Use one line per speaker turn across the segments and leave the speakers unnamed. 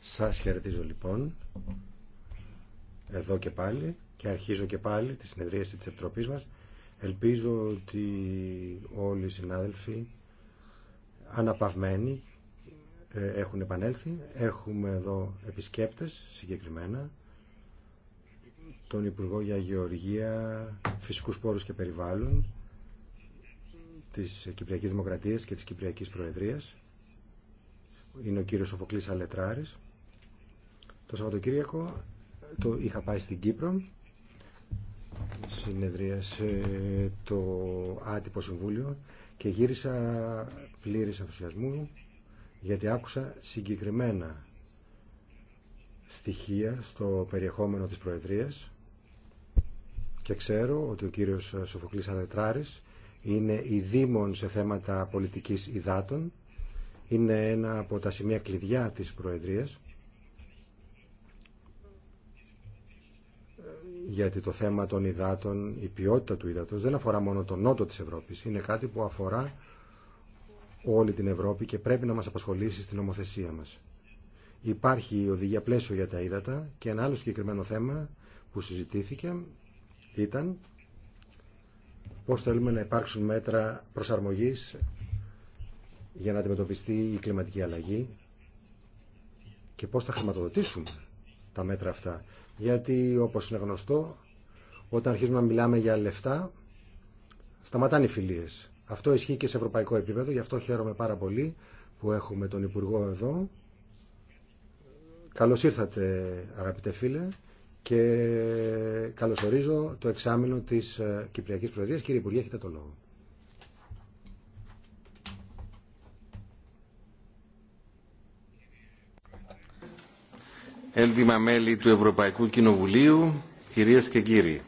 Σας χαιρετίζω λοιπόν εδώ και πάλι και αρχίζω και πάλι τη συνεδρίαση της Επιτροπής μας. Ελπίζω ότι όλοι οι συνάδελφοι αναπαυμένοι ε, έχουν επανέλθει. Έχουμε εδώ επισκέπτες συγκεκριμένα τον Υπουργό για Γεωργία, Φυσικούς Πόρους και Περιβάλλον της Κυπριακής Δημοκρατίας και της Κυπριακής Προεδρίας. Είναι ο κύριος Σοφοκλής Αλετράρης. Το Σαββατοκύριακο το είχα πάει στην Κύπρο. Συνεδρίασε το άτυπο συμβούλιο και γύρισα πλήρης ενθουσιασμού γιατί άκουσα συγκεκριμένα στοιχεία στο περιεχόμενο της Προεδρίας και ξέρω ότι ο κύριος Σοφοκλής Αλετράρης είναι η Δήμων σε θέματα πολιτικής υδάτων. Είναι ένα από τα σημεία κλειδιά της Προεδρίας. γιατί το θέμα των υδάτων, η ποιότητα του υδάτος δεν αφορά μόνο τον νότο της Ευρώπης. Είναι κάτι που αφορά όλη την Ευρώπη και πρέπει να μας απασχολήσει στην ομοθεσία μας. Υπάρχει η οδηγία πλαίσιο για τα ύδατα και ένα άλλο συγκεκριμένο θέμα που συζητήθηκε ήταν πώς θέλουμε να υπάρξουν μέτρα προσαρμογής για να αντιμετωπιστεί η κλιματική αλλαγή και πώς θα χρηματοδοτήσουμε τα μέτρα αυτά. Γιατί όπως είναι γνωστό, όταν αρχίζουμε να μιλάμε για λεφτά, σταματάνε οι φιλίες. Αυτό ισχύει και σε ευρωπαϊκό επίπεδο, γι' αυτό χαίρομαι πάρα πολύ που έχουμε τον Υπουργό εδώ. Καλώς ήρθατε αγαπητέ φίλε και καλωσορίζω το εξάμεινο της ε, Κυπριακής Προεδρίας. Κύριε Υπουργέ, έχετε το λόγο.
Έντιμα μέλη του Ευρωπαϊκού Κοινοβουλίου, κυρίες και κύριοι.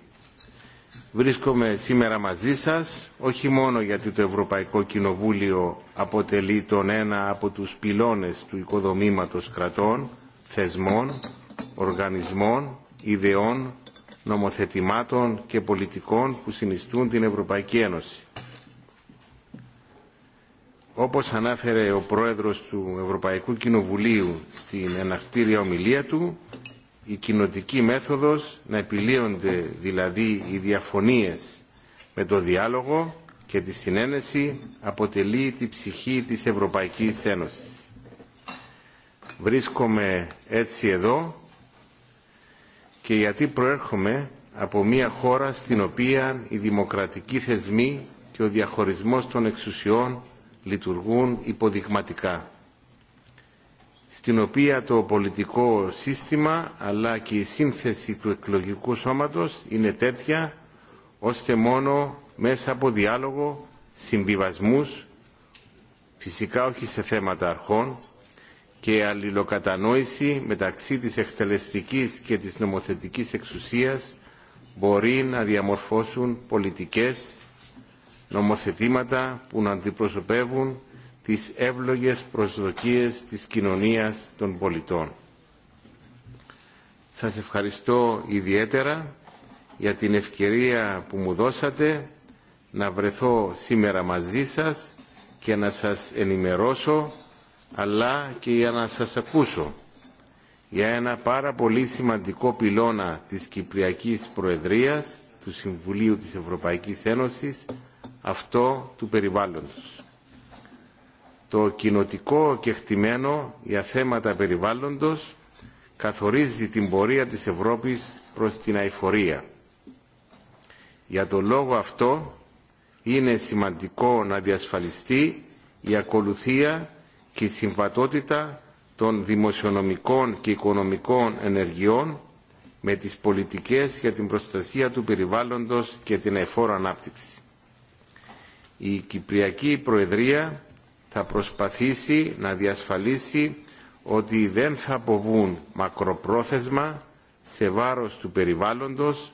Βρίσκομαι σήμερα μαζί σας, όχι μόνο γιατί το Ευρωπαϊκό Κοινοβούλιο αποτελεί τον ένα από τους πυλώνες του οικοδομήματος κρατών, θεσμών, οργανισμών ιδεών, νομοθετημάτων και πολιτικών που συνιστούν την Ευρωπαϊκή Ένωση. Όπως ανάφερε ο Πρόεδρος του Ευρωπαϊκού Κοινοβουλίου στην εναρκτήρια ομιλία του, η κοινοτική μέθοδος να επιλύονται δηλαδή οι διαφωνίες με το διάλογο και τη συνένεση αποτελεί τη ψυχή της Ευρωπαϊκής Ένωσης. Βρίσκομαι έτσι εδώ και γιατί προέρχομαι από μια χώρα στην οποία οι δημοκρατικοί θεσμοί και ο διαχωρισμός των εξουσιών λειτουργούν υποδειγματικά στην οποία το πολιτικό σύστημα αλλά και η σύνθεση του εκλογικού σώματος είναι τέτοια ώστε μόνο μέσα από διάλογο, συμβιβασμούς, φυσικά όχι σε θέματα αρχών, και αλληλοκατανόηση μεταξύ της εκτελεστικής και της νομοθετικής εξουσίας μπορεί να διαμορφώσουν πολιτικές νομοθετήματα που να αντιπροσωπεύουν τις εύλογες προσδοκίες της κοινωνίας των πολιτών. Σας ευχαριστώ ιδιαίτερα για την ευκαιρία που μου δώσατε να βρεθώ σήμερα μαζί σας και να σας ενημερώσω αλλά και για να σας ακούσω για ένα πάρα πολύ σημαντικό πυλώνα της Κυπριακής Προεδρίας του Συμβουλίου της Ευρωπαϊκής Ένωσης αυτό του περιβάλλοντος. Το κοινοτικό κεκτημένο για θέματα περιβάλλοντος καθορίζει την πορεία της Ευρώπης προς την αηφορία. Για το λόγο αυτό είναι σημαντικό να διασφαλιστεί η ακολουθία και συμβατότητα των δημοσιονομικών και οικονομικών ενεργειών με τις πολιτικές για την προστασία του περιβάλλοντος και την εφόρο ανάπτυξη. Η Κυπριακή Προεδρία θα προσπαθήσει να διασφαλίσει ότι δεν θα αποβούν μακροπρόθεσμα σε βάρος του περιβάλλοντος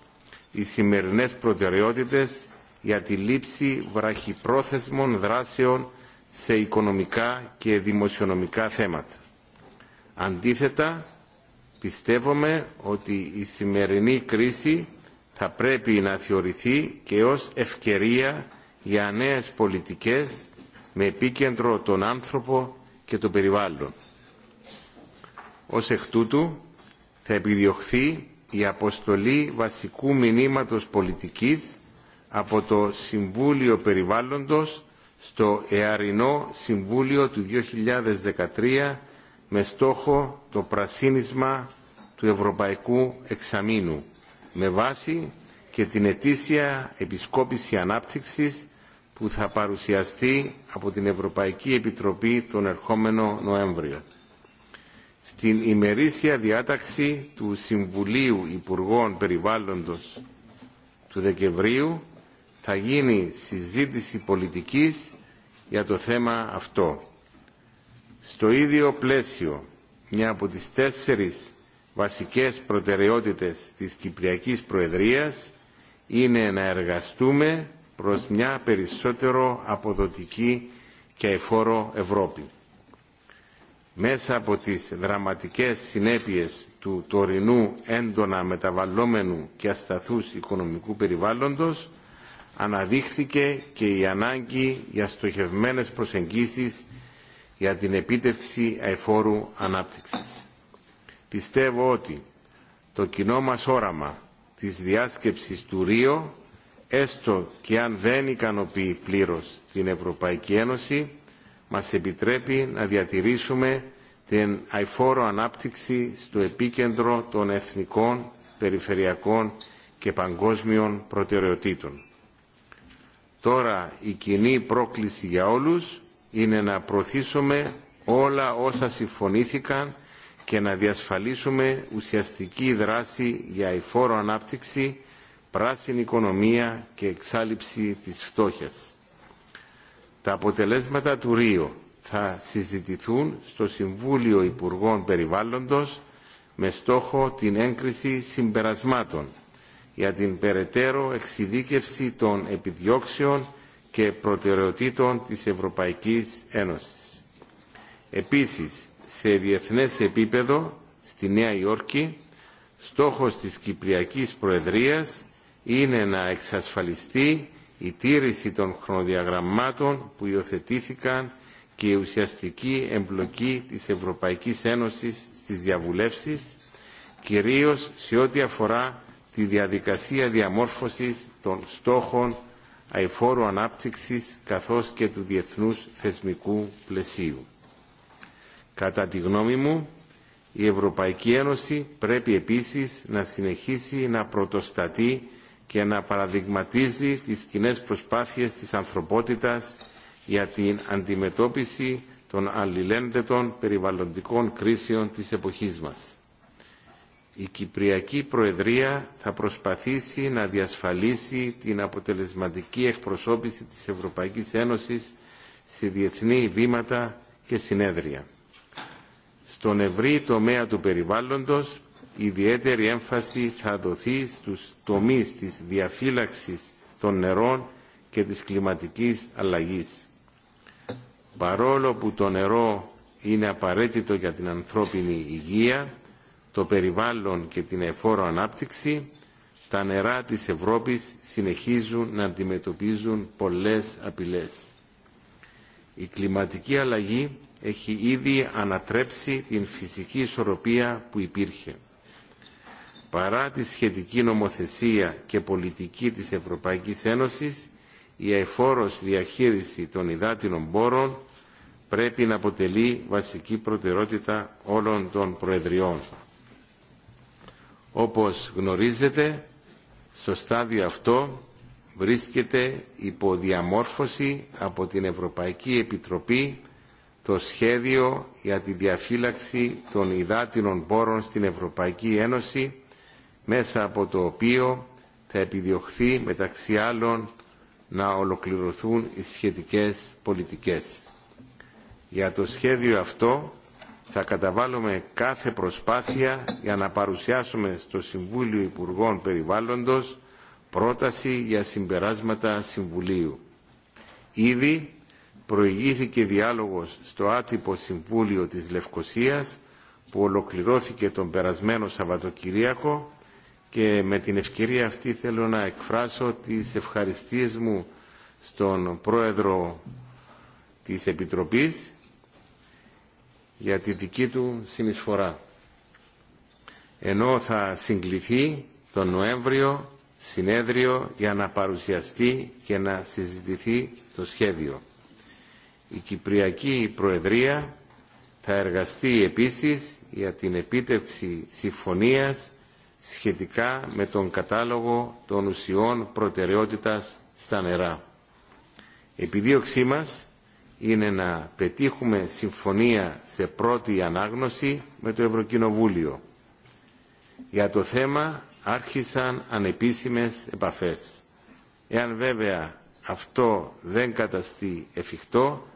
οι σημερινές προτεραιότητες για τη λήψη βραχυπρόθεσμων δράσεων σε οικονομικά και δημοσιονομικά θέματα. Αντίθετα, πιστεύουμε ότι η σημερινή κρίση θα πρέπει να θεωρηθεί και ως ευκαιρία για νέες πολιτικές με επίκεντρο τον άνθρωπο και το περιβάλλον. Ως εκ τούτου θα επιδιωχθεί η αποστολή βασικού μηνύματος πολιτικής από το Συμβούλιο Περιβάλλοντος στο Εαρινό Συμβούλιο του 2013 με στόχο το πρασίνισμα του Ευρωπαϊκού Εξαμήνου με βάση και την ετήσια επισκόπηση ανάπτυξης που θα παρουσιαστεί από την Ευρωπαϊκή Επιτροπή τον ερχόμενο Νοέμβριο. Στην ημερήσια διάταξη του Συμβουλίου Υπουργών Περιβάλλοντος του Δεκεμβρίου θα γίνει συζήτηση πολιτικής για το θέμα αυτό. Στο ίδιο πλαίσιο, μια από τις τέσσερις βασικές προτεραιότητες της Κυπριακής Προεδρίας είναι να εργαστούμε προς μια περισσότερο αποδοτική και εφόρο Ευρώπη. Μέσα από τις δραματικές συνέπειες του τωρινού έντονα μεταβαλλόμενου και ασταθούς οικονομικού περιβάλλοντος, αναδείχθηκε και η ανάγκη για στοχευμένες προσεγγίσεις για την επίτευξη αεφόρου ανάπτυξης. Πιστεύω ότι το κοινό μας όραμα της διάσκεψης του Ρίο, έστω και αν δεν ικανοποιεί πλήρως την Ευρωπαϊκή Ένωση, μας επιτρέπει να διατηρήσουμε την αηφόρο ανάπτυξη στο επίκεντρο των εθνικών, περιφερειακών και παγκόσμιων προτεραιοτήτων. Τώρα η κοινή πρόκληση για όλους είναι να προωθήσουμε όλα όσα συμφωνήθηκαν και να διασφαλίσουμε ουσιαστική δράση για φόρο ανάπτυξη, πράσινη οικονομία και εξάλληψη της φτώχειας. Τα αποτελέσματα του Ρίο θα συζητηθούν στο Συμβούλιο Υπουργών Περιβάλλοντος με στόχο την έγκριση συμπερασμάτων για την περαιτέρω εξειδίκευση των επιδιώξεων και προτεραιοτήτων της Ευρωπαϊκής Ένωσης. Επίσης, σε διεθνές επίπεδο, στη Νέα Υόρκη, στόχος της Κυπριακής Προεδρίας είναι να εξασφαλιστεί η τήρηση των χρονοδιαγραμμάτων που υιοθετήθηκαν και η ουσιαστική εμπλοκή της Ευρωπαϊκής Ένωσης στις διαβουλεύσεις, κυρίως σε ό,τι αφορά τη διαδικασία διαμόρφωσης των στόχων αηφόρου ανάπτυξης καθώς και του διεθνούς θεσμικού πλαισίου. Κατά τη γνώμη μου, η Ευρωπαϊκή Ένωση πρέπει επίσης να συνεχίσει να πρωτοστατεί και να παραδειγματίζει τις κοινέ προσπάθειες της ανθρωπότητας για την αντιμετώπιση των αλληλένδετων περιβαλλοντικών κρίσεων της εποχής μας η Κυπριακή Προεδρία θα προσπαθήσει να διασφαλίσει την αποτελεσματική εκπροσώπηση της Ευρωπαϊκής Ένωσης σε διεθνή βήματα και συνέδρια. Στον ευρύ τομέα του περιβάλλοντος, ιδιαίτερη έμφαση θα δοθεί στους τομείς της διαφύλαξης των νερών και της κλιματικής αλλαγής. Παρόλο που το νερό είναι απαραίτητο για την ανθρώπινη υγεία, το περιβάλλον και την εφόρο ανάπτυξη, τα νερά της Ευρώπης συνεχίζουν να αντιμετωπίζουν πολλές απειλές. Η κλιματική αλλαγή έχει ήδη ανατρέψει την φυσική ισορροπία που υπήρχε. Παρά τη σχετική νομοθεσία και πολιτική της Ευρωπαϊκής Ένωσης, η αεφόρος διαχείριση των υδάτινων πόρων πρέπει να αποτελεί βασική προτεραιότητα όλων των προεδριών. Όπως γνωρίζετε, στο στάδιο αυτό βρίσκεται υπό διαμόρφωση από την Ευρωπαϊκή Επιτροπή το σχέδιο για τη διαφύλαξη των υδάτινων πόρων στην Ευρωπαϊκή Ένωση, μέσα από το οποίο θα επιδιωχθεί μεταξύ άλλων να ολοκληρωθούν οι σχετικές πολιτικές. Για το σχέδιο αυτό θα καταβάλουμε κάθε προσπάθεια για να παρουσιάσουμε στο Συμβούλιο Υπουργών Περιβάλλοντος πρόταση για συμπεράσματα Συμβουλίου. Ήδη προηγήθηκε διάλογος στο άτυπο Συμβούλιο της Λευκοσίας που ολοκληρώθηκε τον περασμένο Σαββατοκυριακό και με την ευκαιρία αυτή θέλω να εκφράσω τις ευχαριστίες μου στον Πρόεδρο της Επιτροπής για τη δική του συνεισφορά. Ενώ θα συγκληθεί τον Νοέμβριο συνέδριο για να παρουσιαστεί και να συζητηθεί το σχέδιο. Η Κυπριακή Προεδρία θα εργαστεί επίσης για την επίτευξη συμφωνίας σχετικά με τον κατάλογο των ουσιών προτεραιότητας στα νερά. Επιδίωξή μας είναι να πετύχουμε συμφωνία σε πρώτη ανάγνωση με το Ευρωκοινοβούλιο. Για το θέμα άρχισαν ανεπίσημες επαφές. Εάν βέβαια αυτό δεν καταστεί εφικτό,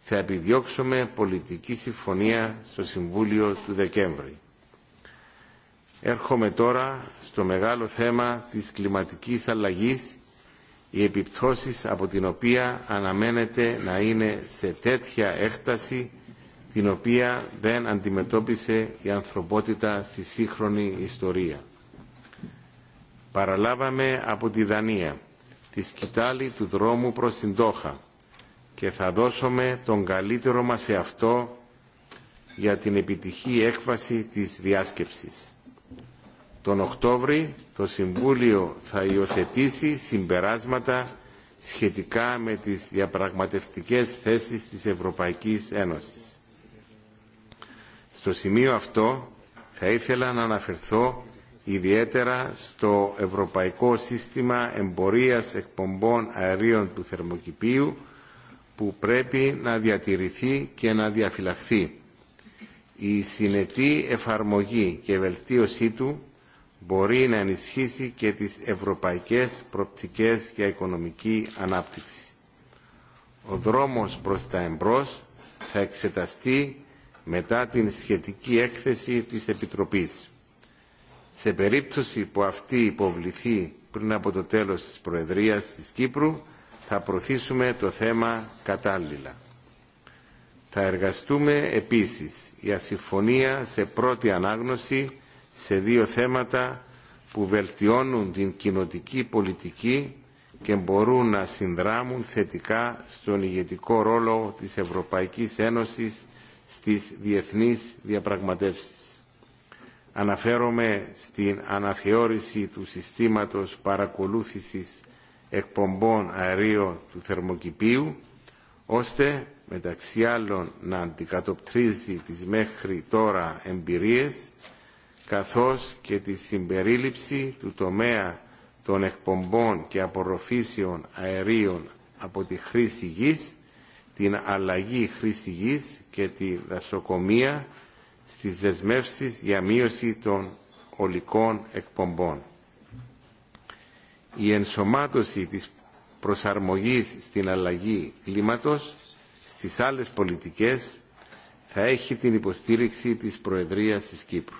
θα επιδιώξουμε πολιτική συμφωνία στο Συμβούλιο του Δεκέμβρη. Έρχομαι τώρα στο μεγάλο θέμα της κλιματικής αλλαγής οι επιπτώσεις από την οποία αναμένεται να είναι σε τέτοια έκταση την οποία δεν αντιμετώπισε η ανθρωπότητα στη σύγχρονη ιστορία. Παραλάβαμε από τη Δανία τη σκητάλη του δρόμου προς την Τόχα και θα δώσουμε τον καλύτερο μας αυτό για την επιτυχή έκβαση της διάσκεψης. Τον Οκτώβρη το Συμβούλιο θα υιοθετήσει συμπεράσματα σχετικά με τις διαπραγματευτικές θέσεις της Ευρωπαϊκής Ένωσης. Στο σημείο αυτό θα ήθελα να αναφερθώ ιδιαίτερα στο Ευρωπαϊκό Σύστημα Εμπορίας Εκπομπών Αερίων του Θερμοκηπίου που πρέπει να διατηρηθεί και να διαφυλαχθεί. Η συνετή εφαρμογή και βελτίωσή του μπορεί να ενισχύσει και τις ευρωπαϊκές προπτικές για οικονομική ανάπτυξη. Ο δρόμος προς τα εμπρός θα εξεταστεί μετά την σχετική έκθεση της Επιτροπής. Σε περίπτωση που αυτή υποβληθεί πριν από το τέλος της Προεδρίας της Κύπρου, θα προωθήσουμε το θέμα κατάλληλα. Θα εργαστούμε επίσης για συμφωνία σε πρώτη ανάγνωση σε δύο θέματα που βελτιώνουν την κοινοτική πολιτική και μπορούν να συνδράμουν θετικά στον ηγετικό ρόλο της Ευρωπαϊκής Ένωσης στις διεθνείς διαπραγματεύσεις. Αναφέρομαι στην αναθεώρηση του συστήματος παρακολούθησης εκπομπών αερίων του θερμοκηπίου, ώστε μεταξύ άλλων να αντικατοπτρίζει τις μέχρι τώρα εμπειρίες καθώς και τη συμπερίληψη του τομέα των εκπομπών και απορροφήσεων αερίων από τη χρήση γης, την αλλαγή χρήση γης και τη δασοκομεία στις δεσμεύσεις για μείωση των ολικών εκπομπών. Η ενσωμάτωση της προσαρμογής στην αλλαγή κλίματος στις άλλες πολιτικές θα έχει την υποστήριξη της Προεδρίας της Κύπρου.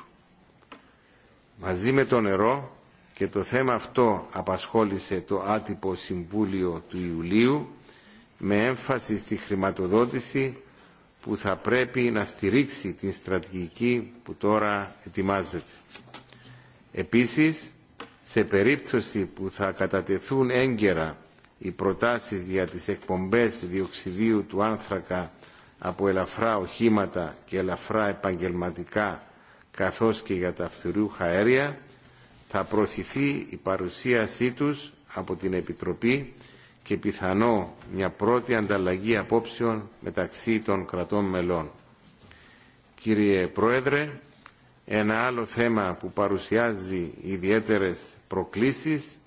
Μαζί με το νερό και το θέμα αυτό απασχόλησε το άτυπο Συμβούλιο του Ιουλίου με έμφαση στη χρηματοδότηση που θα πρέπει να στηρίξει την στρατηγική που τώρα ετοιμάζεται. Επίσης, σε περίπτωση που θα κατατεθούν έγκαιρα οι προτάσεις για τις εκπομπές διοξιδίου του άνθρακα από ελαφρά οχήματα και ελαφρά επαγγελματικά καθώς και για τα φθουρούχα αέρια θα προωθηθεί η παρουσίασή τους από την Επιτροπή και πιθανό μια πρώτη ανταλλαγή απόψεων μεταξύ των κρατών μελών. Κύριε Πρόεδρε, ένα άλλο θέμα που παρουσιάζει ιδιαίτερες προκλήσεις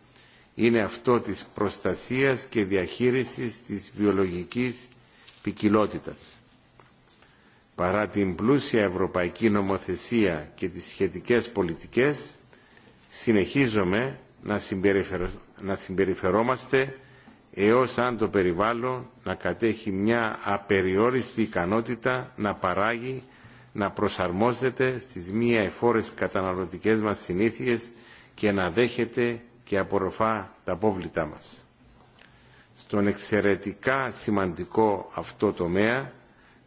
είναι αυτό της προστασίας και διαχείρισης της βιολογικής ποικιλότητας παρά την πλούσια ευρωπαϊκή νομοθεσία και τις σχετικές πολιτικές, συνεχίζουμε να, συμπεριφερόμαστε έως αν το περιβάλλον να κατέχει μια απεριόριστη ικανότητα να παράγει, να προσαρμόζεται στις μία εφόρες καταναλωτικές μας συνήθειες και να δέχεται και απορροφά τα απόβλητά μας. Στον εξαιρετικά σημαντικό αυτό τομέα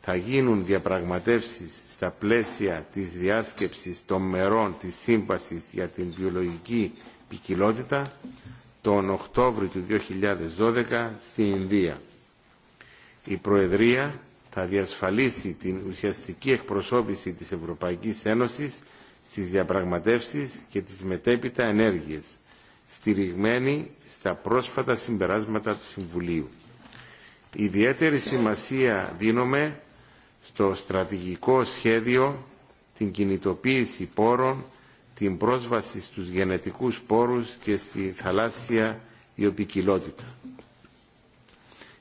θα γίνουν διαπραγματεύσεις στα πλαίσια της διάσκεψης των μερών της Σύμβασης για την Βιολογική Ποικιλότητα τον Οκτώβριο του 2012 στην Ινδία. Η Προεδρία θα διασφαλίσει την ουσιαστική εκπροσώπηση της Ευρωπαϊκής Ένωσης στις διαπραγματεύσεις και τις μετέπειτα ενέργειες, στηριγμένη στα πρόσφατα συμπεράσματα του Συμβουλίου. Ιδιαίτερη σημασία δίνουμε στο στρατηγικό σχέδιο την κινητοποίηση πόρων, την πρόσβαση στους γενετικούς πόρους και στη θαλάσσια ιοπικιλότητα.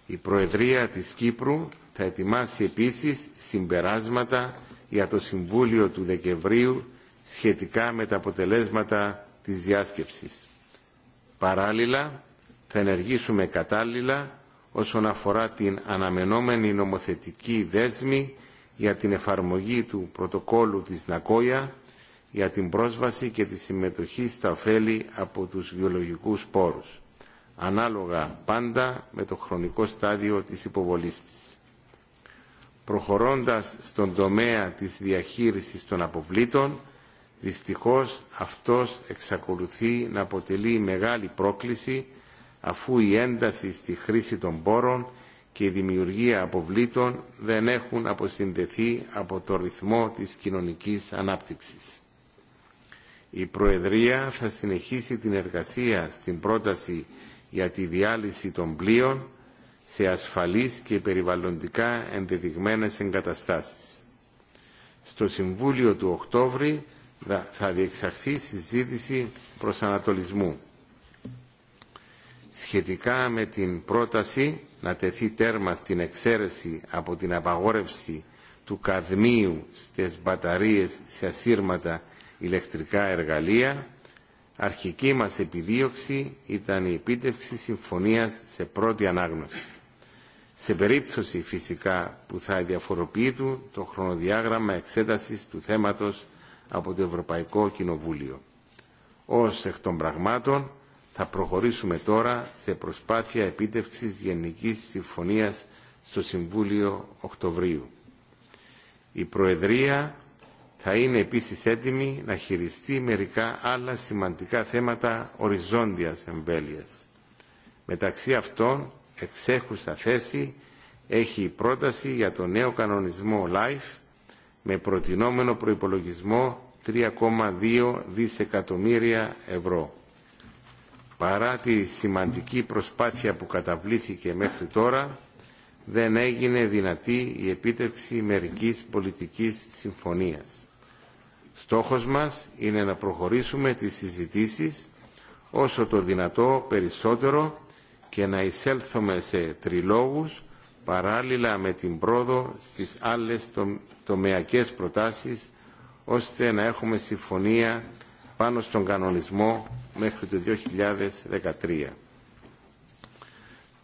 Η Προεδρία της Κύπρου θα ετοιμάσει επίσης συμπεράσματα για το Συμβούλιο του Δεκεμβρίου σχετικά με τα αποτελέσματα της διάσκεψης. Παράλληλα, θα ενεργήσουμε κατάλληλα όσον αφορά την αναμενόμενη νομοθετική δέσμη για την εφαρμογή του πρωτοκόλου της Νακόια για την πρόσβαση και τη συμμετοχή στα ωφέλη από τους βιολογικούς πόρους, ανάλογα πάντα με το χρονικό στάδιο της υποβολής της. Προχωρώντας στον τομέα της διαχείρισης των αποβλήτων, δυστυχώς αυτός εξακολουθεί να αποτελεί μεγάλη πρόκληση αφού η ένταση στη χρήση των πόρων και η δημιουργία αποβλήτων δεν έχουν αποσυνδεθεί από το ρυθμό της κοινωνικής ανάπτυξης. Η Προεδρία θα συνεχίσει την εργασία στην πρόταση για τη διάλυση των πλοίων σε ασφαλείς και περιβαλλοντικά ενδεδειγμένες εγκαταστάσεις. Στο Συμβούλιο του Οκτώβρη θα διεξαχθεί συζήτηση ανατολισμού σχετικά με την πρόταση να τεθεί τέρμα στην εξαίρεση από την απαγόρευση του καδμίου στις μπαταρίες σε ασύρματα ηλεκτρικά εργαλεία, αρχική μας επιδίωξη ήταν η επίτευξη συμφωνίας σε πρώτη ανάγνωση. Σε περίπτωση φυσικά που θα διαφοροποιεί του το χρονοδιάγραμμα εξέτασης του θέματος από το Ευρωπαϊκό Κοινοβούλιο. Ως εκ των πραγμάτων, θα προχωρήσουμε τώρα σε προσπάθεια επίτευξης Γενικής Συμφωνίας στο Συμβούλιο Οκτωβρίου. Η Προεδρία θα είναι επίσης έτοιμη να χειριστεί μερικά άλλα σημαντικά θέματα οριζόντιας εμβέλειας. Μεταξύ αυτών, εξέχουσα θέση έχει η πρόταση για το νέο κανονισμό LIFE με προτινόμενο προϋπολογισμό 3,2 δισεκατομμύρια ευρώ παρά τη σημαντική προσπάθεια που καταβλήθηκε μέχρι τώρα, δεν έγινε δυνατή η επίτευξη μερικής πολιτικής συμφωνίας. Στόχος μας είναι να προχωρήσουμε τις συζητήσεις όσο το δυνατό περισσότερο και να εισέλθουμε σε τριλόγους παράλληλα με την πρόοδο στις άλλες τομεακές προτάσεις ώστε να έχουμε συμφωνία πάνω στον κανονισμό μέχρι το 2013.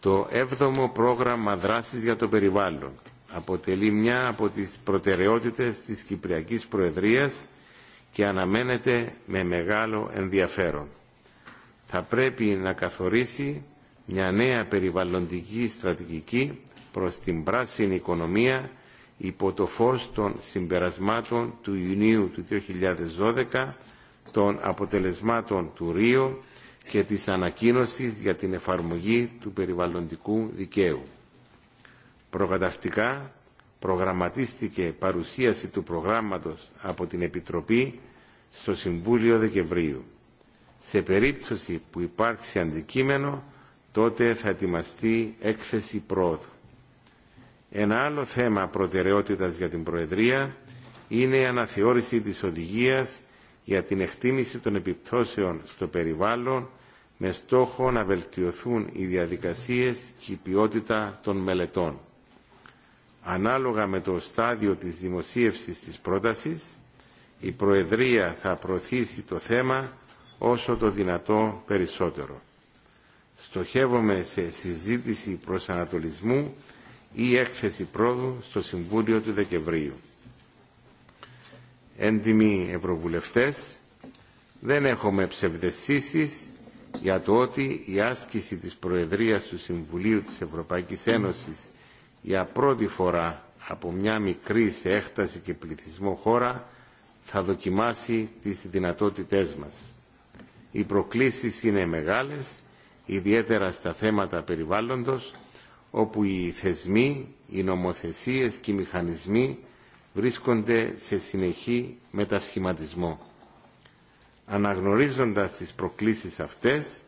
Το 7ο πρόγραμμα δράσης για το περιβάλλον αποτελεί μια από τις προτεραιότητες της Κυπριακής Προεδρίας και αναμένεται με μεγάλο ενδιαφέρον. Θα πρέπει να καθορίσει μια νέα περιβαλλοντική στρατηγική προς την πράσινη οικονομία υπό το φως των συμπερασμάτων του Ιουνίου του 2012 των αποτελεσμάτων του Ρίο και της ανακοίνωσης για την εφαρμογή του περιβαλλοντικού δικαίου. Προκαταρκτικά, προγραμματίστηκε παρουσίαση του προγράμματος από την Επιτροπή στο Συμβούλιο Δεκεμβρίου. Σε περίπτωση που υπάρξει αντικείμενο, τότε θα ετοιμαστεί έκθεση πρόοδου. Ένα άλλο θέμα προτεραιότητας για την Προεδρία είναι η αναθεώρηση της οδηγίας για την εκτίμηση των επιπτώσεων στο περιβάλλον με στόχο να βελτιωθούν οι διαδικασίες και η ποιότητα των μελετών. Ανάλογα με το στάδιο της δημοσίευσης της πρότασης, η Προεδρία θα προωθήσει το θέμα όσο το δυνατό περισσότερο. Στοχεύομαι σε συζήτηση ανατολισμού ή έκθεση πρόοδου στο Συμβούλιο του Δεκεμβρίου έντιμοι ευρωβουλευτές δεν έχουμε ψευδεσίσεις για το ότι η άσκηση της Προεδρίας του Συμβουλίου της Ευρωπαϊκής Ένωσης για πρώτη φορά από μια μικρή σε έκταση και πληθυσμό χώρα θα δοκιμάσει τις δυνατότητές μας. Οι προκλήσεις είναι μεγάλες, ιδιαίτερα στα θέματα περιβάλλοντος, όπου οι θεσμοί, οι νομοθεσίες και οι μηχανισμοί βρίσκονται σε συνεχή μετασχηματισμό. Αναγνωρίζοντας τις προκλήσεις αυτές,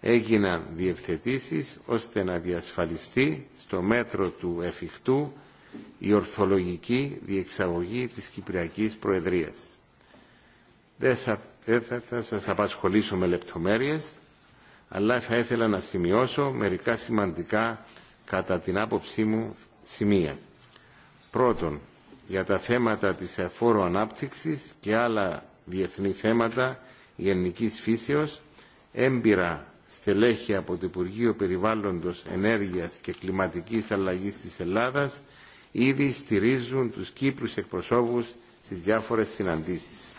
έγιναν διευθετήσεις ώστε να διασφαλιστεί στο μέτρο του εφικτού η ορθολογική διεξαγωγή της Κυπριακής Προεδρίας. Δεν θα σας απασχολήσω με λεπτομέρειες, αλλά θα ήθελα να σημειώσω μερικά σημαντικά κατά την άποψή μου σημεία. Πρώτον, για τα θέματα της εφόρου ανάπτυξης και άλλα διεθνή θέματα γενικής φύσεως, έμπειρα στελέχη από το Υπουργείο Περιβάλλοντος Ενέργειας και Κλιματικής Αλλαγής της Ελλάδας ήδη στηρίζουν τους Κύπρους εκπροσώπους στις διάφορες συναντήσεις.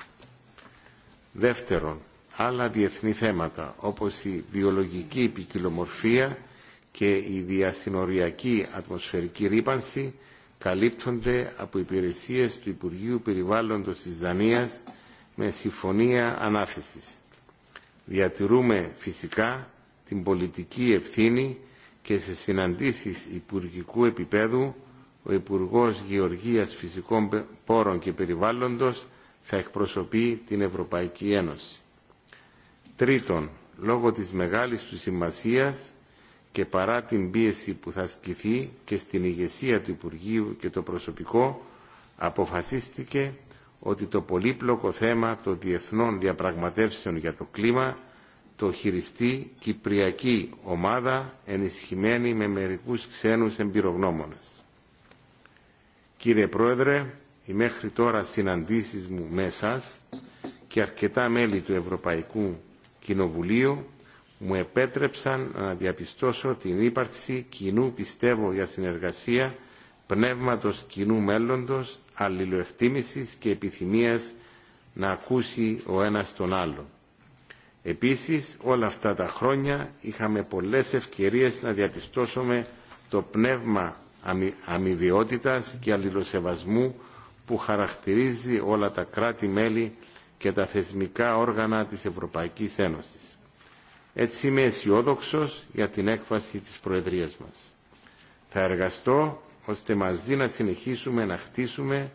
Δεύτερον, άλλα διεθνή θέματα όπως η βιολογική ποικιλομορφία και η διασυνοριακή ατμοσφαιρική ρήπανση καλύπτονται από υπηρεσίες του Υπουργείου Περιβάλλοντος της Δανίας με συμφωνία ανάθεσης. Διατηρούμε φυσικά την πολιτική ευθύνη και σε συναντήσεις υπουργικού επίπεδου ο Υπουργός Γεωργίας Φυσικών Πόρων και Περιβάλλοντος θα εκπροσωπεί την Ευρωπαϊκή Ένωση. Τρίτον, λόγω της μεγάλης του σημασίας και παρά την πίεση που θα ασκηθεί και στην ηγεσία του Υπουργείου και το προσωπικό, αποφασίστηκε ότι το πολύπλοκο θέμα των διεθνών διαπραγματεύσεων για το κλίμα το χειριστεί κυπριακή ομάδα ενισχυμένη με μερικούς ξένους εμπειρογνώμονες. Κύριε Πρόεδρε, οι μέχρι τώρα συναντήσεις μου με και αρκετά μέλη του Ευρωπαϊκού Κοινοβουλίου μου επέτρεψαν να διαπιστώσω την ύπαρξη κοινού πιστεύω για συνεργασία, πνεύματος κοινού μέλλοντος, αλληλοεκτίμησης και επιθυμίας να ακούσει ο ένας τον άλλο. Επίσης, όλα αυτά τα χρόνια είχαμε πολλές ευκαιρίες να διαπιστώσουμε το πνεύμα αμοιβιότητας και αλληλοσεβασμού που χαρακτηρίζει όλα τα κράτη-μέλη και τα θεσμικά όργανα της Ευρωπαϊκής Ένωσης. Έτσι είμαι αισιόδοξο για την έκφαση της Προεδρίας μας. Θα εργαστώ ώστε μαζί να συνεχίσουμε να χτίσουμε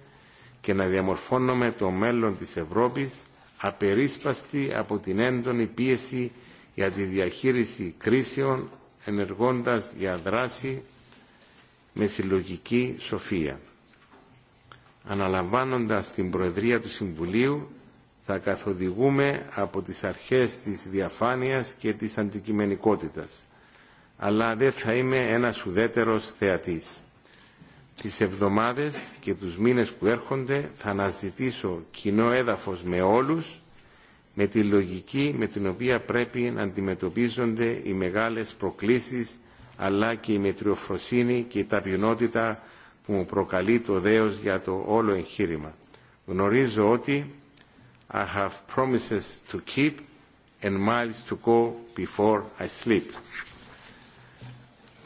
και να διαμορφώνουμε το μέλλον της Ευρώπης απερίσπαστη από την έντονη πίεση για τη διαχείριση κρίσεων ενεργώντας για δράση με συλλογική σοφία. Αναλαμβάνοντας την Προεδρία του Συμβουλίου θα καθοδηγούμε από τις αρχές της διαφάνειας και της αντικειμενικότητας. Αλλά δεν θα είμαι ένας ουδέτερος θεατής. Τις εβδομάδες και τους μήνες που έρχονται θα αναζητήσω κοινό έδαφος με όλους με τη λογική με την οποία πρέπει να αντιμετωπίζονται οι μεγάλες προκλήσεις αλλά και η μετριοφροσύνη και η ταπεινότητα που μου προκαλεί το δέος για το όλο εγχείρημα. Γνωρίζω ότι I have promises to keep and miles to go before I sleep.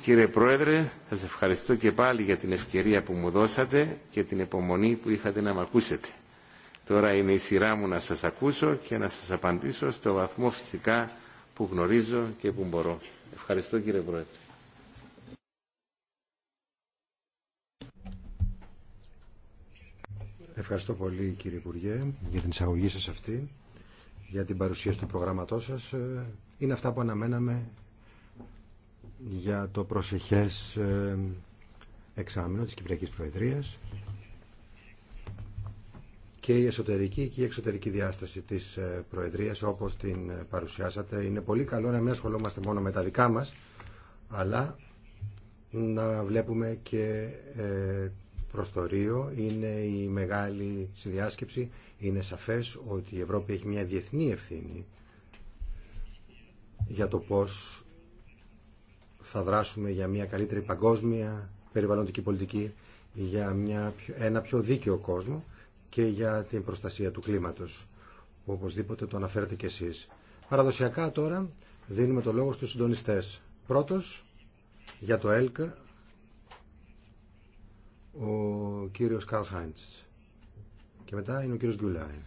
Κύριε Πρόεδρε, σας ευχαριστώ και πάλι για την ευκαιρία που μου δώσατε και την υπομονή που είχατε να με ακούσετε. Τώρα είναι η σειρά μου να σας ακούσω και να σας απαντήσω στο βαθμό φυσικά που γνωρίζω και που μπορώ. Ευχαριστώ κύριε Πρόεδρε.
Ευχαριστώ πολύ κύριε Υπουργέ για την εισαγωγή σας αυτή, για την παρουσίαση του προγράμματός σας. Είναι αυτά που αναμέναμε για το προσεχές ε, εξάμεινο της Κυπριακής Προεδρίας και η εσωτερική και η εξωτερική διάσταση της ε, Προεδρίας όπως την παρουσιάσατε. Είναι πολύ καλό να μην ασχολούμαστε μόνο με τα δικά μας, αλλά να βλέπουμε και ε, προς το Ρίο είναι η μεγάλη συνδιάσκεψη. Είναι σαφές ότι η Ευρώπη έχει μια διεθνή ευθύνη για το πώς θα δράσουμε για μια καλύτερη παγκόσμια περιβαλλοντική πολιτική, για μια, ένα πιο δίκαιο κόσμο και για την προστασία του κλίματος. Οπωσδήποτε το αναφέρετε κι εσείς. Παραδοσιακά τώρα δίνουμε το λόγο στους συντονιστές. Πρώτος, για το ΕΛΚΑ ο κύριος Καρλ Χάιντς. Και μετά είναι ο κύριος Γκουλάιν.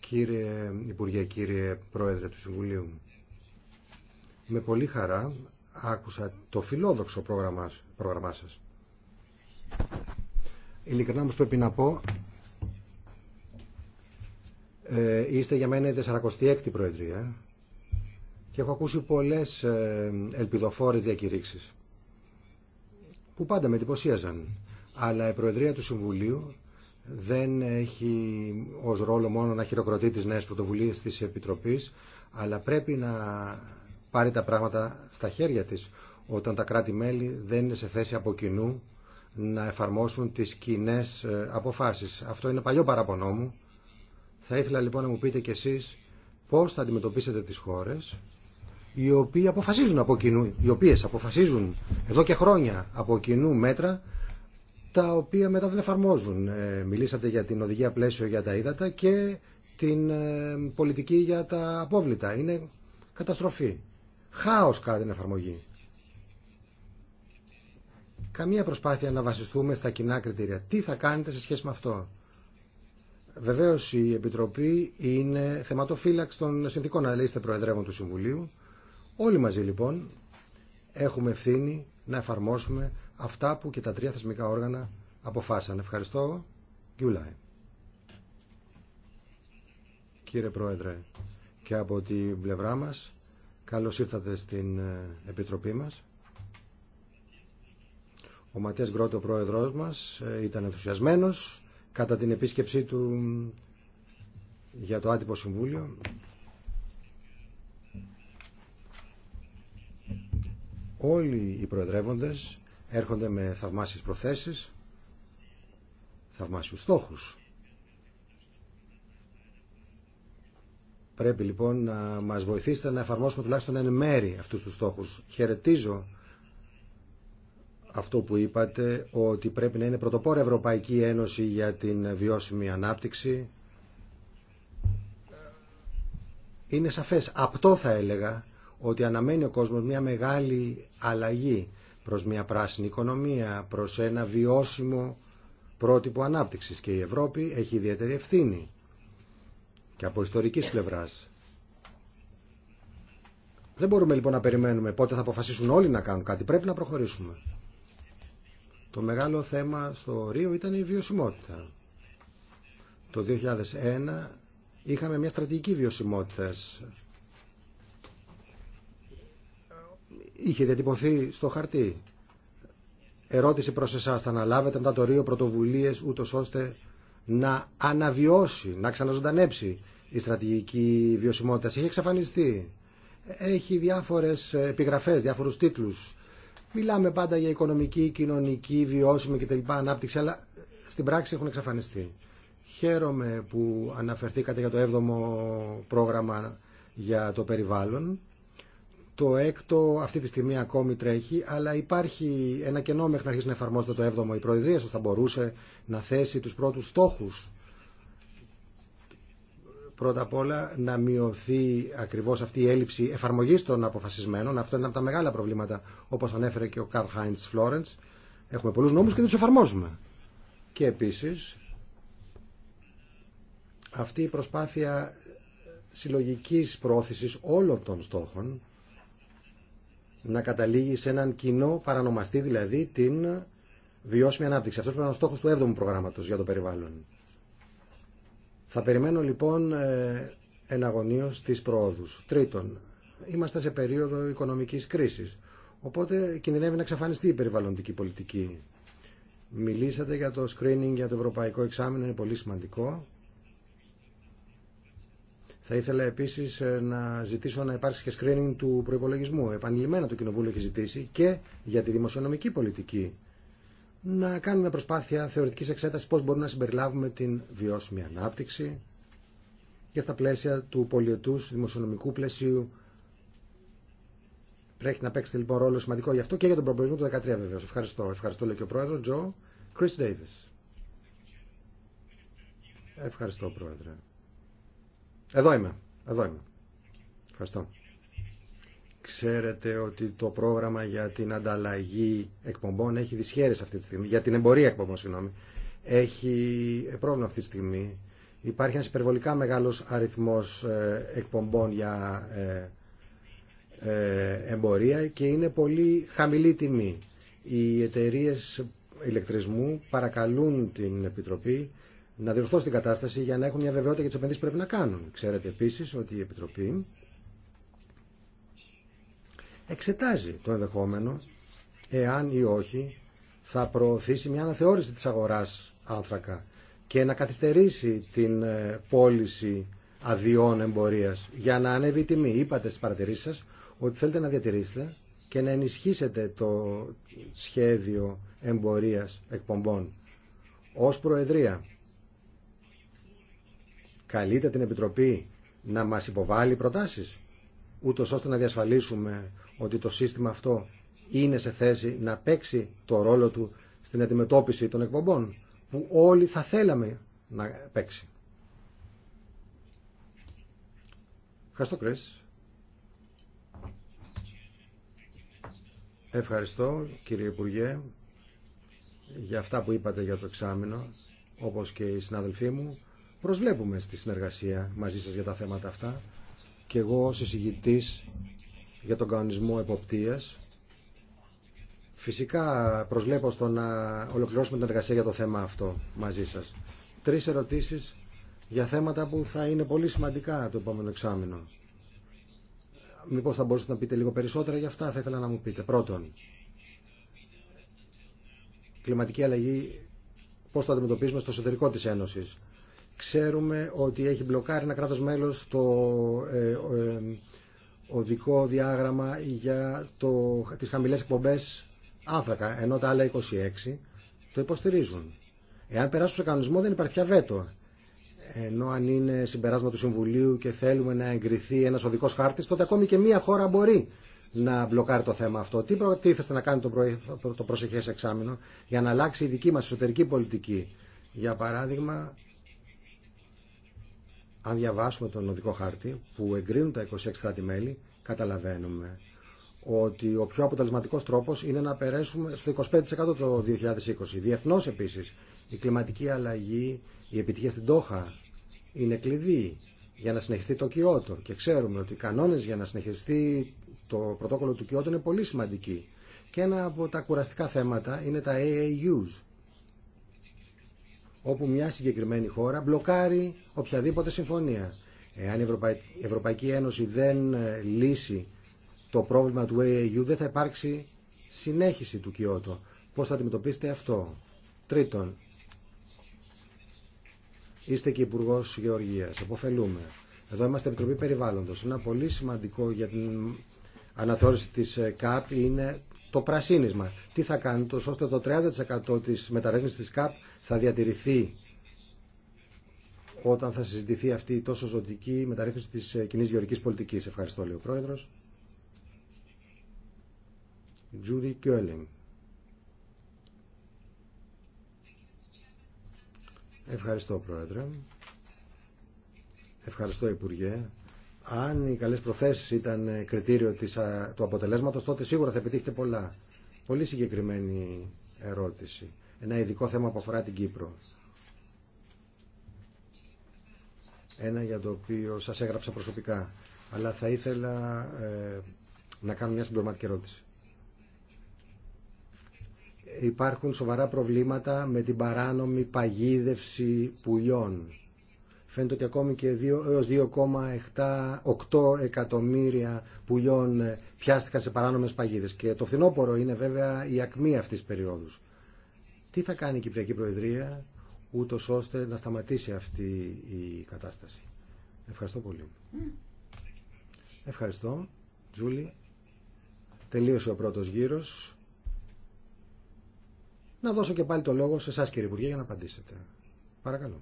Κύριε Υπουργέ, κύριε Πρόεδρε του Συμβουλίου, με πολύ χαρά άκουσα το φιλόδοξο πρόγραμμα, πρόγραμμά σας. Ειλικρινά μου, πρέπει να πω, ε, είστε για μένα η 46η Προεδρία και έχω ακούσει πολλές ε, ελπιδοφόρες διακηρύξεις που πάντα με εντυπωσίαζαν. Αλλά η Προεδρία του Συμβουλίου δεν έχει ως ρόλο μόνο να χειροκροτεί τις νέες πρωτοβουλίες της Επιτροπής, αλλά πρέπει να πάρει τα πράγματα στα χέρια της όταν τα κράτη-μέλη δεν είναι σε θέση από κοινού να εφαρμόσουν τις κοινέ ε, αποφάσεις. Αυτό είναι παλιό παραπονό μου. Θα ήθελα λοιπόν να μου πείτε κι εσείς πώς θα αντιμετωπίσετε τις χώρες οι οποίοι αποφασίζουν από κοινού, οι οποίες αποφασίζουν εδώ και χρόνια από κοινού μέτρα τα οποία μετά δεν εφαρμόζουν. Ε, μιλήσατε για την οδηγία πλαίσιο για τα ύδατα και την ε, πολιτική για τα απόβλητα. Είναι καταστροφή. Χάος κατά την εφαρμογή. Καμία προσπάθεια να βασιστούμε στα κοινά κριτήρια. Τι θα κάνετε σε σχέση με αυτό. Βεβαίω η Επιτροπή είναι θεματοφύλαξη των συνθήκων, αλλά είστε Προεδρεύων του Συμβουλίου. Όλοι μαζί λοιπόν έχουμε ευθύνη να εφαρμόσουμε αυτά που και τα τρία θεσμικά όργανα αποφάσισαν. Ευχαριστώ. Κύριε Πρόεδρε, και από την πλευρά μας, καλώς ήρθατε στην ε, Επιτροπή μας. Ο Ματίας Γκρότο, ο Πρόεδρός μας, ε, ήταν ενθουσιασμένος κατά την επίσκεψή του ε, για το Άτυπο Συμβούλιο Όλοι οι προεδρεύοντες έρχονται με θαυμάσιες προθέσεις, θαυμάσιους στόχους. Πρέπει λοιπόν να μας βοηθήσετε να εφαρμόσουμε τουλάχιστον εν μέρη αυτούς τους στόχους. Χαιρετίζω αυτό που είπατε ότι πρέπει να είναι πρωτοπόρα Ευρωπαϊκή Ένωση για την βιώσιμη ανάπτυξη. Είναι σαφές, απτό θα έλεγα, ότι αναμένει ο κόσμος μια μεγάλη αλλαγή προς μια πράσινη οικονομία, προς ένα βιώσιμο πρότυπο ανάπτυξης και η Ευρώπη έχει ιδιαίτερη ευθύνη και από ιστορικής πλευράς. Δεν μπορούμε λοιπόν να περιμένουμε πότε θα αποφασίσουν όλοι να κάνουν κάτι. Πρέπει να προχωρήσουμε. Το μεγάλο θέμα στο Ρίο ήταν η βιωσιμότητα. Το 2001 είχαμε μια στρατηγική βιωσιμότητας είχε διατυπωθεί στο χαρτί. Ερώτηση προς εσάς, θα αναλάβετε μετά το Ρίο πρωτοβουλίες ούτως ώστε να αναβιώσει, να ξαναζωντανέψει η στρατηγική βιωσιμότητα. Έχει εξαφανιστεί. Έχει διάφορες επιγραφές, διάφορους τίτλους. Μιλάμε πάντα για οικονομική, κοινωνική, βιώσιμη κτλ. ανάπτυξη, αλλά στην πράξη έχουν εξαφανιστεί. Χαίρομαι που αναφερθήκατε για το 7ο πρόγραμμα για το περιβάλλον το έκτο αυτή τη στιγμή ακόμη τρέχει, αλλά υπάρχει ένα κενό μέχρι να αρχίσει να εφαρμόζεται το έβδομο. Η Προεδρία σας θα μπορούσε να θέσει τους πρώτους στόχους. Πρώτα απ' όλα να μειωθεί ακριβώς αυτή η έλλειψη εφαρμογής των αποφασισμένων. Αυτό είναι ένα από τα μεγάλα προβλήματα, όπως ανέφερε και ο Καρλ Χάιντς Φλόρεντς. Έχουμε πολλούς νόμους και δεν τους εφαρμόζουμε. Και επίσης, αυτή η προσπάθεια συλλογικής πρόθεσης όλων των στόχων να καταλήγει σε έναν κοινό παρανομαστή, δηλαδή την βιώσιμη ανάπτυξη. Αυτό πρέπει είναι ο στόχο του 7ου προγράμματο για το περιβάλλον. Θα περιμένω λοιπόν ε, εναγωνίω τι προόδου. Τρίτον, είμαστε σε περίοδο οικονομική κρίση. Οπότε κινδυνεύει να εξαφανιστεί η περιβαλλοντική πολιτική. Μιλήσατε για το screening για το ευρωπαϊκό εξάμεινο, είναι πολύ σημαντικό. Θα ήθελα επίση ε, να ζητήσω να υπάρξει και screening του προπολογισμού, Επανειλημμένα το Κοινοβούλιο έχει ζητήσει και για τη δημοσιονομική πολιτική να κάνουμε προσπάθεια θεωρητική εξέταση πώ μπορούμε να συμπεριλάβουμε την βιώσιμη ανάπτυξη και στα πλαίσια του πολιετού δημοσιονομικού πλαισίου πρέπει να παίξετε λοιπόν ρόλο σημαντικό γι' αυτό και για τον προπολογισμό του 2013 βεβαίω. Ευχαριστώ. Ευχαριστώ λέει και ο πρόεδρο Τζο. Κρι Ευχαριστώ πρόεδρε. Εδώ είμαι. Εδώ είμαι. Ευχαριστώ. Ξέρετε ότι το πρόγραμμα για την ανταλλαγή εκπομπών έχει δυσχέρειες αυτή τη στιγμή, για την εμπορία εκπομπών, συγγνώμη, έχει πρόβλημα αυτή τη στιγμή. Υπάρχει ένας υπερβολικά μεγάλος αριθμός ε, εκπομπών για ε, ε, εμπορία και είναι πολύ χαμηλή τιμή. Οι εταιρείε ηλεκτρισμού παρακαλούν την Επιτροπή να διορθώσει την κατάσταση για να έχουν μια βεβαιότητα για τι επενδύσει πρέπει να κάνουν. Ξέρετε επίση ότι η Επιτροπή εξετάζει το ενδεχόμενο εάν ή όχι θα προωθήσει μια αναθεώρηση της αγοράς άνθρακα και να καθυστερήσει την ε, πώληση αδειών εμπορίας για να ανέβει η τιμή. Είπατε στις παρατηρήσεις σας ότι θέλετε να διατηρήσετε και να ενισχύσετε το σχέδιο εμπορίας εκπομπών ως Προεδρία καλείται την Επιτροπή να μας υποβάλει προτάσεις, ούτως ώστε να διασφαλίσουμε ότι το σύστημα αυτό είναι σε θέση να παίξει το ρόλο του στην αντιμετώπιση των εκπομπών, που όλοι θα θέλαμε να παίξει. Ευχαριστώ, Ευχαριστώ, κύριε Υπουργέ, για αυτά που είπατε για το εξάμεινο, όπως και οι συναδελφοί μου. Προσβλέπουμε στη συνεργασία μαζί σας για τα θέματα αυτά και εγώ ως εισηγητής για τον κανονισμό εποπτείας φυσικά προσβλέπω στο να ολοκληρώσουμε την εργασία για το θέμα αυτό μαζί σας. Τρεις ερωτήσεις για θέματα που θα είναι πολύ σημαντικά το επόμενο εξάμεινο. Μήπως θα μπορούσατε να πείτε λίγο περισσότερα για αυτά, θα ήθελα να μου πείτε. Πρώτον, κλιματική αλλαγή πώς θα αντιμετωπίσουμε στο εσωτερικό της Ένωσης. Ξέρουμε ότι έχει μπλοκάρει ένα κράτος μέλος το ε, ε, οδικό διάγραμμα για το, τις χαμηλές εκπομπές άνθρακα, ενώ τα άλλα 26 το υποστηρίζουν. Εάν περάσουν σε κανονισμό δεν υπάρχει πια βέτο. Ενώ αν είναι συμπεράσμα του Συμβουλίου και θέλουμε να εγκριθεί ένας οδικός χάρτης, τότε ακόμη και μία χώρα μπορεί να μπλοκάρει το θέμα αυτό. Τι προτίθεστε να κάνει το, προσεχές εξάμεινο για να αλλάξει η δική μας εσωτερική πολιτική. Για παράδειγμα, αν διαβάσουμε τον οδικό χάρτη που εγκρίνουν τα 26 κράτη-μέλη, καταλαβαίνουμε ότι ο πιο αποτελεσματικός τρόπος είναι να περάσουμε στο 25% το 2020. Διεθνώς επίσης, η κλιματική αλλαγή, η επιτυχία στην Τόχα είναι κλειδί για να συνεχιστεί το κιότο. Και ξέρουμε ότι οι κανόνες για να συνεχιστεί το πρωτόκολλο του Κιώτο είναι πολύ σημαντικοί. Και ένα από τα κουραστικά θέματα είναι τα AAUs, όπου μια συγκεκριμένη χώρα μπλοκάρει οποιαδήποτε συμφωνία. Εάν η Ευρωπαϊκή Ένωση δεν ε, λύσει το πρόβλημα του AAU, δεν θα υπάρξει συνέχιση του Κιώτο. Πώς θα αντιμετωπίσετε αυτό. Τρίτον, είστε και Υπουργό Γεωργίας. Αποφελούμε. Εδώ είμαστε Επιτροπή Περιβάλλοντος. Ένα πολύ σημαντικό για την αναθεώρηση της ε, ΚΑΠ είναι το πρασίνισμα. Τι θα κάνετε ώστε το 30% της μεταρρύθμισης της ΚΑΠ θα διατηρηθεί όταν θα συζητηθεί αυτή η τόσο ζωτική μεταρρύθμιση της ε, κοινή γεωρικής πολιτικής. Ευχαριστώ, λέει ο Πρόεδρος. Κιόλινγκ. Ευχαριστώ, Πρόεδρε. Ευχαριστώ, Υπουργέ. Αν οι καλές προθέσεις ήταν ε, κριτήριο της, του αποτελέσματος, τότε σίγουρα θα επιτύχετε πολλά. Πολύ συγκεκριμένη ερώτηση ένα ειδικό θέμα που αφορά την Κύπρο. Ένα για το οποίο σας έγραψα προσωπικά. Αλλά θα ήθελα ε, να κάνω μια συμπληρωματική ερώτηση. Υπάρχουν σοβαρά προβλήματα με την παράνομη παγίδευση πουλιών. Φαίνεται ότι ακόμη και 2, έως 2,8 εκατομμύρια πουλιών ε, πιάστηκαν σε παράνομες παγίδες. Και το φθινόπωρο είναι βέβαια η ακμή αυτής της περίοδου. Τι θα κάνει η Κυπριακή Προεδρία ούτω ώστε να σταματήσει αυτή η κατάσταση. Ευχαριστώ πολύ. Ευχαριστώ. Τζούλη. Τελείωσε ο πρώτος γύρος. Να δώσω και πάλι το λόγο σε εσάς κύριε Υπουργέ για να απαντήσετε. Παρακαλώ.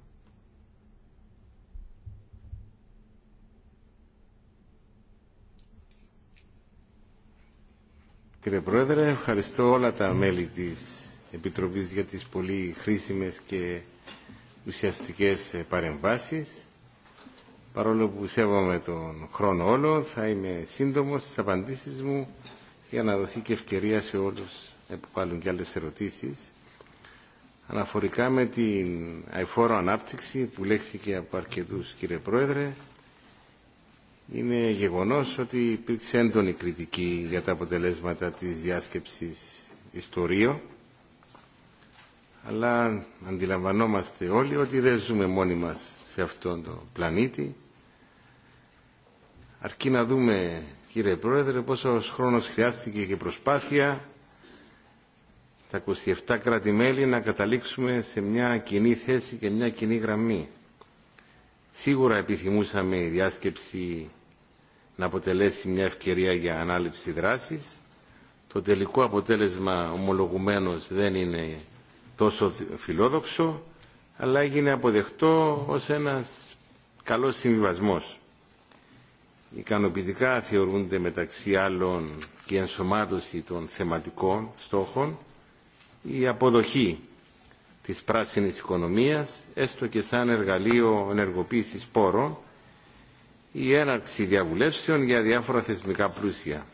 Κύριε Πρόεδρε, ευχαριστώ όλα τα μέλη της Επιτροπής για τις πολύ χρήσιμες και ουσιαστικές ε, παρεμβάσεις. Παρόλο που σέβομαι τον χρόνο όλο, θα είμαι σύντομος στις απαντήσεις μου για να δοθεί και ευκαιρία σε όλους που βάλουν και άλλες ερωτήσεις. Αναφορικά με την αηφόρο ανάπτυξη που λέχθηκε από αρκετούς κύριε Πρόεδρε, είναι γεγονός ότι υπήρξε έντονη κριτική για τα αποτελέσματα της διάσκεψης ιστορίου αλλά αντιλαμβανόμαστε όλοι ότι δεν ζούμε μόνοι μας σε αυτόν τον πλανήτη. Αρκεί να δούμε, κύριε Πρόεδρε, πόσο χρόνος χρειάστηκε και προσπάθεια τα 27 κράτη-μέλη να καταλήξουμε σε μια κοινή θέση και μια κοινή γραμμή. Σίγουρα επιθυμούσαμε η διάσκεψη να αποτελέσει μια ευκαιρία για ανάληψη δράσης. Το τελικό αποτέλεσμα ομολογουμένως δεν είναι τόσο φιλόδοξο, αλλά έγινε αποδεκτό ως ένας καλός συμβιβασμός. Ικανοποιητικά θεωρούνται μεταξύ άλλων και η ενσωμάτωση των θεματικών στόχων, η αποδοχή της πράσινης οικονομίας, έστω και σαν εργαλείο ενεργοποίησης πόρων, η έναρξη διαβουλεύσεων για διάφορα θεσμικά πλούσια.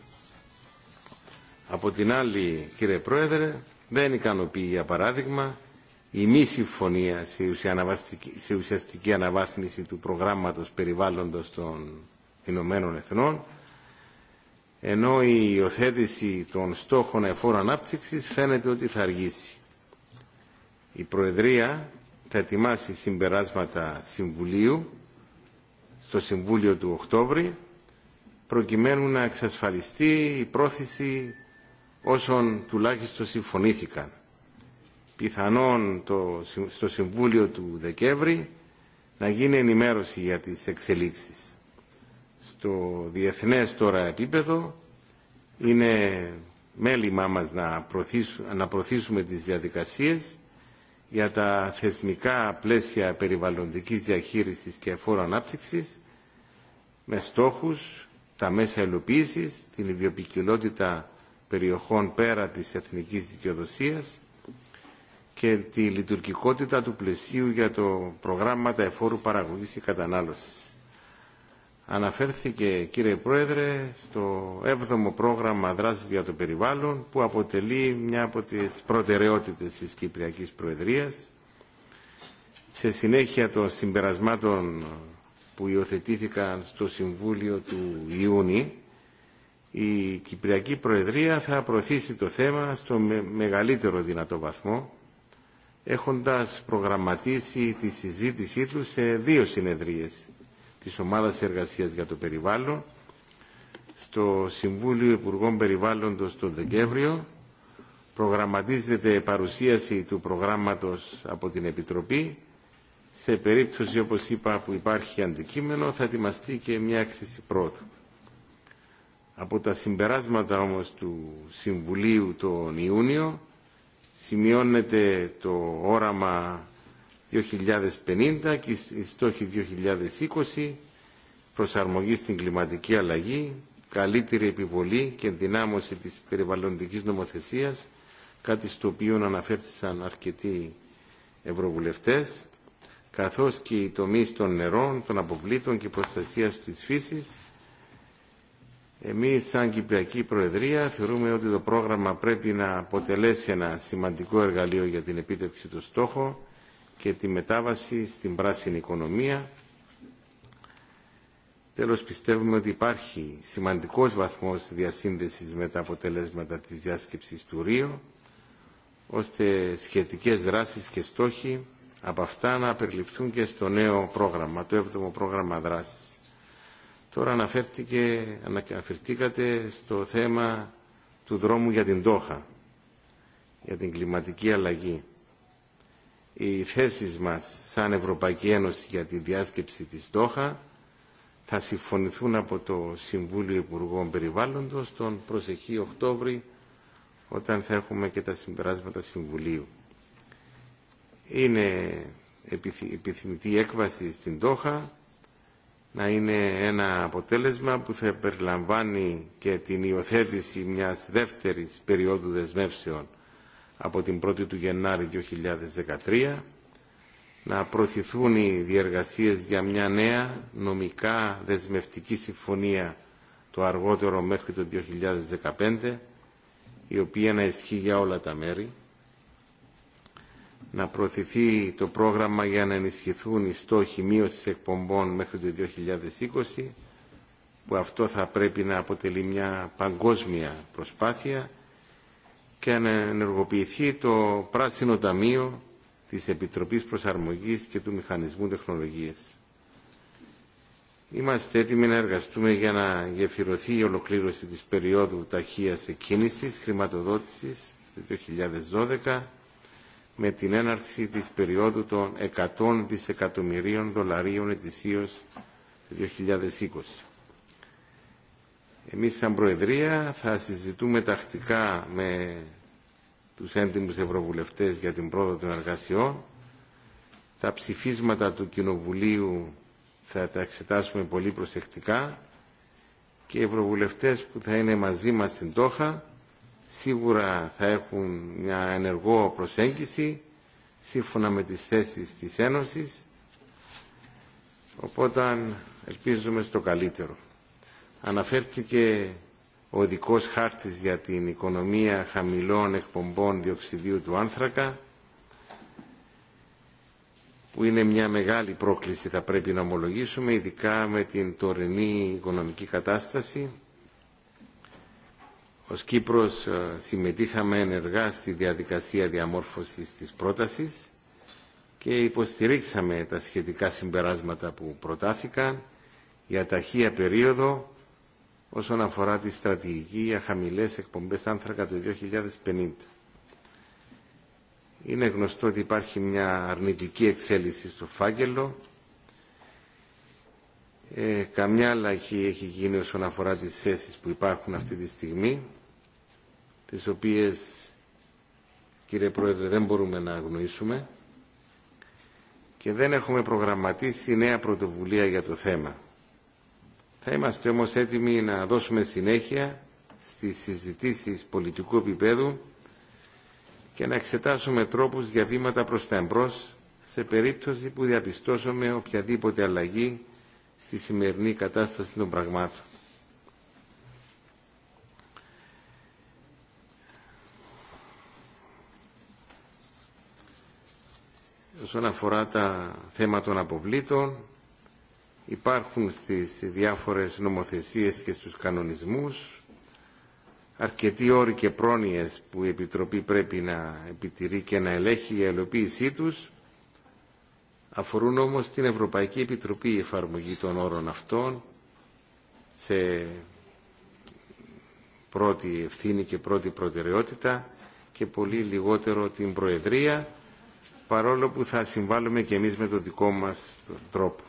Από την άλλη, κύριε Πρόεδρε, δεν ικανοποιεί για παράδειγμα η μη συμφωνία σε ουσιαστική αναβάθμιση του προγράμματος περιβάλλοντος των Ηνωμένων Εθνών ενώ η υιοθέτηση των στόχων εφόρου ανάπτυξης φαίνεται ότι θα αργήσει. Η Προεδρία θα ετοιμάσει συμπεράσματα Συμβουλίου στο Συμβούλιο του Οκτώβρη προκειμένου να εξασφαλιστεί η πρόθεση όσων τουλάχιστον συμφωνήθηκαν. Πιθανόν το, στο Συμβούλιο του Δεκέμβρη να γίνει ενημέρωση για τις εξελίξεις. Στο διεθνές τώρα επίπεδο είναι μέλημά μας να, να προωθήσουμε τις διαδικασίες για τα θεσμικά πλαίσια περιβαλλοντικής διαχείρισης και εφόρου ανάπτυξης με στόχους τα μέσα ελοποίησης, την βιοπικιλότητα περιοχών πέρα της εθνικής δικαιοδοσίας και τη λειτουργικότητα του πλαισίου για το προγράμματα εφόρου παραγωγής και κατανάλωσης. Αναφέρθηκε, κύριε Πρόεδρε, στο 7ο πρόγραμμα δράσης για το περιβάλλον που αποτελεί μια από τις προτεραιότητες της Κυπριακής Προεδρίας σε συνέχεια των συμπερασμάτων που υιοθετήθηκαν στο Συμβούλιο του Ιούνιου η Κυπριακή Προεδρία θα προωθήσει το θέμα στο μεγαλύτερο δυνατό βαθμό έχοντας προγραμματίσει τη συζήτησή του σε δύο συνεδρίες της Ομάδας Εργασίας για το Περιβάλλον στο Συμβούλιο Υπουργών Περιβάλλοντος τον Δεκέμβριο προγραμματίζεται παρουσίαση του προγράμματος από την Επιτροπή σε περίπτωση όπως είπα που υπάρχει αντικείμενο θα ετοιμαστεί και μια έκθεση πρόοδου. Από τα συμπεράσματα όμως του Συμβουλίου τον Ιούνιο σημειώνεται το όραμα 2050 και η στόχη 2020 προσαρμογή στην κλιματική αλλαγή, καλύτερη επιβολή και ενδυνάμωση της περιβαλλοντικής νομοθεσίας, κάτι στο οποίο αναφέρθησαν αρκετοί ευρωβουλευτές, καθώς και οι τομείς των νερών, των αποβλήτων και προστασίας της φύσης, εμείς σαν Κυπριακή Προεδρία θεωρούμε ότι το πρόγραμμα πρέπει να αποτελέσει ένα σημαντικό εργαλείο για την επίτευξη του στόχου και τη μετάβαση στην πράσινη οικονομία. Τέλος πιστεύουμε ότι υπάρχει σημαντικός βαθμός διασύνδεσης με τα αποτελέσματα της διάσκεψης του Ρίο, ώστε σχετικές δράσεις και στόχοι από αυτά να περιληφθούν και στο νέο πρόγραμμα, το 7ο πρόγραμμα δράσης. Τώρα αναφέρθηκε, αναφερθήκατε στο θέμα του δρόμου για την Τόχα, για την κλιματική αλλαγή. Οι θέσεις μας σαν Ευρωπαϊκή Ένωση για τη διάσκεψη της Τόχα θα συμφωνηθούν από το Συμβούλιο Υπουργών Περιβάλλοντος τον προσεχή Οκτώβρη όταν θα έχουμε και τα συμπεράσματα Συμβουλίου. Είναι επιθυμητή έκβαση στην Τόχα να είναι ένα αποτέλεσμα που θα περιλαμβάνει και την υιοθέτηση μιας δεύτερης περίοδου δεσμεύσεων από την 1η του Γενάρη 2013, να προωθηθούν οι διεργασίες για μια νέα νομικά δεσμευτική συμφωνία το αργότερο μέχρι το 2015, η οποία να ισχύει για όλα τα μέρη, να προωθηθεί το πρόγραμμα για να ενισχυθούν οι στόχοι μείωσης εκπομπών μέχρι το 2020 που αυτό θα πρέπει να αποτελεί μια παγκόσμια προσπάθεια και να ενεργοποιηθεί το Πράσινο Ταμείο της Επιτροπής Προσαρμογής και του Μηχανισμού Τεχνολογίας. Είμαστε έτοιμοι να εργαστούμε για να γεφυρωθεί η ολοκλήρωση της περίοδου ταχείας εκκίνησης χρηματοδότησης το 2012 με την έναρξη της περίοδου των 100 δισεκατομμυρίων δολαρίων ετησίως 2020. Εμείς σαν Προεδρία θα συζητούμε τακτικά με τους έντιμους ευρωβουλευτές για την πρόοδο των εργασιών. Τα ψηφίσματα του Κοινοβουλίου θα τα εξετάσουμε πολύ προσεκτικά και οι ευρωβουλευτές που θα είναι μαζί μας στην Τόχα σίγουρα θα έχουν μια ενεργό προσέγγιση σύμφωνα με τις θέσεις της Ένωσης οπότε ελπίζουμε στο καλύτερο. Αναφέρθηκε ο δικός χάρτης για την οικονομία χαμηλών εκπομπών διοξιδίου του άνθρακα που είναι μια μεγάλη πρόκληση θα πρέπει να ομολογήσουμε ειδικά με την τωρινή οικονομική κατάσταση ως Κύπρος ε, συμμετείχαμε ενεργά στη διαδικασία διαμόρφωσης της πρότασης και υποστηρίξαμε τα σχετικά συμπεράσματα που προτάθηκαν για ταχεία περίοδο όσον αφορά τη στρατηγική για χαμηλές εκπομπές άνθρακα το 2050. Είναι γνωστό ότι υπάρχει μια αρνητική εξέλιξη στο φάκελο. Ε, καμιά αλλαγή έχει γίνει όσον αφορά τις θέσεις που υπάρχουν αυτή τη στιγμή τις οποίες κύριε Πρόεδρε δεν μπορούμε να αγνοήσουμε και δεν έχουμε προγραμματίσει νέα πρωτοβουλία για το θέμα. Θα είμαστε όμως έτοιμοι να δώσουμε συνέχεια στις συζητήσεις πολιτικού επίπεδου και να εξετάσουμε τρόπους για βήματα προς τα εμπρός σε περίπτωση που διαπιστώσουμε οποιαδήποτε αλλαγή στη σημερινή κατάσταση των πραγμάτων. όσον αφορά τα θέματα των αποβλήτων υπάρχουν στις διάφορες νομοθεσίες και στους κανονισμούς αρκετοί όροι και πρόνοιες που η Επιτροπή πρέπει να επιτηρεί και να ελέγχει η ελοποίησή τους αφορούν όμως την Ευρωπαϊκή Επιτροπή η εφαρμογή των όρων αυτών σε πρώτη ευθύνη και πρώτη προτεραιότητα και πολύ λιγότερο την Προεδρία παρόλο που θα συμβάλλουμε και εμείς με το δικό μας τρόπο.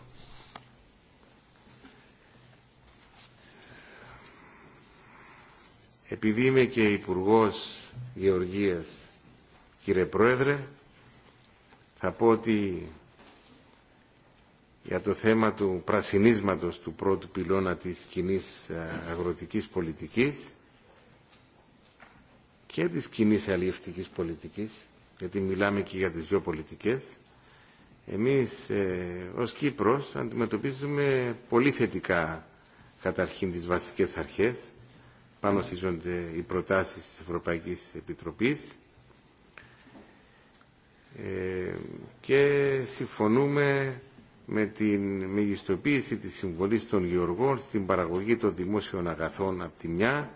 Επειδή είμαι και Υπουργός Γεωργίας, κύριε Πρόεδρε, θα πω ότι για το θέμα του πρασινίσματος του πρώτου πυλώνα της κοινή ε, αγροτικής πολιτικής και της κοινή αλληλευτικής πολιτικής γιατί μιλάμε και για τις δύο πολιτικές, εμείς ε, ως Κύπρος αντιμετωπίζουμε πολύ θετικά καταρχήν τις βασικές αρχές, πάνω στις οι προτάσεις της Ευρωπαϊκής Επιτροπής ε, και συμφωνούμε με την μεγιστοποίηση της συμβολής των γεωργών στην παραγωγή των δημόσιων αγαθών από τη μια,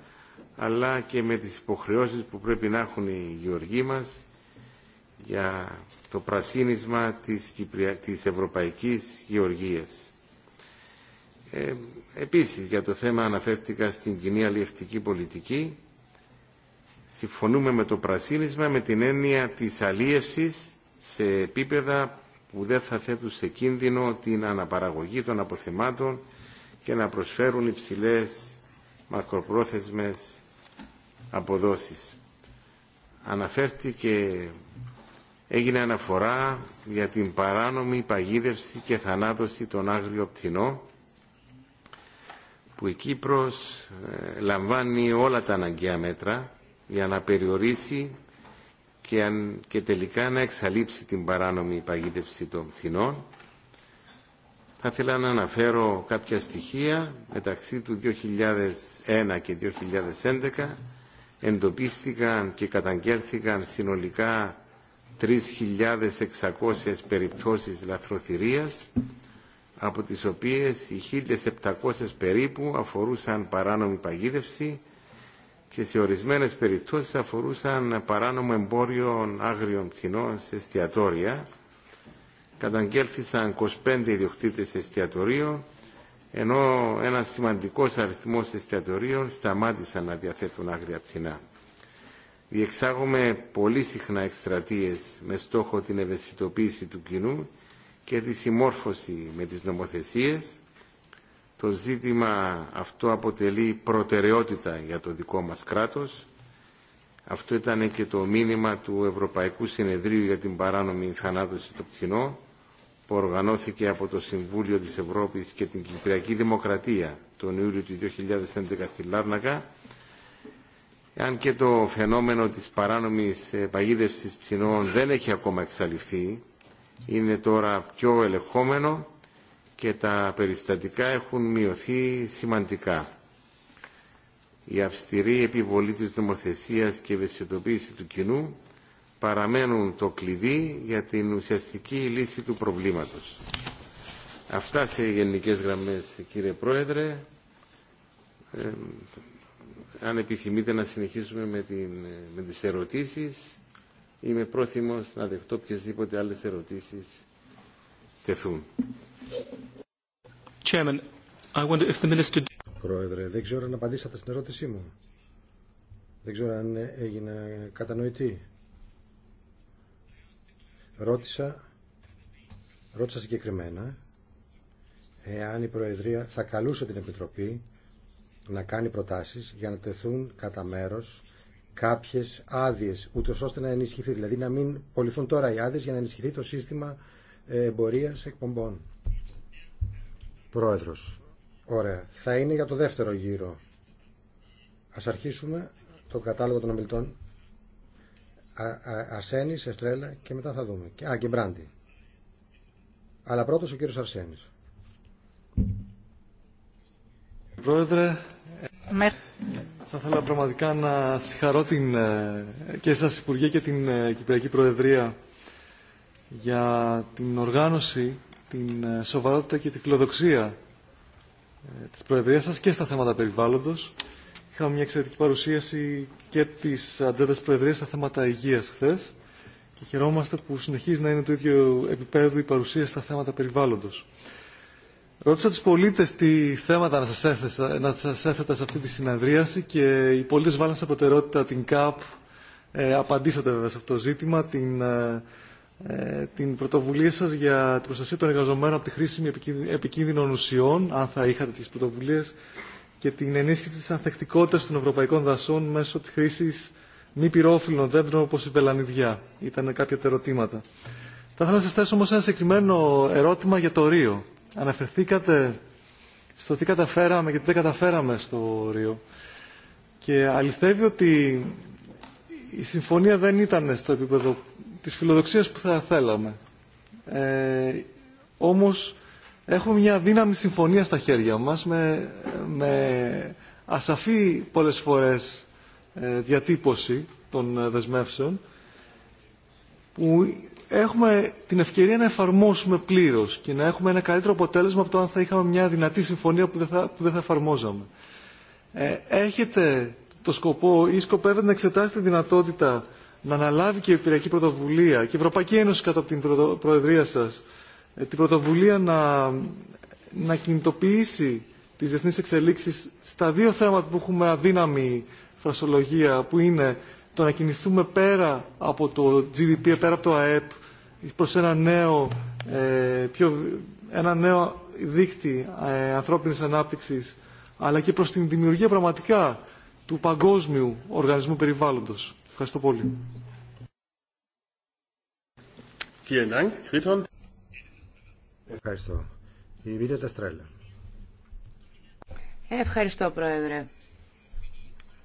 αλλά και με τις υποχρεώσεις που πρέπει να έχουν οι γεωργοί μας για το πρασίνισμα της, Κυπρια... της Ευρωπαϊκής Γεωργίας. Ε, επίσης, για το θέμα αναφέρθηκα στην κοινή αλλιευτική πολιτική. Συμφωνούμε με το πρασίνισμα με την έννοια της αλίευσης σε επίπεδα που δεν θα θέτουν σε κίνδυνο την αναπαραγωγή των αποθεμάτων και να προσφέρουν υψηλές μακροπρόθεσμες αποδόσεις. Αναφέρθηκε έγινε αναφορά για την παράνομη παγίδευση και θανάτωση των άγριο πτηνών, που η Κύπρος ε, λαμβάνει όλα τα αναγκαία μέτρα για να περιορίσει και, αν, τελικά να εξαλείψει την παράνομη παγίδευση των πτηνών. Θα ήθελα να αναφέρω κάποια στοιχεία. Μεταξύ του 2001 και 2011 εντοπίστηκαν και καταγγέλθηκαν συνολικά 3.600 περιπτώσεις λαθροθυρίας, από τις οποίες οι 1.700 περίπου αφορούσαν παράνομη παγίδευση και σε ορισμένες περιπτώσεις αφορούσαν παράνομο εμπόριο άγριων πτηνών σε εστιατόρια. Καταγγέλθησαν 25 ιδιοκτήτες εστιατορίων, ενώ ένας σημαντικός αριθμός εστιατορίων σταμάτησαν να διαθέτουν άγρια πτηνά διεξάγουμε πολύ συχνά εκστρατείες με στόχο την ευαισθητοποίηση του κοινού και τη συμμόρφωση με τις νομοθεσίες. Το ζήτημα αυτό αποτελεί προτεραιότητα για το δικό μας κράτος. Αυτό ήταν και το μήνυμα του Ευρωπαϊκού Συνεδρίου για την παράνομη θανάτωση των πτυνό που οργανώθηκε από το Συμβούλιο της Ευρώπης και την Κυπριακή Δημοκρατία τον Ιούλιο του 2011 στη Λάρνακα αν και το φαινόμενο της παράνομης ε, παγίδευσης ψινών δεν έχει ακόμα εξαλειφθεί, είναι τώρα πιο ελεγχόμενο και τα περιστατικά έχουν μειωθεί σημαντικά. Η αυστηρή επιβολή της νομοθεσίας και ευαισθητοποίηση του κοινού παραμένουν το κλειδί για την ουσιαστική λύση του προβλήματος. Αυτά σε γενικές γραμμές, κύριε Πρόεδρε. Ε, αν επιθυμείτε να συνεχίσουμε με, την, με τις ερωτήσεις, είμαι πρόθυμος να δεχτώ οποιασδήποτε άλλες ερωτήσεις τεθούν.
Chairman,
I wonder if the minister...
Πρόεδρε, δεν ξέρω αν απαντήσατε στην ερώτησή μου. Δεν ξέρω αν έγινε κατανοητή. Ρώτησα, ρώτησα συγκεκριμένα εάν η Προεδρία θα καλούσε την Επιτροπή να κάνει προτάσεις για να τεθούν κατά μέρο κάποιες άδειες, ούτως ώστε να ενισχυθεί, δηλαδή να μην πολυθούν τώρα οι άδειες για να ενισχυθεί το σύστημα εμπορίας εκπομπών. Πρόεδρος, ωραία, θα είναι για το δεύτερο γύρο. Ας αρχίσουμε το κατάλογο των ομιλητών. Αρσένης, Εστρέλα και μετά θα δούμε. Α, και Μπράντι. Αλλά πρώτος ο κύριος
Αρσένης. Πρόεδρε, Με... θα ήθελα πραγματικά να συγχαρώ την, ε, και σας Υπουργέ και την ε, Κυπριακή Προεδρία για την οργάνωση, την ε, σοβαρότητα και τη φιλοδοξία της Προεδρίας σας και στα θέματα περιβάλλοντος. Είχαμε μια εξαιρετική παρουσίαση και της ατζέντα Προεδρίας στα θέματα υγείας χθε και χαιρόμαστε που συνεχίζει να είναι το ίδιο επίπεδο η παρουσία στα θέματα περιβάλλοντος. Ρώτησα τους πολίτες τι θέματα να σας, έθεσα, έθετα σε αυτή τη συναδρίαση και οι πολίτες βάλαν σε προτεραιότητα την ΚΑΠ. Ε, απαντήσατε βέβαια σε αυτό το ζήτημα, την, ε, ε, την πρωτοβουλία σας για την προστασία των εργαζομένων από τη χρήση επικίνδυνων ουσιών, αν θα είχατε τις πρωτοβουλίες, και την ενίσχυση της ανθεκτικότητας των ευρωπαϊκών δασών μέσω της χρήσης μη πυρόφιλων δέντρων όπως η πελανιδιά. Ήταν κάποια τα ερωτήματα. Θα ήθελα να σα θέσω όμως ένα συγκεκριμένο ερώτημα για το Ρίο αναφερθήκατε στο τι καταφέραμε και τι δεν καταφέραμε στο Ρίο. Και αληθεύει ότι η συμφωνία δεν ήταν στο επίπεδο της φιλοδοξίας που θα θέλαμε. Ε, όμως έχουμε μια δύναμη συμφωνία στα χέρια μας με, με ασαφή πολλές φορές ε, διατύπωση των δεσμεύσεων που έχουμε την ευκαιρία να εφαρμόσουμε πλήρω και να έχουμε ένα καλύτερο αποτέλεσμα από το αν θα είχαμε μια δυνατή συμφωνία που δεν θα, που δεν θα εφαρμόζαμε. Ε, έχετε το σκοπό ή σκοπεύετε να εξετάσετε τη δυνατότητα να αναλάβει και η Ευρωπαϊκή Πρωτοβουλία και η Ευρωπαϊκή Ένωση κατά την Προεδρία σας ε, την πρωτοβουλία να, να κινητοποιήσει τις διεθνείς εξελίξεις στα δύο θέματα που έχουμε αδύναμη φρασολογία που είναι το να κινηθούμε πέρα από το GDP, πέρα από το ΑΕΠ προς ένα νέο, ε, πιο, ένα νέο δίκτυ ε, ανθρώπινης ανάπτυξης αλλά και προς την δημιουργία πραγματικά του παγκόσμιου οργανισμού περιβάλλοντος. Ευχαριστώ πολύ.
Ευχαριστώ. Η
Ευχαριστώ, Πρόεδρε.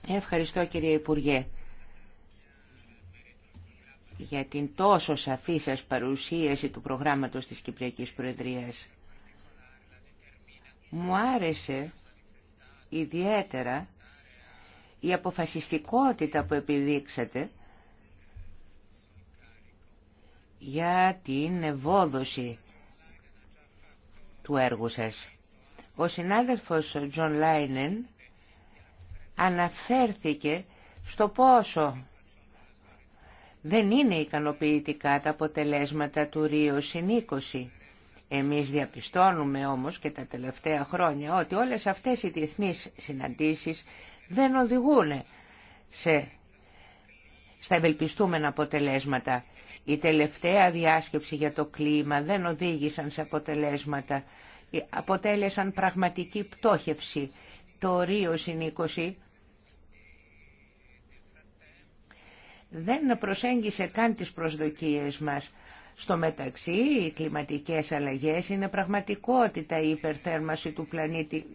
Ευχαριστώ, κύριε Υπουργέ για την τόσο σαφή σας παρουσίαση του προγράμματος της Κυπριακής Προεδρίας. Μου άρεσε ιδιαίτερα η αποφασιστικότητα που επιδείξατε για την ευόδοση του έργου σας. Ο συνάδελφος Τζον Λάινεν αναφέρθηκε στο πόσο δεν είναι ικανοποιητικά τα αποτελέσματα του Ρίο συν 20. Εμείς διαπιστώνουμε όμως και τα τελευταία χρόνια ότι όλες αυτές οι διεθνείς συναντήσεις δεν οδηγούν σε, στα ευελπιστούμενα αποτελέσματα. Η τελευταία διάσκεψη για το κλίμα δεν οδήγησαν σε αποτελέσματα. Αποτέλεσαν πραγματική πτώχευση. Το Ρίο συν δεν προσέγγισε καν τις προσδοκίες μας. Στο μεταξύ, οι κλιματικές αλλαγές είναι πραγματικότητα, η υπερθέρμαση του πλανήτη.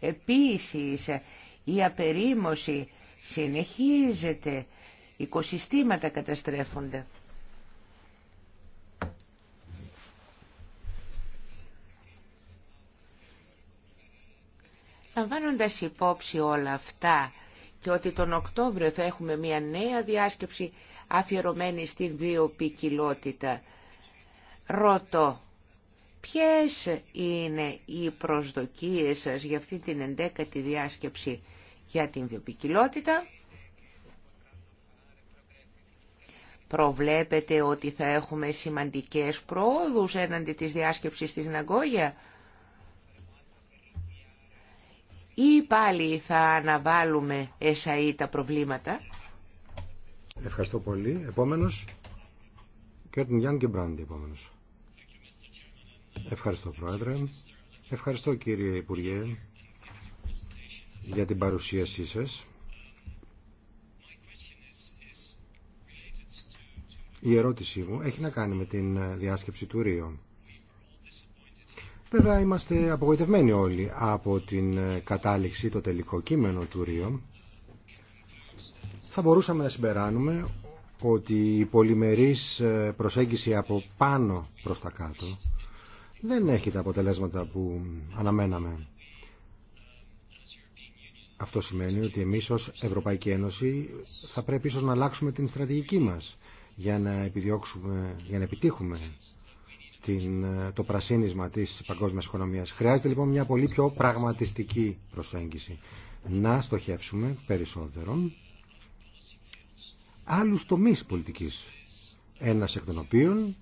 Επίσης, η απερίμωση συνεχίζεται, οικοσυστήματα καταστρέφονται. Λαμβάνοντας υπόψη όλα αυτά, και ότι τον Οκτώβριο θα έχουμε μια νέα διάσκεψη αφιερωμένη στην βιοπικιλότητα. Ρωτώ, ποιες είναι οι προσδοκίες σας για αυτή την εντέκατη διάσκεψη για την βιοπικιλότητα. Προβλέπετε ότι θα έχουμε σημαντικές πρόοδους έναντι της διάσκεψης της Ναγκόγια ή πάλι θα αναβάλουμε εσαΐ τα προβλήματα.
Ευχαριστώ πολύ. Επόμενος, Κέρτιν Γιάνν και Μπράντι, επόμενος. Ευχαριστώ Πρόεδρε. Ευχαριστώ κύριε Υπουργέ για την παρουσίασή σας. Η ερώτησή μου έχει να κάνει με την διάσκεψη του ρίου. Βέβαια είμαστε απογοητευμένοι όλοι από την ε, κατάληξη, το τελικό κείμενο του Ρίο. Θα μπορούσαμε να συμπεράνουμε ότι η πολυμερής ε, προσέγγιση από πάνω προς τα κάτω δεν έχει τα αποτελέσματα που αναμέναμε. Αυτό σημαίνει ότι εμείς ως Ευρωπαϊκή Ένωση θα πρέπει ίσως να αλλάξουμε την στρατηγική μας για να, επιδιώξουμε, για να επιτύχουμε την, το πρασίνισμα της παγκόσμιας οικονομίας. Χρειάζεται λοιπόν μια πολύ πιο πραγματιστική προσέγγιση. Να στοχεύσουμε περισσότερο άλλους τομείς πολιτικής. Ένας εκ των οποίων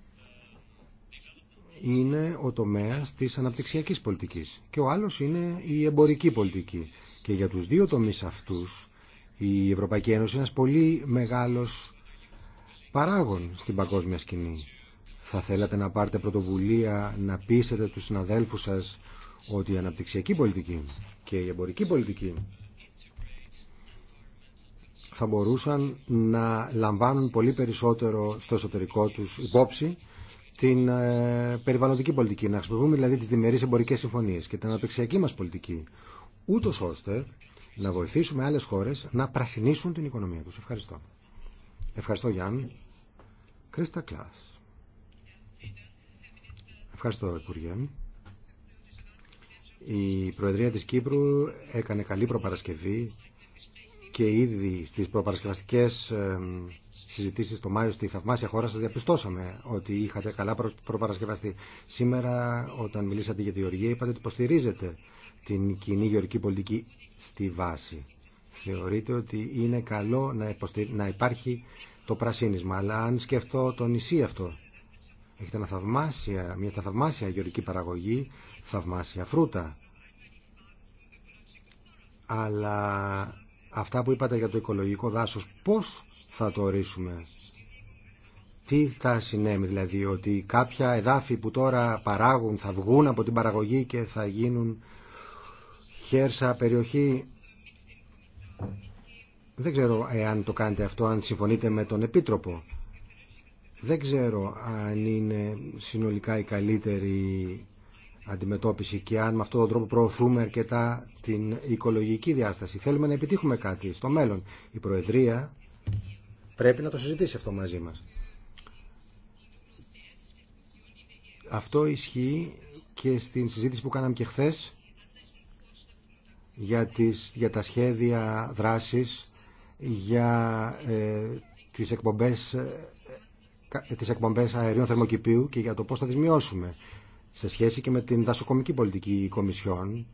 είναι ο τομέας της αναπτυξιακής πολιτικής και ο άλλος είναι η εμπορική πολιτική. Και για τους δύο τομείς αυτούς η Ευρωπαϊκή Ένωση είναι ένας πολύ μεγάλος παράγων στην παγκόσμια σκηνή. Θα θέλατε να πάρετε πρωτοβουλία να πείσετε τους συναδέλφους σας ότι η αναπτυξιακή πολιτική και η εμπορική πολιτική θα μπορούσαν να λαμβάνουν πολύ περισσότερο στο εσωτερικό τους υπόψη την ε, περιβαλλοντική πολιτική, να χρησιμοποιούμε δηλαδή τις διμερείς εμπορικές συμφωνίες και την αναπτυξιακή μας πολιτική, ούτως ώστε να βοηθήσουμε άλλες χώρες να πρασινίσουν την οικονομία τους. Ευχαριστώ. Ευχαριστώ Γιάννη. Κρίστα Κλάς. Ευχαριστώ, Υπουργέ. Η Προεδρία της Κύπρου έκανε καλή προπαρασκευή και ήδη στις προπαρασκευαστικές συζητήσεις το Μάιο στη θαυμάσια χώρα σα διαπιστώσαμε ότι είχατε καλά προπαρασκευαστεί. Σήμερα όταν μιλήσατε για τη Γεωργία είπατε ότι υποστηρίζετε την κοινή γεωργική πολιτική στη βάση. Θεωρείτε ότι είναι καλό να υπάρχει το πρασίνισμα. Αλλά αν σκεφτώ το νησί αυτό Έχετε ένα θαυμάσια, μια θαυμάσια γεωρική παραγωγή, θαυμάσια φρούτα. Αλλά αυτά που είπατε για το οικολογικό δάσος, πώς θα το ορίσουμε. Τι θα συνέβη δηλαδή, ότι κάποια εδάφη που τώρα παράγουν θα βγουν από την παραγωγή και θα γίνουν χέρσα περιοχή. Δεν ξέρω εάν το κάνετε αυτό, αν συμφωνείτε με τον Επίτροπο. Δεν ξέρω αν είναι συνολικά η καλύτερη αντιμετώπιση και αν με αυτόν τον τρόπο προωθούμε αρκετά την οικολογική διάσταση. Θέλουμε να επιτύχουμε κάτι στο μέλλον. Η Προεδρία πρέπει να το συζητήσει αυτό μαζί μας. Αυτό ισχύει και στην συζήτηση που κάναμε και χθε για, τις, για τα σχέδια δράσης, για ε, τις εκπομπές ε, ε, τις εκπομπές αερίων θερμοκηπίου και για το πώς θα τις μειώσουμε σε σχέση και με την δασοκομική πολιτική κομισιόν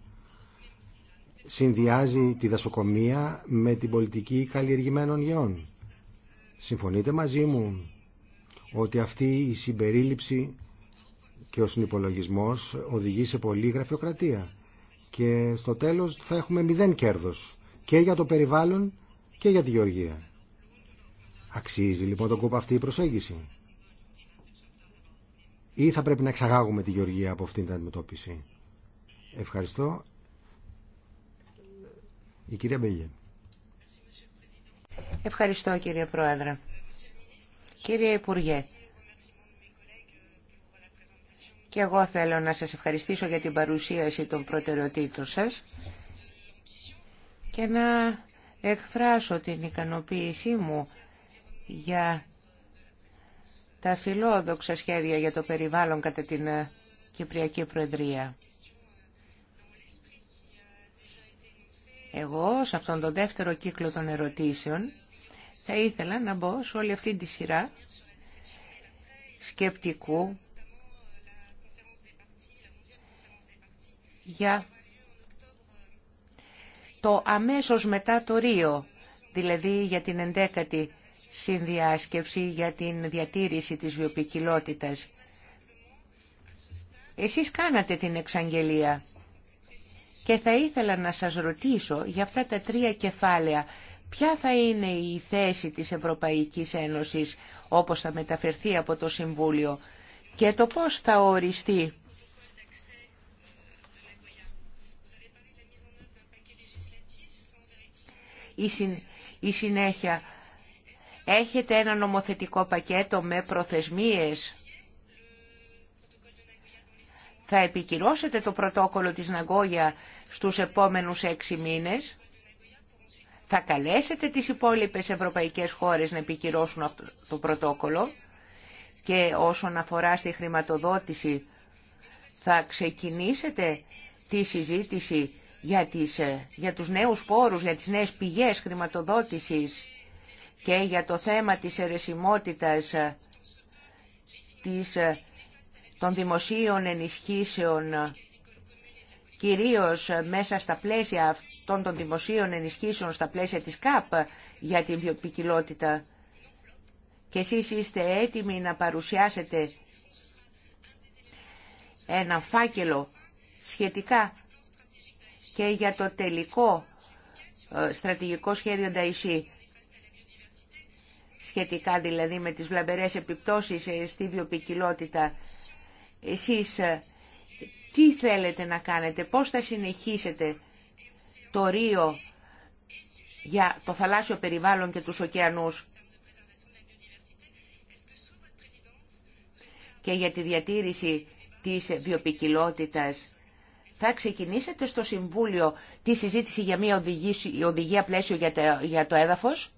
συνδυάζει τη δασοκομεία με την πολιτική καλλιεργημένων γεών. Συμφωνείτε μαζί μου ότι αυτή η συμπερίληψη και ο συνυπολογισμός οδηγεί σε πολλή γραφειοκρατία και στο τέλος θα έχουμε μηδέν κέρδος και για το περιβάλλον και για τη γεωργία. Αξίζει λοιπόν τον κόπο αυτή η προσέγγιση. Ή θα πρέπει να εξαγάγουμε τη Γεωργία από αυτήν την αντιμετώπιση. Ευχαριστώ. Η κυρία Μπελιέ.
Ευχαριστώ κύριε Πρόεδρε. Κύριε Υπουργέ, και εγώ θέλω να σας ευχαριστήσω για την παρουσίαση των προτεραιοτήτων σας και να εκφράσω την ικανοποίησή μου για τα φιλόδοξα σχέδια για το περιβάλλον κατά την ε, Κυπριακή Προεδρία. Εγώ, σε αυτόν τον δεύτερο κύκλο των ερωτήσεων, θα ήθελα να μπω σε όλη αυτή τη σειρά σκεπτικού για το αμέσως μετά το Ρίο, δηλαδή για την 11η συνδιάσκεψη για την διατήρηση της βιοποικιλότητας. Εσείς κάνατε την εξαγγελία και θα ήθελα να σας ρωτήσω για αυτά τα τρία κεφάλαια ποια θα είναι η θέση της Ευρωπαϊκής Ένωσης όπως θα μεταφερθεί από το Συμβούλιο και το πώς θα οριστεί. Η, η συνέχεια Έχετε ένα νομοθετικό πακέτο με προθεσμίες. Θα επικυρώσετε το πρωτόκολλο της Ναγκόγια στους επόμενους έξι μήνες. Θα καλέσετε τις υπόλοιπες ευρωπαϊκές χώρες να επικυρώσουν αυτό το πρωτόκολλο. Και όσον αφορά στη χρηματοδότηση, θα ξεκινήσετε τη συζήτηση για, τις, ε, για τους νέους πόρους, για τις νέες πηγές χρηματοδότησης και για το θέμα της αιρεσιμότητας ε, ε, των δημοσίων ενισχύσεων ε, κυρίως μέσα στα πλαίσια αυτών των δημοσίων ενισχύσεων στα πλαίσια της ΚΑΠ για την βιοπικιλότητα και εσείς είστε έτοιμοι να παρουσιάσετε ένα φάκελο σχετικά και για το τελικό στρατηγικό σχέδιο Νταϊσί σχετικά δηλαδή με τις βλαμπερές επιπτώσεις ε, στη βιοπικιλότητα. Εσείς ε, τι θέλετε να κάνετε, πώς θα συνεχίσετε το ρίο για το θαλάσσιο περιβάλλον και τους ωκεανούς και για τη διατήρηση της βιοπικιλότητας. Θα ξεκινήσετε στο Συμβούλιο τη συζήτηση για μια οδηγία πλαίσιο για το έδαφος.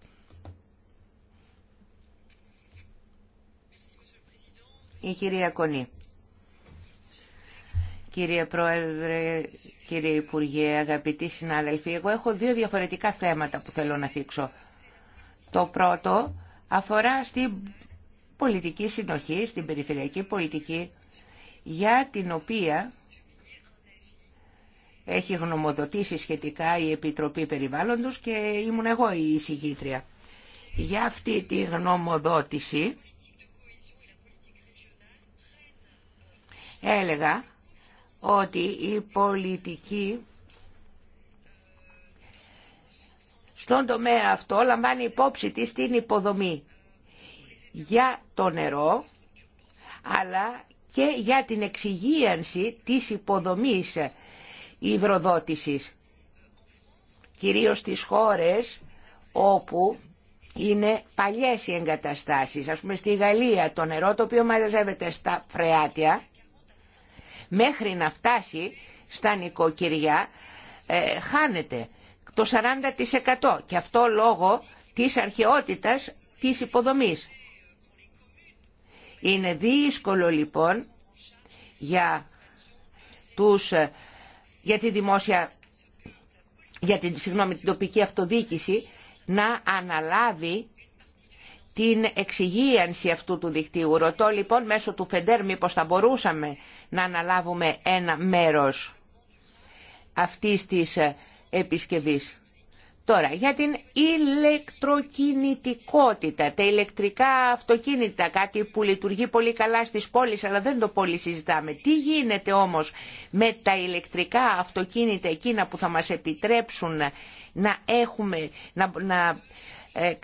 η κυρία Κονή. Κύριε Πρόεδρε, κύριε Υπουργέ, αγαπητοί συνάδελφοι, εγώ έχω δύο διαφορετικά θέματα που θέλω να θίξω. Το πρώτο αφορά στην πολιτική συνοχή, στην περιφερειακή πολιτική, για την οποία έχει γνωμοδοτήσει σχετικά η Επιτροπή Περιβάλλοντος και ήμουν εγώ η εισηγήτρια. Για αυτή τη γνωμοδότηση έλεγα ότι η πολιτική στον τομέα αυτό λαμβάνει υπόψη της την υποδομή για το νερό αλλά και για την εξυγίανση της υποδομής υδροδότησης κυρίως στις χώρες όπου είναι παλιές οι εγκαταστάσεις. Ας πούμε στη Γαλλία το νερό το οποίο μαζεύεται στα φρεάτια μέχρι να φτάσει στα νοικοκυριά ε, χάνεται το 40% και αυτό λόγω της αρχαιότητας της υποδομής. Είναι δύσκολο λοιπόν για, τους, ε, για τη δημόσια, για την, συγγνώμη, την τοπική αυτοδίκηση να αναλάβει την εξυγίανση αυτού του δικτύου. Ρωτώ λοιπόν μέσω του Φεντέρ μήπως θα μπορούσαμε να αναλάβουμε ένα μέρος αυτής της επισκευής. Τώρα, για την ηλεκτροκινητικότητα, τα ηλεκτρικά αυτοκίνητα, κάτι που λειτουργεί πολύ καλά στις πόλεις, αλλά δεν το πολύ συζητάμε. Τι γίνεται όμως με τα ηλεκτρικά αυτοκίνητα εκείνα που θα μας επιτρέψουν να, έχουμε, να, ε, ε,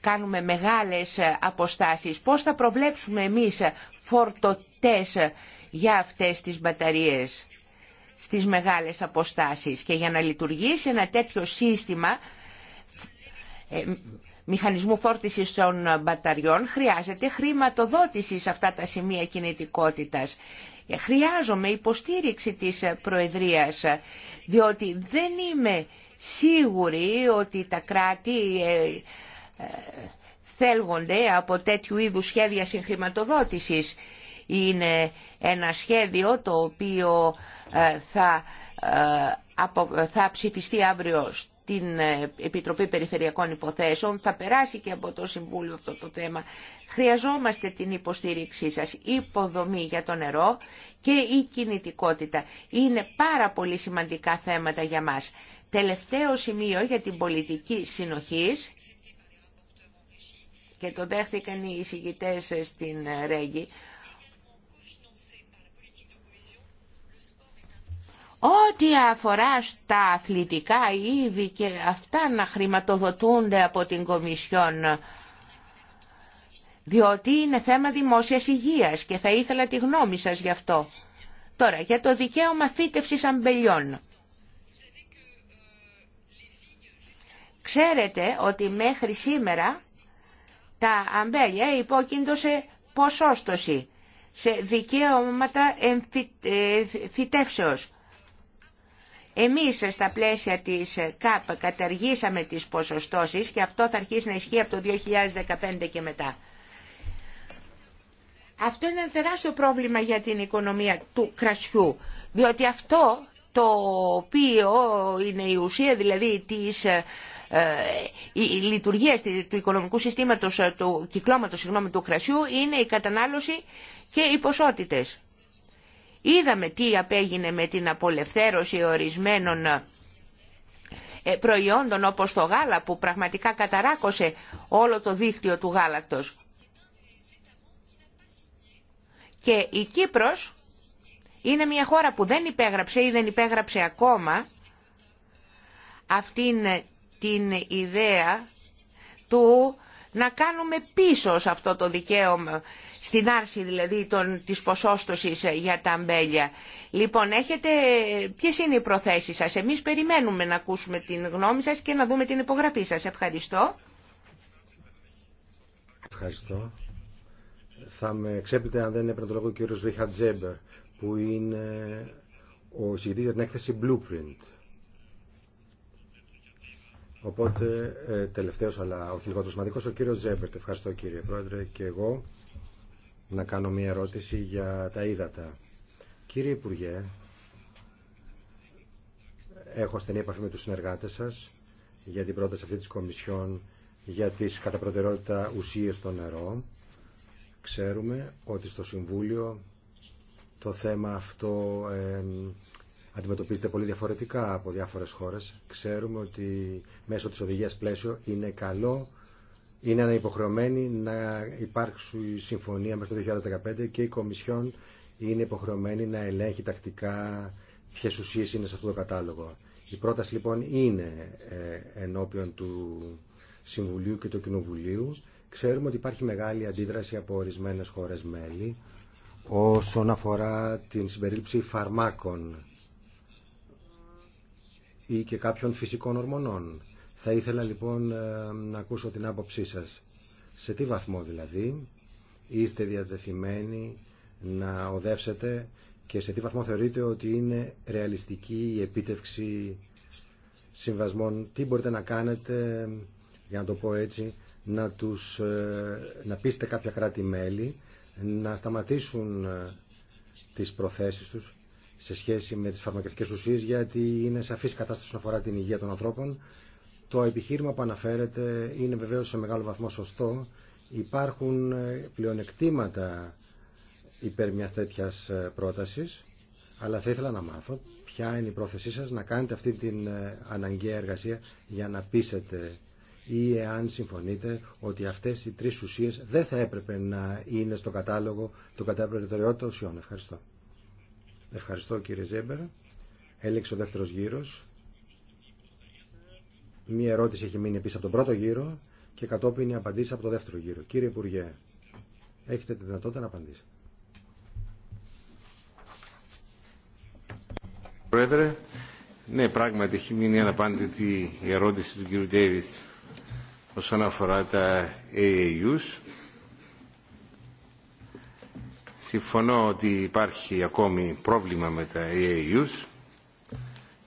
κάνουμε μεγάλες αποστάσεις. Πώς θα προβλέψουμε εμείς φορτωτές για αυτές τις μπαταρίες στις μεγάλες αποστάσεις και για να λειτουργήσει ένα τέτοιο σύστημα ε, μηχανισμού φόρτισης των μπαταριών χρειάζεται χρηματοδότηση σε αυτά τα σημεία κινητικότητας. Ε, χρειάζομαι υποστήριξη της Προεδρίας, διότι δεν είμαι σίγουρη ότι τα κράτη ε, θέλγονται από τέτοιου είδους σχέδια συγχρηματοδότησης είναι ένα σχέδιο το οποίο ε, θα, ε, θα ψηφιστεί αύριο στην ε, Επιτροπή Περιφερειακών Υποθέσεων, θα περάσει και από το Συμβούλιο αυτό το θέμα. Χρειαζόμαστε την υποστήριξή σας, υποδομή για το νερό και η κινητικότητα. Είναι πάρα πολύ σημαντικά θέματα για μας. Τελευταίο σημείο για την πολιτική συνοχής, και το δέχτηκαν οι εισηγητές στην Ρέγγι, Ό,τι αφορά στα αθλητικά είδη και αυτά να χρηματοδοτούνται από την Κομισιόν, διότι είναι θέμα δημόσιας υγείας και θα ήθελα τη γνώμη σας γι' αυτό. Τώρα, για το δικαίωμα φύτευσης αμπελιών. Ξέρετε ότι μέχρι σήμερα τα αμπέλια υπόκεινται σε ποσόστοση, σε δικαίωματα ε, φυτεύσεως. Εμείς στα πλαίσια της ΚΑΠ καταργήσαμε τις ποσοστώσεις και αυτό θα αρχίσει να ισχύει από το 2015 και μετά. Αυτό είναι ένα τεράστιο πρόβλημα για την οικονομία του κρασιού, διότι αυτό το οποίο είναι η ουσία δηλαδή της ε, ε η, του οικονομικού συστήματος, ε, του κυκλώματος συγγνώμη, του κρασιού είναι η κατανάλωση και οι ποσότητες. Είδαμε τι απέγινε με την απολευθέρωση ορισμένων ε, προϊόντων όπως το γάλα που πραγματικά καταράκωσε όλο το δίκτυο του γάλακτος. Και η Κύπρος είναι μια χώρα που δεν υπέγραψε ή δεν υπέγραψε ακόμα αυτήν την ιδέα του να κάνουμε πίσω σε αυτό το δικαίωμα, στην άρση δηλαδή των, της ποσόστοσης ε, για τα αμπέλια. Λοιπόν, έχετε, ποιες είναι οι προθέσεις σας. Εμείς περιμένουμε να ακούσουμε την γνώμη σας και να δούμε την υπογραφή σας. Ευχαριστώ.
Ευχαριστώ. Θα με ξέπετε αν δεν έπαιρνε το λόγο ο κύριος Ρίχα Τζέμπερ, που είναι ο συγκεκριτής για την έκθεση Blueprint. Οπότε, ε, τελευταίος αλλά όχι λιγότερο σημαντικός, ο κύριος Ζέμπερτ. Ευχαριστώ κύριε Πρόεδρε και εγώ να κάνω μία ερώτηση για τα ύδατα. Κύριε Υπουργέ, έχω στενή επαφή με τους συνεργάτες σας για την πρόταση αυτή της Κομισιόν για τις κατά προτεραιότητα ουσίες στο νερό. Ξέρουμε ότι στο Συμβούλιο το θέμα αυτό ε, αντιμετωπίζεται πολύ διαφορετικά από διάφορες χώρες. Ξέρουμε ότι μέσω της οδηγίας πλαίσιο είναι καλό, είναι αναυποχρεωμένη να υπάρξει συμφωνία μέχρι το 2015 και η Κομισιόν είναι υποχρεωμένη να ελέγχει τακτικά ποιες ουσίες είναι σε αυτό το κατάλογο. Η πρόταση λοιπόν είναι ε, ενώπιον του Συμβουλίου και του Κοινοβουλίου. Ξέρουμε ότι υπάρχει μεγάλη αντίδραση από ορισμένες χώρες μέλη όσον αφορά την συμπερίληψη φαρμάκων ή και κάποιων φυσικών ορμονών. Θα ήθελα λοιπόν ε, να ακούσω την άποψή σας. Σε τι βαθμό δηλαδή είστε διατεθειμένοι να οδεύσετε και σε τι βαθμό θεωρείτε ότι είναι ρεαλιστική η επίτευξη συμβασμών. Τι μπορείτε να κάνετε, για να το πω έτσι, να, τους, ε, να πείσετε κάποια κράτη-μέλη να σταματήσουν ε, τις προθέσεις τους σε σχέση με τις φαρμακευτικές ουσίες γιατί είναι σαφής κατάσταση όσον αφορά την υγεία των ανθρώπων. Το επιχείρημα που αναφέρεται είναι βεβαίως σε μεγάλο βαθμό σωστό. Υπάρχουν ε, πλεονεκτήματα υπέρ μιας τέτοιας ε, πρότασης, αλλά θα ήθελα να μάθω ποια είναι η πρόθεσή σας να κάνετε αυτή την ε, αναγκαία εργασία για να πείσετε ή εάν συμφωνείτε ότι αυτές οι τρεις ουσίες δεν θα έπρεπε να είναι στο κατάλογο του κατάπληκτου ουσιών. Ευχαριστώ. Ευχαριστώ κύριε Ζέμπερ. Έλεξε ο δεύτερος γύρος. Μία ερώτηση έχει μείνει επίση από τον πρώτο γύρο και κατόπιν η απαντήση από το δεύτερο γύρο. Κύριε Υπουργέ, έχετε τη δυνατότητα να απαντήσετε.
Πρόεδρε, ναι πράγματι έχει μείνει αναπάντητη η ερώτηση του κύριου Ντέιβις όσον αφορά τα AAUs Συμφωνώ ότι υπάρχει ακόμη πρόβλημα με τα EAUs.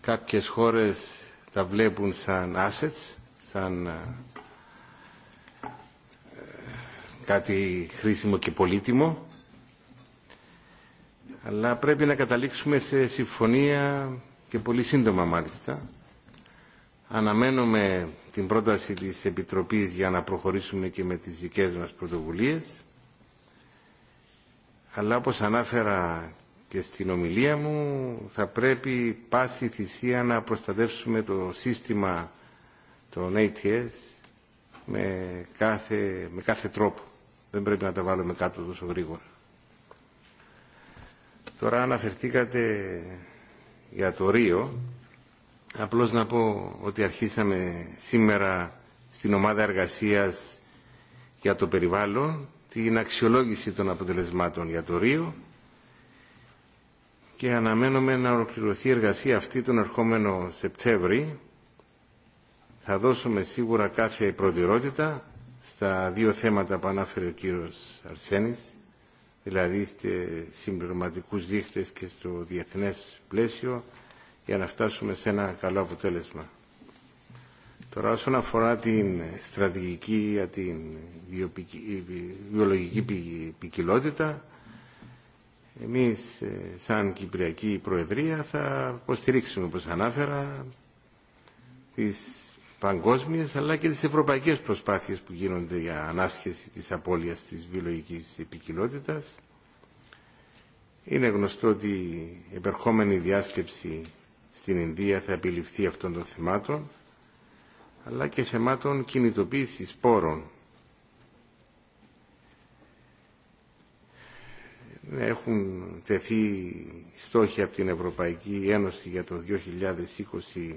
Κάποιες χώρες τα βλέπουν σαν assets, σαν ε, κάτι χρήσιμο και πολύτιμο. Αλλά πρέπει να καταλήξουμε σε συμφωνία και πολύ σύντομα μάλιστα. Αναμένουμε την πρόταση της Επιτροπής για να προχωρήσουμε και με τις δικές μας πρωτοβουλίες αλλά όπως ανάφερα και στην ομιλία μου θα πρέπει πάση θυσία να προστατεύσουμε το σύστημα των ATS με κάθε, με κάθε τρόπο. Δεν πρέπει να τα βάλουμε κάτω τόσο γρήγορα. Τώρα αναφερθήκατε για το Ρίο. Απλώς να πω ότι αρχίσαμε σήμερα στην ομάδα εργασίας για το περιβάλλον την αξιολόγηση των αποτελεσμάτων για το Ρίο και αναμένουμε να ολοκληρωθεί η εργασία αυτή τον ερχόμενο Σεπτέμβρη. Θα δώσουμε σίγουρα κάθε προτεραιότητα στα δύο θέματα που ανάφερε ο κύριος Αρσένης, δηλαδή στις συμπληρωματικούς δείχτες και στο διεθνές πλαίσιο, για να φτάσουμε σε ένα καλό αποτέλεσμα. Τώρα όσον αφορά την στρατηγική για την βιολογική ποικιλότητα, εμείς ε, σαν Κυπριακή Προεδρία θα υποστηρίξουμε, όπως ανάφερα, τις παγκόσμιες αλλά και τις ευρωπαϊκές προσπάθειες που γίνονται για ανάσχεση της απώλειας της βιολογικής επικοινότητας. Είναι γνωστό ότι η επερχόμενη διάσκεψη στην Ινδία θα επιληφθεί αυτών των θεμάτων αλλά και θεμάτων κινητοποίησης πόρων. Έχουν τεθεί στόχοι από την Ευρωπαϊκή Ένωση για το 2020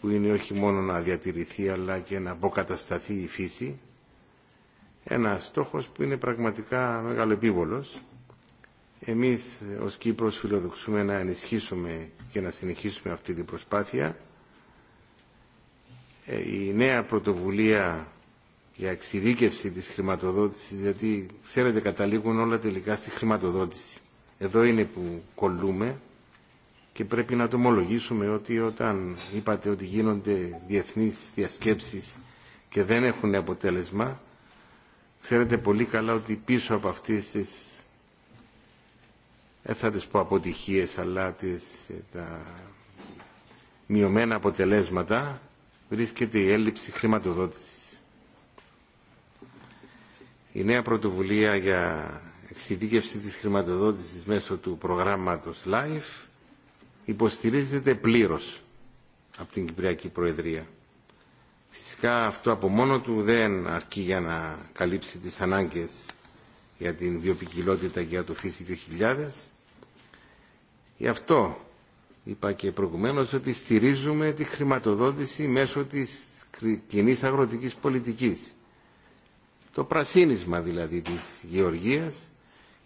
που είναι όχι μόνο να διατηρηθεί αλλά και να αποκατασταθεί η φύση. Ένα στόχος που είναι πραγματικά μεγάλο επίβολος. Εμείς ως Κύπρος φιλοδοξούμε να ενισχύσουμε και να συνεχίσουμε αυτή την προσπάθεια ε, η νέα πρωτοβουλία για εξειδίκευση της χρηματοδότησης, γιατί ξέρετε καταλήγουν όλα τελικά στη χρηματοδότηση. Εδώ είναι που κολλούμε και πρέπει να το ομολογήσουμε ότι όταν είπατε ότι γίνονται διεθνείς διασκέψεις και δεν έχουν αποτέλεσμα, ξέρετε πολύ καλά ότι πίσω από αυτές τις, δεν θα τις πω αποτυχίες, αλλά τις, ε, τα μειωμένα αποτελέσματα, βρίσκεται η έλλειψη χρηματοδότησης. Η νέα πρωτοβουλία για εξειδίκευση της χρηματοδότησης μέσω του προγράμματος LIFE υποστηρίζεται πλήρως από την Κυπριακή Προεδρία. Φυσικά αυτό από μόνο του δεν αρκεί για να καλύψει τις ανάγκες για την βιοπικιλότητα και για το φύση 2000. Γι' αυτό είπα και προηγουμένως, ότι στηρίζουμε τη χρηματοδότηση μέσω της κοινή αγροτικής πολιτικής. Το πρασίνισμα δηλαδή της γεωργίας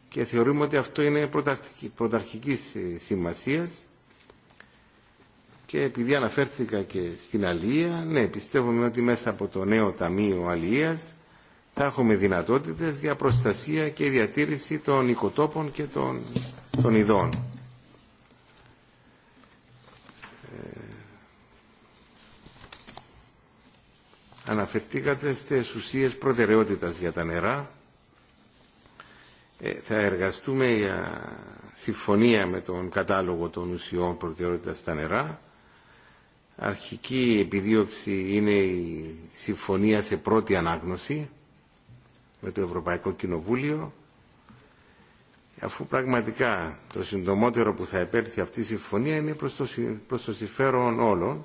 και θεωρούμε ότι αυτό είναι πρωταρχικής ε, σημασίας και επειδή αναφέρθηκα και στην Αλία, ναι, πιστεύουμε ότι μέσα από το νέο Ταμείο Αλίας θα έχουμε δυνατότητες για προστασία και διατήρηση των οικοτόπων και των, των ειδών. αναφερθήκατε στις ουσίες προτεραιότητας για τα νερά. Ε, θα εργαστούμε για συμφωνία με τον κατάλογο των ουσιών προτεραιότητας στα νερά. Αρχική επιδίωξη είναι η συμφωνία σε πρώτη ανάγνωση με το Ευρωπαϊκό Κοινοβούλιο. Αφού πραγματικά το συντομότερο που θα επέρθει αυτή η συμφωνία είναι προς το, προς το συμφέρον όλων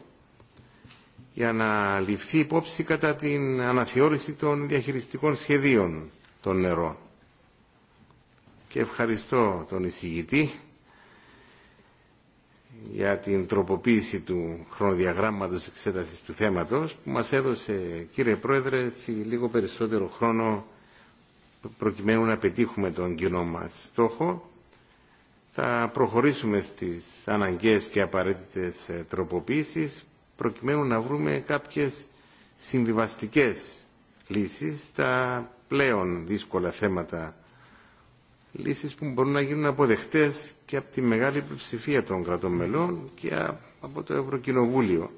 για να ληφθεί υπόψη κατά την αναθεώρηση των διαχειριστικών σχεδίων των νερών. Και ευχαριστώ τον εισηγητή για την τροποποίηση του χρονοδιαγράμματος εξέτασης του θέματος που μας έδωσε, κύριε Πρόεδρε, έτσι, λίγο περισσότερο χρόνο προκειμένου να πετύχουμε τον κοινό μας στόχο. Θα προχωρήσουμε στις αναγκαίες και απαραίτητες τροποποίησεις προκειμένου να βρούμε κάποιες συμβιβαστικές λύσεις στα πλέον δύσκολα θέματα. Λύσεις που μπορούν να γίνουν αποδεκτές και από τη μεγάλη πλειοψηφία των κρατών μελών και από το Ευρωκοινοβούλιο.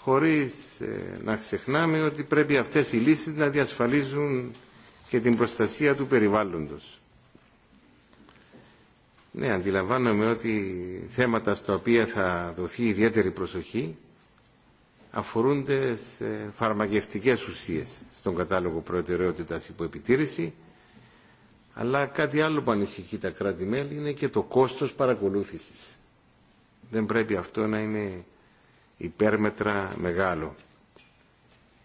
Χωρίς ε, να ξεχνάμε ότι πρέπει αυτές οι λύσεις να διασφαλίζουν και την προστασία του περιβάλλοντος. Ναι, αντιλαμβάνομαι ότι θέματα στα οποία θα δοθεί ιδιαίτερη προσοχή αφορούνται σε φαρμακευτικές ουσίες στον κατάλογο προτεραιότητας υποεπιτήρηση αλλά κάτι άλλο που ανησυχεί τα κράτη-μέλη είναι και το κόστος παρακολούθησης. Δεν πρέπει αυτό να είναι υπέρμετρα μεγάλο.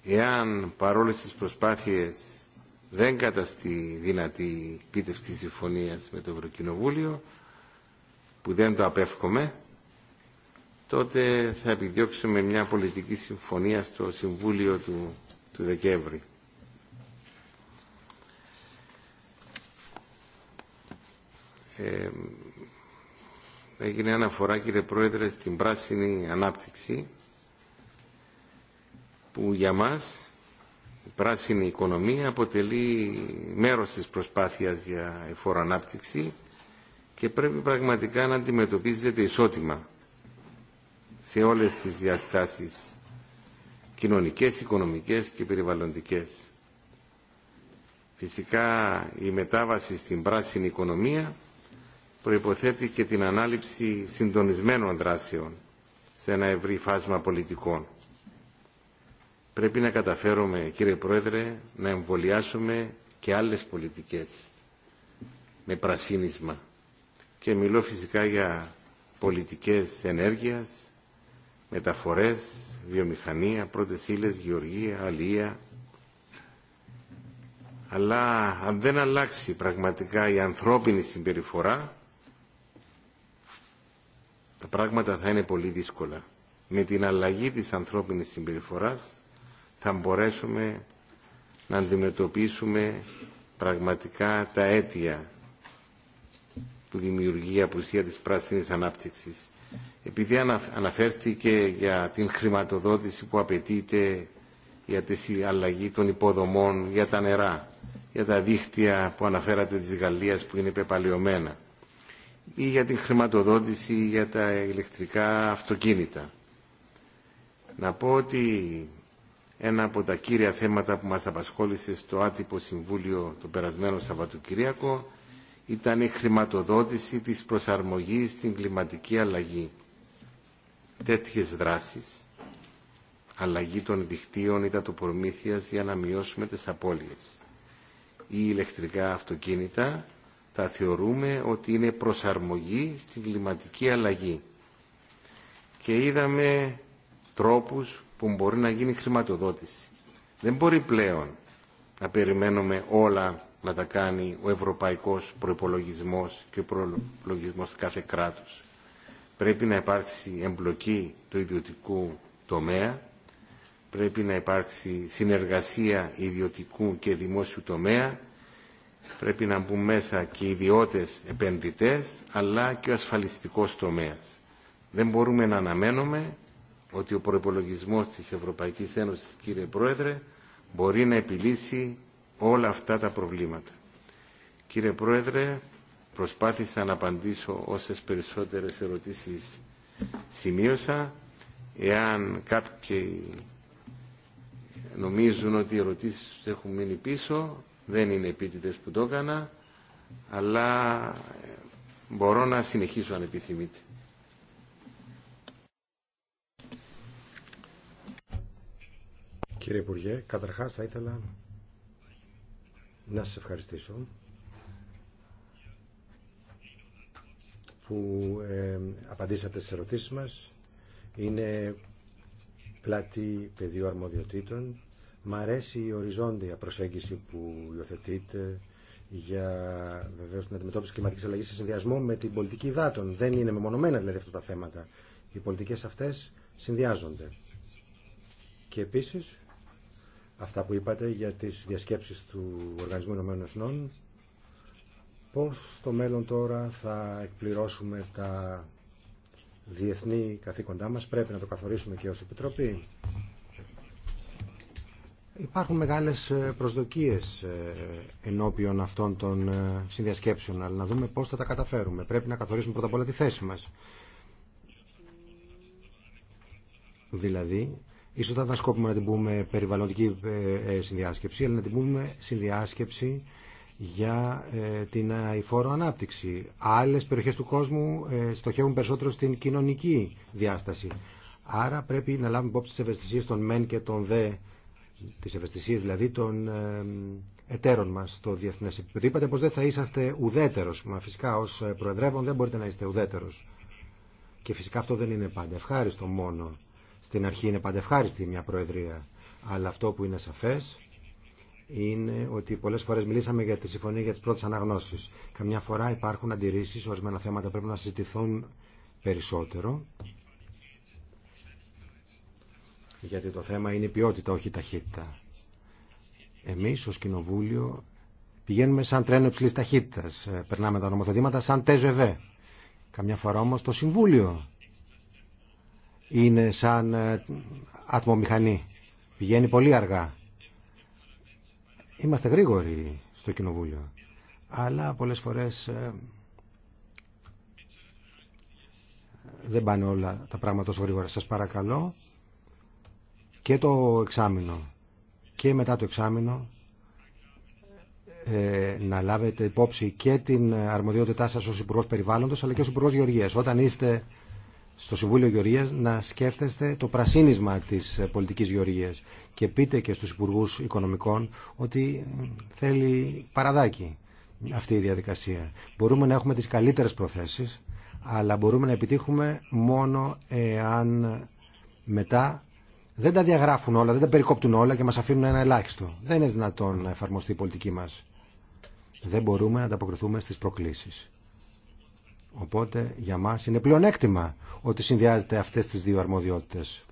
Εάν παρόλες τις προσπάθειες δεν καταστεί δυνατή πίτευξη συμφωνίας με το Ευρωκοινοβούλιο, που δεν το απέφχομαι, τότε θα επιδιώξουμε μια πολιτική συμφωνία στο Συμβούλιο του, του Δεκέμβρη. Ε, έγινε αναφορά κύριε Πρόεδρε στην πράσινη ανάπτυξη που για μας η πράσινη οικονομία αποτελεί μέρος της προσπάθειας για ανάπτυξη και πρέπει πραγματικά να αντιμετωπίζεται ισότιμα σε όλες τις διαστάσεις κοινωνικές, οικονομικές και περιβαλλοντικές. Φυσικά η μετάβαση στην πράσινη οικονομία προϋποθέτει και την ανάληψη συντονισμένων δράσεων σε ένα ευρύ φάσμα πολιτικών. Πρέπει να καταφέρουμε, κύριε Πρόεδρε, να εμβολιάσουμε και άλλες πολιτικές με πρασίνισμα και μιλώ φυσικά για πολιτικές ενέργειας, μεταφορές, βιομηχανία, πρώτες ύλες, γεωργία, αλία, Αλλά αν δεν αλλάξει πραγματικά η ανθρώπινη συμπεριφορά, τα πράγματα θα είναι πολύ δύσκολα. Με την αλλαγή της ανθρώπινης συμπεριφοράς θα μπορέσουμε να αντιμετωπίσουμε πραγματικά τα αίτια που δημιουργεί η απουσία της πράσινης ανάπτυξης. Επειδή αναφέρθηκε για την χρηματοδότηση που απαιτείται για τη αλλαγή των υποδομών, για τα νερά, για τα δίχτυα που αναφέρατε της Γαλλίας που είναι πεπαλαιωμένα ή για την χρηματοδότηση για τα ηλεκτρικά αυτοκίνητα. Να πω ότι ένα από τα κύρια θέματα που μας απασχόλησε στο άτυπο συμβούλιο το περασμένο Σαββατοκυριακό ήταν η χρηματοδότηση της προσαρμογής στην κλιματική αλλαγή. Τέτοιες δράσεις, αλλαγή των δικτύων τοπορμήθειας για να μειώσουμε τις απώλειες ή ηλεκτρικά αυτοκίνητα, τα θεωρούμε ότι είναι προσαρμογή στην κλιματική αλλαγή. Και είδαμε τρόπους που μπορεί να γίνει χρηματοδότηση. Δεν μπορεί πλέον να περιμένουμε όλα να τα κάνει ο ευρωπαϊκός προϋπολογισμός και ο προϋπολογισμός κάθε κράτους. Πρέπει να υπάρξει εμπλοκή του ιδιωτικού τομέα, πρέπει να υπάρξει συνεργασία ιδιωτικού και δημόσιου τομέα, πρέπει να μπουν μέσα και ιδιώτες επενδυτές, αλλά και ο ασφαλιστικός τομέας. Δεν μπορούμε να αναμένουμε ότι ο προϋπολογισμός της Ευρωπαϊκής Ένωσης, κύριε Πρόεδρε, μπορεί να επιλύσει όλα αυτά τα προβλήματα. Κύριε Πρόεδρε, προσπάθησα να απαντήσω όσες περισσότερες ερωτήσεις σημείωσα. Εάν κάποιοι νομίζουν ότι οι ερωτήσεις τους έχουν μείνει πίσω, δεν είναι επίτητες που το έκανα, αλλά ε, μπορώ να συνεχίσω αν επιθυμείτε.
Κύριε Υπουργέ, καταρχάς θα ήθελα να σας ευχαριστήσω που ε, απαντήσατε στις ερωτήσεις μας. Είναι πλάτη πεδίο αρμοδιοτήτων. Μ' αρέσει η οριζόντια προσέγγιση που υιοθετείτε για βεβαίω την αντιμετώπιση κλιματικής αλλαγή σε συνδυασμό με την πολιτική υδάτων. Δεν είναι μεμονωμένα δηλαδή αυτά τα θέματα. Οι πολιτικές αυτές συνδυάζονται. Και επίσης αυτά που είπατε για τις διασκέψεις του Οργανισμού Ηνωμένων Εθνών. Πώς στο μέλλον τώρα θα εκπληρώσουμε τα διεθνή καθήκοντά μας, πρέπει να το καθορίσουμε και ως Επιτροπή. Υπάρχουν μεγάλες ε, προσδοκίες ε, ενώπιον αυτών των ε, συνδιασκέψεων, αλλά να δούμε πώς θα τα καταφέρουμε. Πρέπει να καθορίσουμε πρώτα απ' όλα τη θέση μας. Δηλαδή, Ίσως δεν θα σκόπουμε να την πούμε περιβαλλοντική ε, ε, συνδιάσκεψη, αλλά να την πούμε συνδιάσκεψη για ε, την αηφόρο ανάπτυξη. Άλλες περιοχές του κόσμου στοχεύουν περισσότερο στην κοινωνική διάσταση. Άρα πρέπει να λάβουμε υπόψη τις ευαισθησίες των μεν και των δε, τις ευαισθησίες δηλαδή των εταίρων μας στο διεθνές επίπεδο. Είπατε πως δεν θα είσαστε ουδέτερος, μα φυσικά ως προεδρεύον δεν μπορείτε να είστε ουδέτερος. Και φυσικά αυτό δεν είναι πάντα ευχάριστο μόνο. Στην αρχή είναι πάντα ευχάριστη μια Προεδρία, αλλά αυτό που είναι σαφές είναι ότι πολλές φορές μιλήσαμε για τη συμφωνία για τις πρώτες αναγνώσεις. Καμιά φορά υπάρχουν αντιρρήσεις, ορισμένα θέματα πρέπει να συζητηθούν περισσότερο. Γιατί το θέμα είναι η ποιότητα, όχι η ταχύτητα. Εμείς ως Κοινοβούλιο πηγαίνουμε σαν τρένο υψηλής ταχύτητας. Ε, περνάμε τα νομοθετήματα σαν τεζεβέ. Καμιά φορά όμως το Συμβούλιο είναι σαν ε, ατμομηχανή. Πηγαίνει πολύ αργά. Είμαστε γρήγοροι στο Κοινοβούλιο. Αλλά πολλές φορές ε, δεν πάνε όλα τα πράγματα τόσο γρήγορα. Σας παρακαλώ και το εξάμεινο και μετά το εξάμεινο ε, να λάβετε υπόψη και την αρμοδιότητά σας ως Υπουργός Περιβάλλοντος αλλά και ως Υπουργός Γεωργίας. Όταν είστε στο Συμβούλιο Γεωργίας να σκέφτεστε το πρασίνισμα της ε, πολιτικής γεωργίας και πείτε και στους υπουργού Οικονομικών ότι ε, θέλει παραδάκι αυτή η διαδικασία. Μπορούμε να έχουμε τις καλύτερες προθέσεις, αλλά μπορούμε να επιτύχουμε μόνο εάν μετά δεν τα διαγράφουν όλα, δεν τα περικόπτουν όλα και μα αφήνουν ένα ελάχιστο. Δεν είναι δυνατόν να εφαρμοστεί η πολιτική μα. Δεν μπορούμε να ανταποκριθούμε στι προκλήσει. Οπότε για μας είναι πλεονέκτημα ότι συνδυάζεται αυτές τις δύο αρμοδιότητες.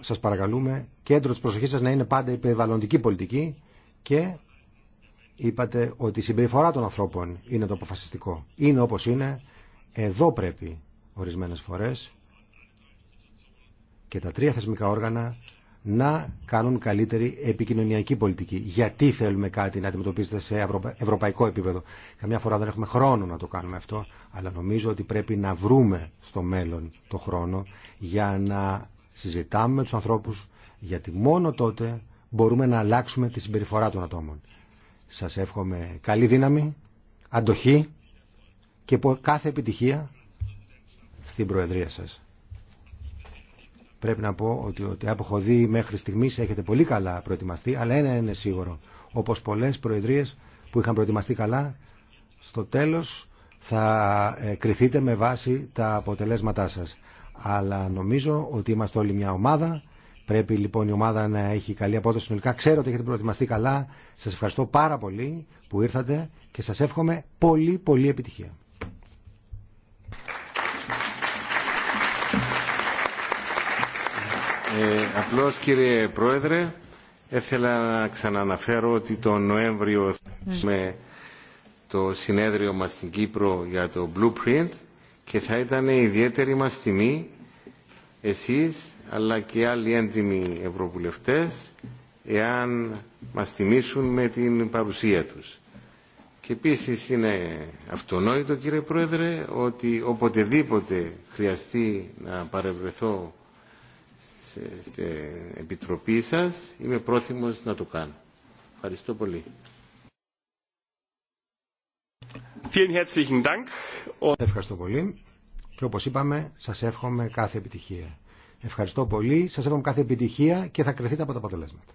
Σας παρακαλούμε, κέντρο της προσοχής σας να είναι πάντα η περιβαλλοντική πολιτική και είπατε ότι η συμπεριφορά των ανθρώπων είναι το αποφασιστικό. Είναι όπως είναι, εδώ πρέπει ορισμένες φορές και τα τρία θεσμικά όργανα να κάνουν καλύτερη επικοινωνιακή πολιτική. Γιατί θέλουμε κάτι να αντιμετωπίσετε σε ευρωπαϊκό επίπεδο. Καμιά φορά δεν έχουμε χρόνο να το κάνουμε αυτό, αλλά νομίζω ότι πρέπει να βρούμε στο μέλλον το χρόνο για να συζητάμε με τους ανθρώπους, γιατί μόνο τότε μπορούμε να αλλάξουμε τη συμπεριφορά των ατόμων. Σας εύχομαι καλή δύναμη, αντοχή και κάθε επιτυχία στην Προεδρία σας. Πρέπει να πω ότι ό,τι έχω δει μέχρι στιγμή έχετε πολύ καλά προετοιμαστεί, αλλά ένα είναι σίγουρο. Όπω πολλέ προεδρίε που είχαν προετοιμαστεί καλά, στο τέλο θα ε, κριθείτε με βάση τα αποτελέσματά σα. Αλλά νομίζω ότι είμαστε όλοι μια ομάδα. Πρέπει λοιπόν η ομάδα να έχει καλή απόδοση συνολικά. Ξέρω ότι έχετε προετοιμαστεί καλά. Σα ευχαριστώ πάρα πολύ που ήρθατε και σα εύχομαι πολύ πολύ επιτυχία.
Ε, απλώς κύριε Πρόεδρε, ήθελα να ξαναναφέρω ότι τον Νοέμβριο με το συνέδριο μας στην Κύπρο για το Blueprint και θα ήταν ιδιαίτερη μας τιμή εσείς αλλά και άλλοι έντιμοι ευρωβουλευτές εάν μας τιμήσουν με την παρουσία τους. Και επίση είναι αυτονόητο κύριε Πρόεδρε ότι οποτεδήποτε χρειαστεί να παρευρεθώ στην Επιτροπή σας. Είμαι πρόθυμος να το κάνω. Ευχαριστώ πολύ.
Ευχαριστώ πολύ. Και όπως είπαμε, σας εύχομαι κάθε επιτυχία. Ευχαριστώ πολύ, σας εύχομαι κάθε επιτυχία και θα κρυθείτε από τα αποτελέσματα.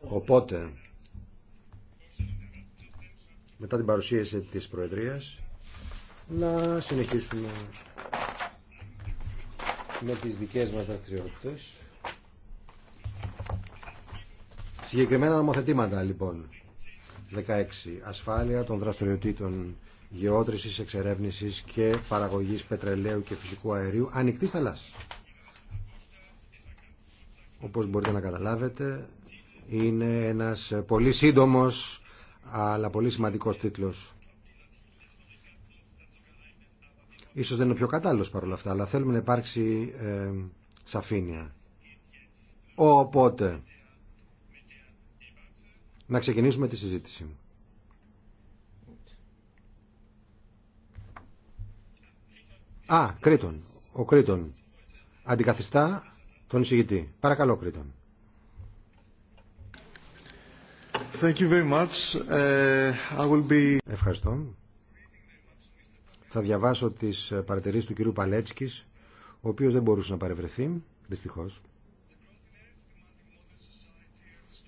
Οπότε, μετά την παρουσίαση της Προεδρίας, να συνεχίσουμε με τις δικές μας δραστηριότητε. Συγκεκριμένα νομοθετήματα, λοιπόν. 16. Ασφάλεια των δραστηριοτήτων γεώτρησης, εξερεύνησης και παραγωγής πετρελαίου και φυσικού αερίου ανοιχτής θαλάσσης όπως μπορείτε να καταλάβετε είναι ένας πολύ σύντομος αλλά πολύ σημαντικός τίτλος Ίσως δεν είναι ο πιο κατάλληλος παρόλα αυτά αλλά θέλουμε να υπάρξει ε, σαφήνεια Οπότε να ξεκινήσουμε τη συζήτηση Α, Κρήτον. Ο Κρήτον αντικαθιστά τον εισηγητή. Παρακαλώ, Κρήτον. Thank you very much. Uh, I will be... Ευχαριστώ. Θα διαβάσω τις παρατηρήσεις του κυρίου Παλέτσκης, ο οποίος δεν μπορούσε να παρευρεθεί, δυστυχώς.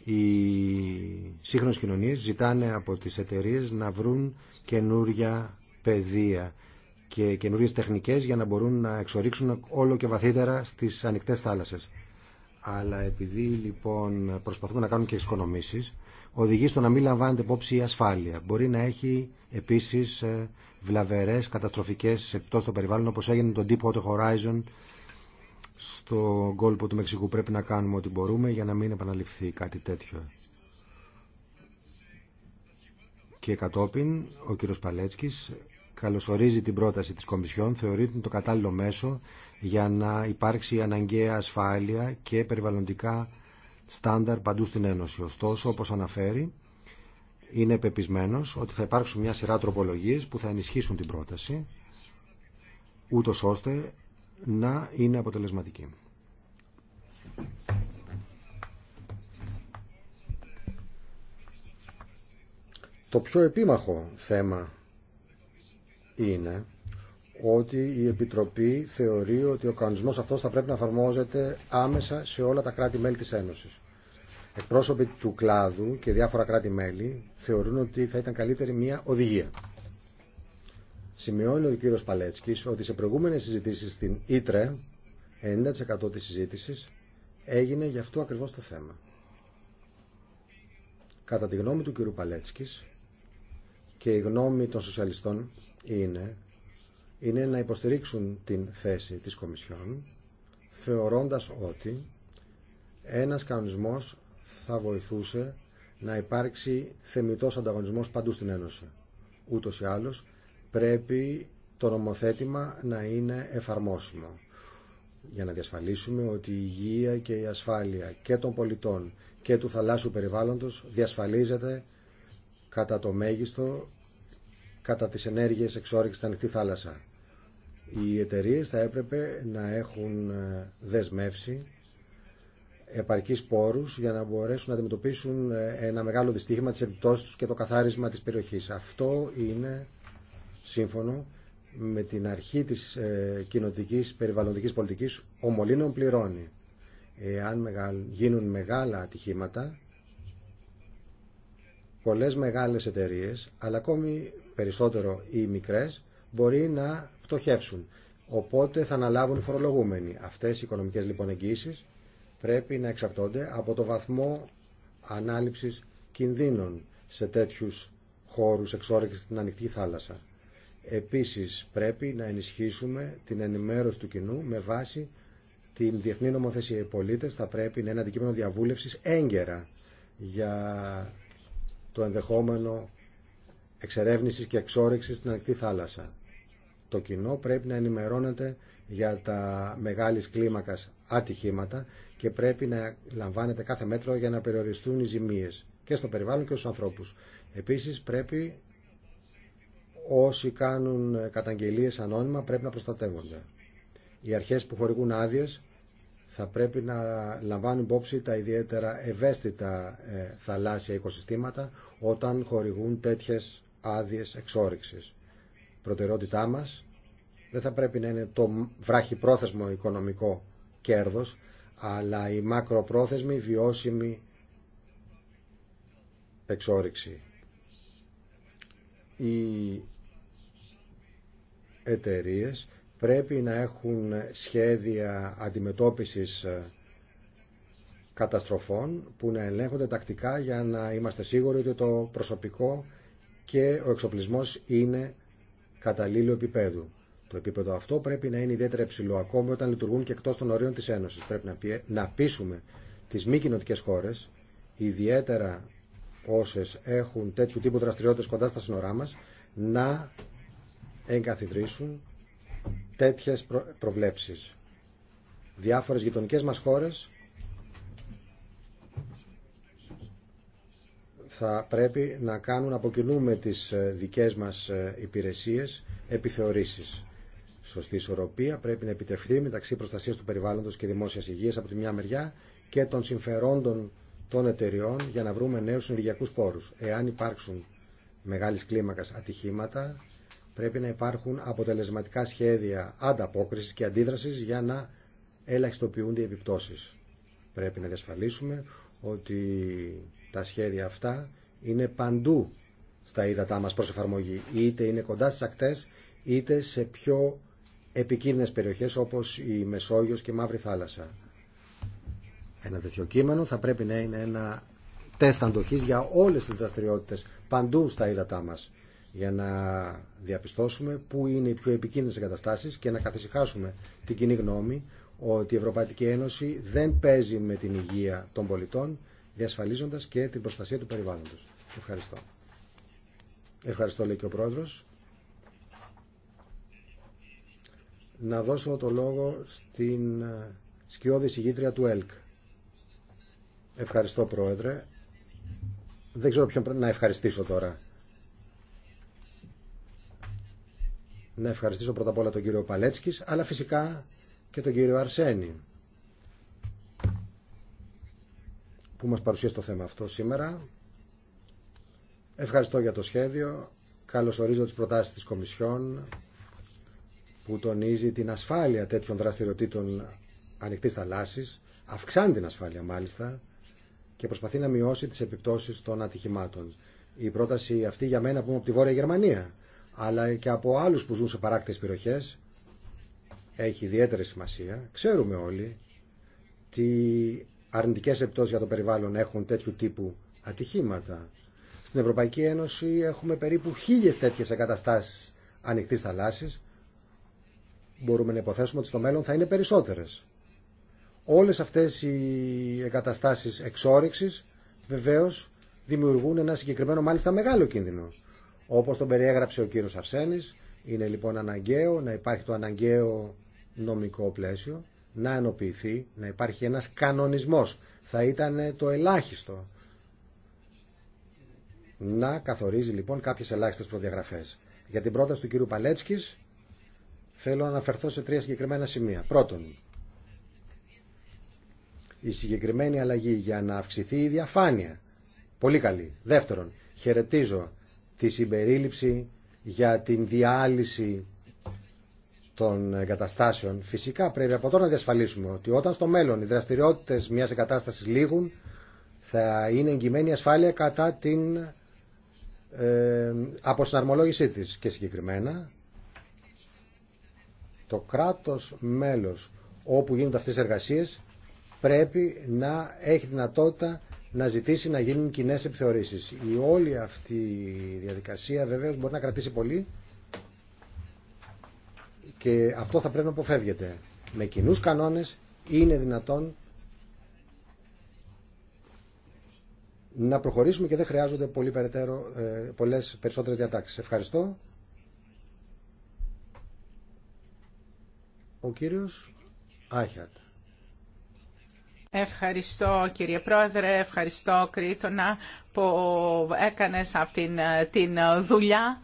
Οι σύγχρονες κοινωνίες ζητάνε από τις εταιρείες να βρουν καινούρια παιδεία και καινούριε τεχνικέ για να μπορούν να εξορίξουν όλο και βαθύτερα στι ανοιχτέ θάλασσε. Αλλά επειδή λοιπόν προσπαθούμε να κάνουμε και εξοικονομήσεις, οδηγεί στο να μην λαμβάνεται υπόψη η ασφάλεια. Μπορεί να έχει επίση ε, βλαβερέ, καταστροφικέ επιπτώσει στο περιβάλλον όπω έγινε τον τύπο του Horizon στο κόλπο του Μεξικού πρέπει να κάνουμε ό,τι μπορούμε για να μην επαναληφθεί κάτι τέτοιο. Και κατόπιν ο κύριο Παλέτσκης καλωσορίζει την πρόταση της Κομισιόν, θεωρεί το κατάλληλο μέσο για να υπάρξει αναγκαία ασφάλεια και περιβαλλοντικά στάνταρ παντού στην Ένωση. Ωστόσο, όπως αναφέρει, είναι πεπισμένος ότι θα υπάρξουν μια σειρά τροπολογίες που θα ενισχύσουν την πρόταση, ούτω ώστε να είναι αποτελεσματική. Το πιο επίμαχο θέμα είναι ότι η Επιτροπή θεωρεί ότι ο κανονισμός αυτός θα πρέπει να εφαρμόζεται άμεσα σε όλα τα κράτη-μέλη της Ένωσης. Εκπρόσωποι του κλάδου και διάφορα κράτη-μέλη θεωρούν ότι θα ήταν καλύτερη μια οδηγία. Σημειώνει ο κύριος Παλέτσκης ότι σε προηγούμενες συζητήσεις στην Ήτρε 90% της συζήτησης έγινε γι' αυτό ακριβώς το θέμα. Κατά τη γνώμη του κύριου Παλέτσκης και η γνώμη των σοσιαλιστών είναι, είναι να υποστηρίξουν την θέση της Κομισιόν θεωρώντας ότι ένας κανονισμός θα βοηθούσε να υπάρξει θεμητός ανταγωνισμός παντού στην Ένωση. Ούτως ή άλλως πρέπει το νομοθέτημα να είναι εφαρμόσιμο για να διασφαλίσουμε ότι η υγεία και η ασφάλεια και των πολιτών και του θαλάσσου περιβάλλοντος διασφαλίζεται κατά το μέγιστο κατά τις ενέργειες εξόρυξης στα ανοιχτή θάλασσα. Οι εταιρείε θα έπρεπε να έχουν ε, δεσμεύσει επαρκείς πόρους για να μπορέσουν να αντιμετωπίσουν ε, ένα μεγάλο δυστύχημα της επιπτώσεις τους και το καθάρισμα της περιοχής. Αυτό είναι σύμφωνο με την αρχή της ε, κοινοτικής περιβαλλοντικής πολιτικής ο Μολύνων πληρώνει. Εάν γίνουν μεγάλα ατυχήματα, πολλές μεγάλες εταιρείες, αλλά ακόμη περισσότερο οι μικρές μπορεί να πτωχεύσουν. Οπότε θα αναλάβουν φορολογούμενοι. Αυτές οι οικονομικές λοιπόν πρέπει να εξαρτώνται από το βαθμό ανάληψης κινδύνων σε τέτοιους χώρους εξόρυξης στην ανοιχτή θάλασσα. Επίσης πρέπει να ενισχύσουμε την ενημέρωση του κοινού με βάση την διεθνή νομοθεσία. Οι πολίτες θα πρέπει να είναι αντικείμενο διαβούλευσης έγκαιρα για το ενδεχόμενο Εξερεύνηση και εξόρυξης στην ανοιχτή θάλασσα. Το κοινό πρέπει να ενημερώνεται για τα μεγάλη κλίμακας ατυχήματα και πρέπει να λαμβάνεται κάθε μέτρο για να περιοριστούν οι ζημίες και στο περιβάλλον και στους ανθρώπους. Επίσης πρέπει όσοι κάνουν καταγγελίες ανώνυμα πρέπει να προστατεύονται. Οι αρχές που χορηγούν άδειε θα πρέπει να λαμβάνουν υπόψη τα ιδιαίτερα ευαίσθητα ε, θαλάσσια οικοσυστήματα όταν χορηγούν τέτοιες άδειε εξόρυξης. Προτεραιότητά μας δεν θα πρέπει να είναι το βράχυπρόθεσμο οικονομικό κέρδος, αλλά η μακροπρόθεσμη βιώσιμη εξόριξη. Οι εταιρείε πρέπει να έχουν σχέδια αντιμετώπισης καταστροφών που να ελέγχονται τακτικά για να είμαστε σίγουροι ότι το προσωπικό και ο εξοπλισμός είναι καταλήλου επίπεδου. Το επίπεδο αυτό πρέπει να είναι ιδιαίτερα υψηλό ακόμη όταν λειτουργούν και εκτός των ορίων της Ένωσης. Πρέπει να πείσουμε τις μη κοινοτικέ χώρες, ιδιαίτερα όσες έχουν τέτοιου τύπου δραστηριότητες κοντά στα σύνορά μας, να εγκαθιδρύσουν τέτοιες προβλέψεις. Διάφορες γειτονικέ μας χώρες θα πρέπει να κάνουν από κοινού με τις ε, δικές μας ε, υπηρεσίες επιθεωρήσεις. Σωστή ισορροπία πρέπει να επιτευχθεί μεταξύ προστασία του περιβάλλοντος και δημόσιας υγείας από τη μια μεριά και των συμφερόντων των εταιριών για να βρούμε νέους ενεργειακού πόρους. Εάν υπάρξουν μεγάλης κλίμακας ατυχήματα, πρέπει να υπάρχουν αποτελεσματικά σχέδια ανταπόκρισης και αντίδρασης για να ελαχιστοποιούνται οι επιπτώσεις. Πρέπει να διασφαλίσουμε ότι τα σχέδια αυτά είναι παντού στα ύδατά μας προς εφαρμογή. Είτε είναι κοντά στις ακτές, είτε σε πιο επικίνδυνες περιοχές όπως η Μεσόγειος και η Μαύρη Θάλασσα. Ένα τέτοιο κείμενο θα πρέπει να είναι ένα τεστ αντοχής για όλες τις δραστηριότητε παντού στα ύδατά μας για να διαπιστώσουμε πού είναι οι πιο επικίνδυνες εγκαταστάσεις και να καθησυχάσουμε την κοινή γνώμη ότι η Ευρωπαϊκή Ένωση δεν παίζει με την υγεία των πολιτών διασφαλίζοντας και την προστασία του περιβάλλοντος. Ευχαριστώ. Ευχαριστώ λέει και ο Πρόεδρος. Να δώσω το λόγο στην ε, σκιώδη συγγήτρια του ΕΛΚ. Ευχαριστώ Πρόεδρε. Δεν ξέρω ποιον να ευχαριστήσω τώρα. Να ευχαριστήσω πρώτα απ' όλα τον κύριο Παλέτσκης, αλλά φυσικά και τον κύριο Αρσένη που μας παρουσίασε το θέμα αυτό σήμερα. Ευχαριστώ για το σχέδιο. Καλωσορίζω τις προτάσεις της Κομισιόν που τονίζει την ασφάλεια τέτοιων δραστηριοτήτων ανοιχτής θαλάσσης, αυξάνει την ασφάλεια μάλιστα και προσπαθεί να μειώσει τις επιπτώσεις των ατυχημάτων. Η πρόταση αυτή για μένα που είμαι από τη Βόρεια Γερμανία, αλλά και από άλλους που ζουν σε παράκτες περιοχές, έχει ιδιαίτερη σημασία. Ξέρουμε όλοι τι αρνητικές επιπτώσεις για το περιβάλλον έχουν τέτοιου τύπου ατυχήματα. Στην Ευρωπαϊκή Ένωση έχουμε περίπου χίλιες τέτοιες εγκαταστάσεις ανοιχτής θαλάσσης. Μπορούμε να υποθέσουμε ότι στο μέλλον θα είναι περισσότερες. Όλες αυτές οι εγκαταστάσεις εξόρυξης βεβαίως δημιουργούν ένα συγκεκριμένο μάλιστα μεγάλο κίνδυνο. Όπως τον περιέγραψε ο κύριο Αρσένης, είναι λοιπόν αναγκαίο να υπάρχει το αναγκαίο νομικό πλαίσιο να ενοποιηθεί, να υπάρχει ένας κανονισμός. Θα ήταν το ελάχιστο να καθορίζει λοιπόν κάποιες ελάχιστες προδιαγραφές. Για την πρόταση του κύριου Παλέτσκης θέλω να αναφερθώ σε τρία συγκεκριμένα σημεία. Πρώτον, η συγκεκριμένη αλλαγή για να αυξηθεί η διαφάνεια. Πολύ καλή. Δεύτερον, χαιρετίζω τη συμπερίληψη για την διάλυση των εγκαταστάσεων. Φυσικά πρέπει από τώρα να διασφαλίσουμε ότι όταν στο μέλλον οι δραστηριότητε μια εγκατάσταση λήγουν, θα είναι εγγυημένη ασφάλεια κατά την ε, αποσυναρμολόγησή τη. και συγκεκριμένα το κράτο μέλο όπου γίνονται αυτέ τι εργασίε πρέπει να έχει δυνατότητα να ζητήσει να γίνουν κοινέ επιθεωρήσεις. Η όλη αυτή η διαδικασία βεβαίω μπορεί να κρατήσει πολύ και αυτό θα πρέπει να αποφεύγεται. Με κοινούς κανόνες είναι δυνατόν να προχωρήσουμε και δεν χρειάζονται πολύ περαιτέρω, ε, πολλές περισσότερες διατάξεις. Ευχαριστώ. Ο κύριος Άχιατ.
Ευχαριστώ κύριε Πρόεδρε, ευχαριστώ Κρήτονα που έκανες αυτήν ε, την δουλειά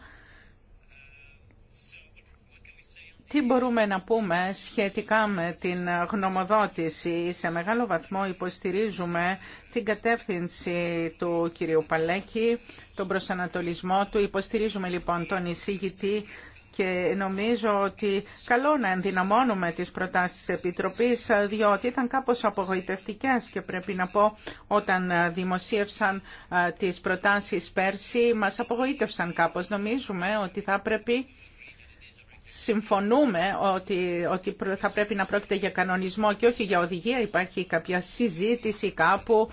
Τι μπορούμε να πούμε σχετικά με την γνωμοδότηση. Σε μεγάλο βαθμό υποστηρίζουμε την κατεύθυνση του κυρίου Παλέκη, τον προσανατολισμό του. Υποστηρίζουμε λοιπόν τον εισήγητη και νομίζω ότι καλό να ενδυναμώνουμε τις προτάσεις της Επιτροπής, διότι ήταν κάπως απογοητευτικές και πρέπει να πω όταν δημοσίευσαν ε, τις προτάσεις πέρσι, μας απογοήτευσαν κάπως. Νομίζουμε ότι θα πρέπει συμφωνούμε ότι, ότι θα πρέπει να πρόκειται για κανονισμό και όχι για οδηγία. Υπάρχει κάποια συζήτηση κάπου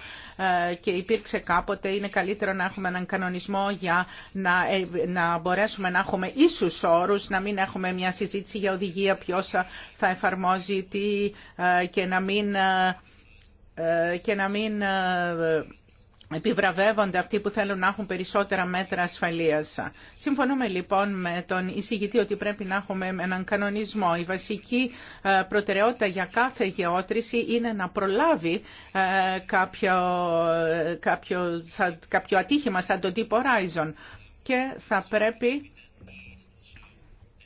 ε, και υπήρξε κάποτε. Είναι καλύτερο να έχουμε έναν κανονισμό για να, ε, να μπορέσουμε να έχουμε ίσους όρους, να μην έχουμε μια συζήτηση για οδηγία ποιος θα εφαρμόζει τι ε, και να μην... και να μην επιβραβεύονται αυτοί που θέλουν να έχουν περισσότερα μέτρα ασφαλείας. Συμφωνούμε λοιπόν με τον εισηγητή ότι πρέπει να έχουμε έναν κανονισμό. Η βασική ε, προτεραιότητα για κάθε γεώτρηση είναι να προλάβει ε, κάποιο, ε, κάποιο, ατύχημα σαν τον τύπο Horizon και θα πρέπει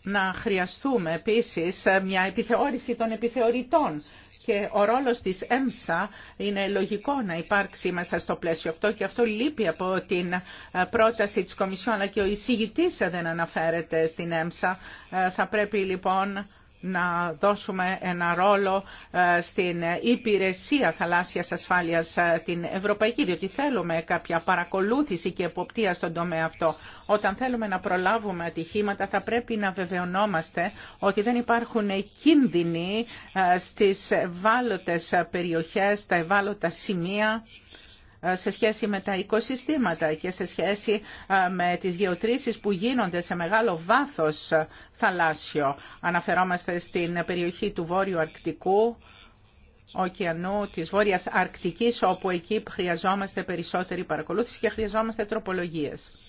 να χρειαστούμε επίσης μια επιθεώρηση των επιθεωρητών και ο ρόλος της ΕΜΣΑ είναι λογικό να υπάρξει μέσα στο πλαίσιο αυτό και αυτό λείπει από την ε, πρόταση της Κομισιόν αλλά και ο εισηγητής δεν αναφέρεται στην ΕΜΣΑ. Ε, θα πρέπει λοιπόν να δώσουμε ένα ρόλο ε, στην υπηρεσία θαλάσσιας ασφάλειας ε, την ευρωπαϊκή, διότι θέλουμε κάποια παρακολούθηση και εποπτεία στον τομέα αυτό. Όταν θέλουμε να προλάβουμε ατυχήματα θα πρέπει να βεβαιωνόμαστε ότι δεν υπάρχουν κίνδυνοι ε, στις ευάλωτες περιοχές, στα ευάλωτα σημεία σε σχέση με τα οικοσυστήματα και σε σχέση με τις γεωτρήσεις που γίνονται σε μεγάλο βάθος θαλάσσιο. Αναφερόμαστε στην περιοχή του Βόρειου Αρκτικού, ωκεανού της Βόρειας Αρκτικής, όπου εκεί χρειαζόμαστε περισσότερη παρακολούθηση και χρειαζόμαστε τροπολογίες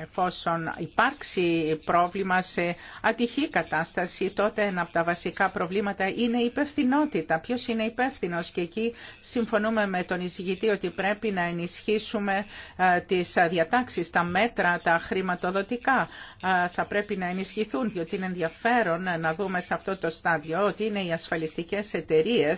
εφόσον υπάρξει πρόβλημα σε ατυχή κατάσταση, τότε ένα από τα βασικά προβλήματα είναι η υπευθυνότητα. Ποιο είναι υπεύθυνο και εκεί συμφωνούμε με τον εισηγητή ότι πρέπει να ενισχύσουμε ε, τι διατάξει, τα μέτρα, τα χρηματοδοτικά. Ε, θα πρέπει να ενισχυθούν, διότι είναι ενδιαφέρον να δούμε σε αυτό το στάδιο ότι είναι οι ασφαλιστικέ εταιρείε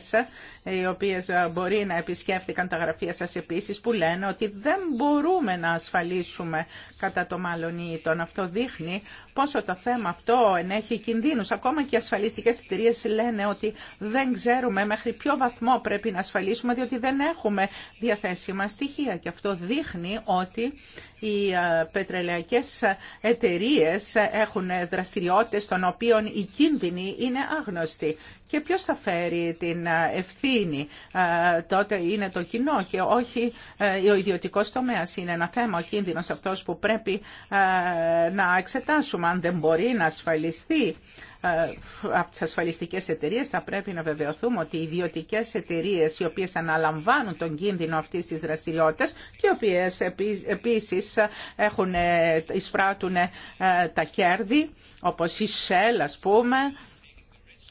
ε, οι οποίε μπορεί να επισκέφθηκαν τα γραφεία σα επίση που λένε ότι δεν μπορούμε να ασφαλίσουμε κατά το μάλλον ή τον Αυτό δείχνει πόσο το θέμα αυτό ενέχει κινδύνους. Ακόμα και οι ασφαλιστικές εταιρείε λένε ότι δεν ξέρουμε μέχρι ποιο βαθμό πρέπει να ασφαλίσουμε διότι δεν έχουμε διαθέσιμα στοιχεία. Και αυτό δείχνει ότι οι ε, πετρελαϊκές εταιρείες έχουν δραστηριότητες των οποίων οι κίνδυνοι είναι άγνωστοι. Και ποιος θα φέρει την ε, ευθύνη ε, τότε είναι το κοινό και όχι ο ιδιωτικός τομέας. Είναι ένα θέμα ο κίνδυνος αυτός που πρέπει να εξετάσουμε αν δεν μπορεί να ασφαλιστεί ε, από τι ασφαλιστικές εταιρείε θα πρέπει να βεβαιωθούμε ότι οι ιδιωτικέ εταιρείε, οι οποίες αναλαμβάνουν τον κίνδυνο αυτής της δραστηριότητα και οι οποίες επίσης ε, εισπράττουν ε, τα κέρδη όπως η Shell α πούμε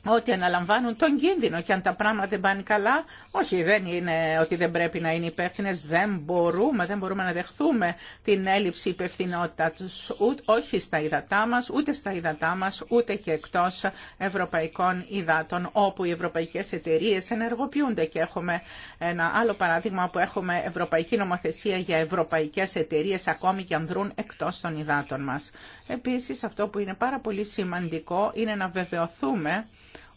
ότι αναλαμβάνουν τον κίνδυνο και αν τα πράγματα δεν πάνε καλά, όχι δεν είναι ότι δεν πρέπει να είναι υπεύθυνε, δεν μπορούμε, δεν μπορούμε να δεχθούμε την έλλειψη υπευθυνότητα τους, ούτε, όχι στα υδατά μας, ούτε στα υδατά μας, ούτε και εκτός ευρωπαϊκών υδάτων, όπου οι ευρωπαϊκές εταιρείε ενεργοποιούνται και έχουμε ένα άλλο παράδειγμα που έχουμε ευρωπαϊκή νομοθεσία για ευρωπαϊκές εταιρείε, ακόμη και αν δρούν εκτός των υδάτων μας. Επίσης αυτό που είναι πάρα πολύ σημαντικό είναι να βεβαιωθούμε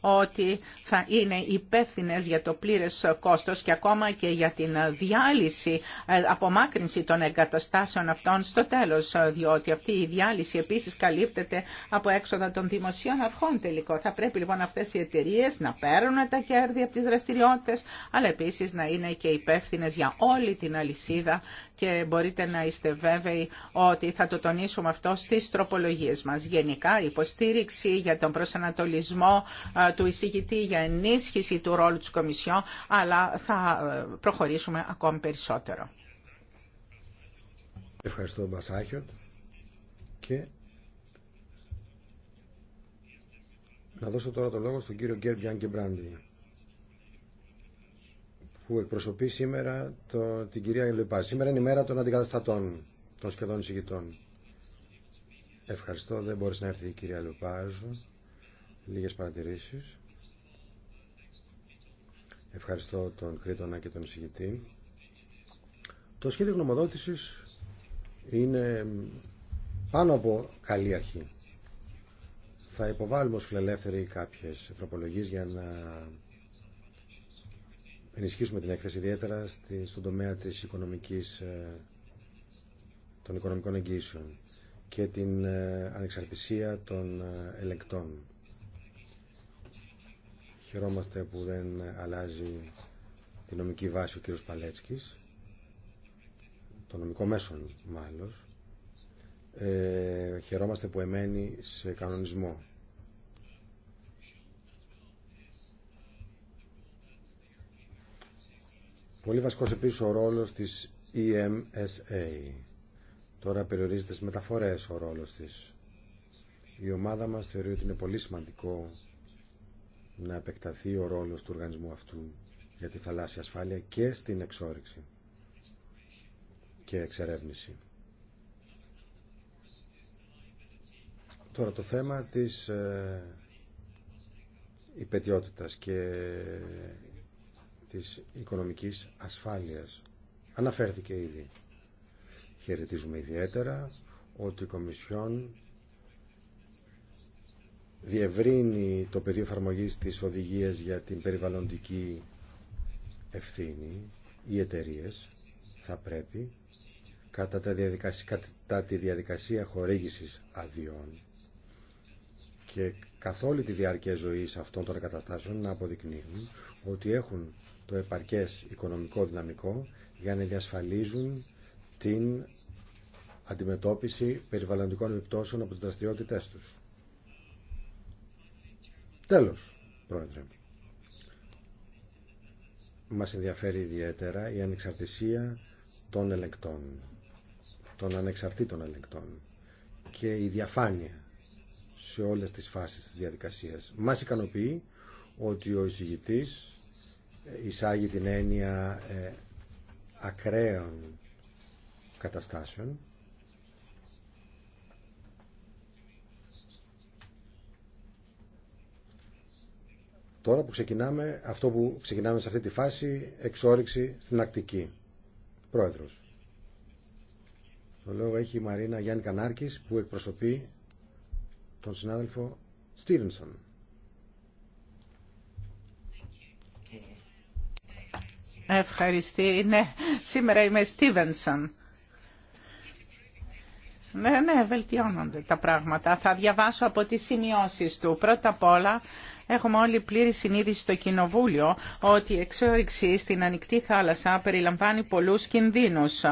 ότι θα είναι υπεύθυνε για το πλήρε κόστο και ακόμα και για την διάλυση, ε, απομάκρυνση των εγκαταστάσεων αυτών στο τέλο, ε, διότι αυτή η διάλυση επίση καλύπτεται από έξοδα των δημοσίων αρχών τελικό. Θα πρέπει λοιπόν αυτέ οι εταιρείε να παίρνουν τα κέρδη από τι δραστηριότητε, αλλά επίση να είναι και υπεύθυνε για όλη την αλυσίδα και μπορείτε να είστε βέβαιοι ότι θα το τονίσουμε αυτό στις τροπολογίες μας. Γενικά, υποστήριξη για τον προσανατολισμό ε, του εισηγητή για ενίσχυση του ρόλου της Κομισιόν, αλλά θα ε, προχωρήσουμε ακόμη περισσότερο.
Ευχαριστώ, Μπασάχιον. Και να δώσω τώρα το λόγο στον κύριο και Μπράντι, που εκπροσωπεί σήμερα το, την κυρία Λεπά. Σήμερα είναι η μέρα των αντικαταστατών, των σχεδόν εισηγητών. Ευχαριστώ, δεν μπορείς να έρθει η κυρία Λουπάζου Λίγες παρατηρήσεις. Ευχαριστώ τον Κρήτονα και τον εισηγητή. Το σχέδιο γνωμοδότησης είναι πάνω από καλή αρχή. Θα υποβάλουμε ως φιλελεύθεροι κάποιες ευρωπολογίες για να ενισχύσουμε την έκθεση ιδιαίτερα στον τομέα της οικονομικής, ε, των οικονομικών εγγύσεων και την ε, ανεξαρτησία των ε, ελεκτών. Χαιρόμαστε που δεν αλλάζει τη νομική βάση ο κύριος Παλέτσκης, το νομικό μέσον μάλλον. Ε, χαιρόμαστε που εμένει σε κανονισμό. Πολύ βασικός επίσης ο ρόλος της EMSA. Τώρα περιορίζεται στις μεταφορές ο ρόλος της. Η ομάδα μας θεωρεί ότι είναι πολύ σημαντικό να επεκταθεί ο ρόλος του οργανισμού αυτού για τη θαλάσσια ασφάλεια και στην εξόριξη και εξερεύνηση. Τώρα το θέμα της ε, υπετιότητας και της οικονομικής ασφάλειας αναφέρθηκε ήδη. Χαιρετίζουμε ιδιαίτερα ότι η Κομισιόν διευρύνει το πεδίο εφαρμογή της οδηγίας για την περιβαλλοντική ευθύνη. Οι εταιρείε θα πρέπει κατά, τα κατά τη διαδικασία χορήγησης αδειών και καθ' όλη τη διάρκεια ζωής αυτών των εγκαταστάσεων να αποδεικνύουν ότι έχουν το επαρκές οικονομικό δυναμικό για να διασφαλίζουν την αντιμετώπιση περιβαλλοντικών επιπτώσεων από τις δραστηριότητές τους. Τέλος, Πρόεδρε. Μας ενδιαφέρει ιδιαίτερα η ανεξαρτησία των ελεκτών, των ανεξαρτήτων ελεκτών και η διαφάνεια σε όλες τις φάσεις της διαδικασίας. Μας ικανοποιεί ότι ο εισηγητής εισάγει την έννοια ε, ακραίων καταστάσεων Τώρα που ξεκινάμε, αυτό που ξεκινάμε σε αυτή τη φάση, εξόριξη στην Αρκτική. Πρόεδρος. Το λόγο έχει η Μαρίνα Γιάννη Κανάρκης που εκπροσωπεί τον συνάδελφο Στίβενσον.
Ευχαριστή. Ναι, σήμερα είμαι Στίβενσον. Ναι, ναι, βελτιώνονται τα πράγματα. Θα διαβάσω από τις σημειώσεις του. Πρώτα απ' όλα Έχουμε όλοι πλήρη συνείδηση στο Κοινοβούλιο ότι η εξόριξη στην ανοιχτή θάλασσα περιλαμβάνει πολλούς κινδύνους.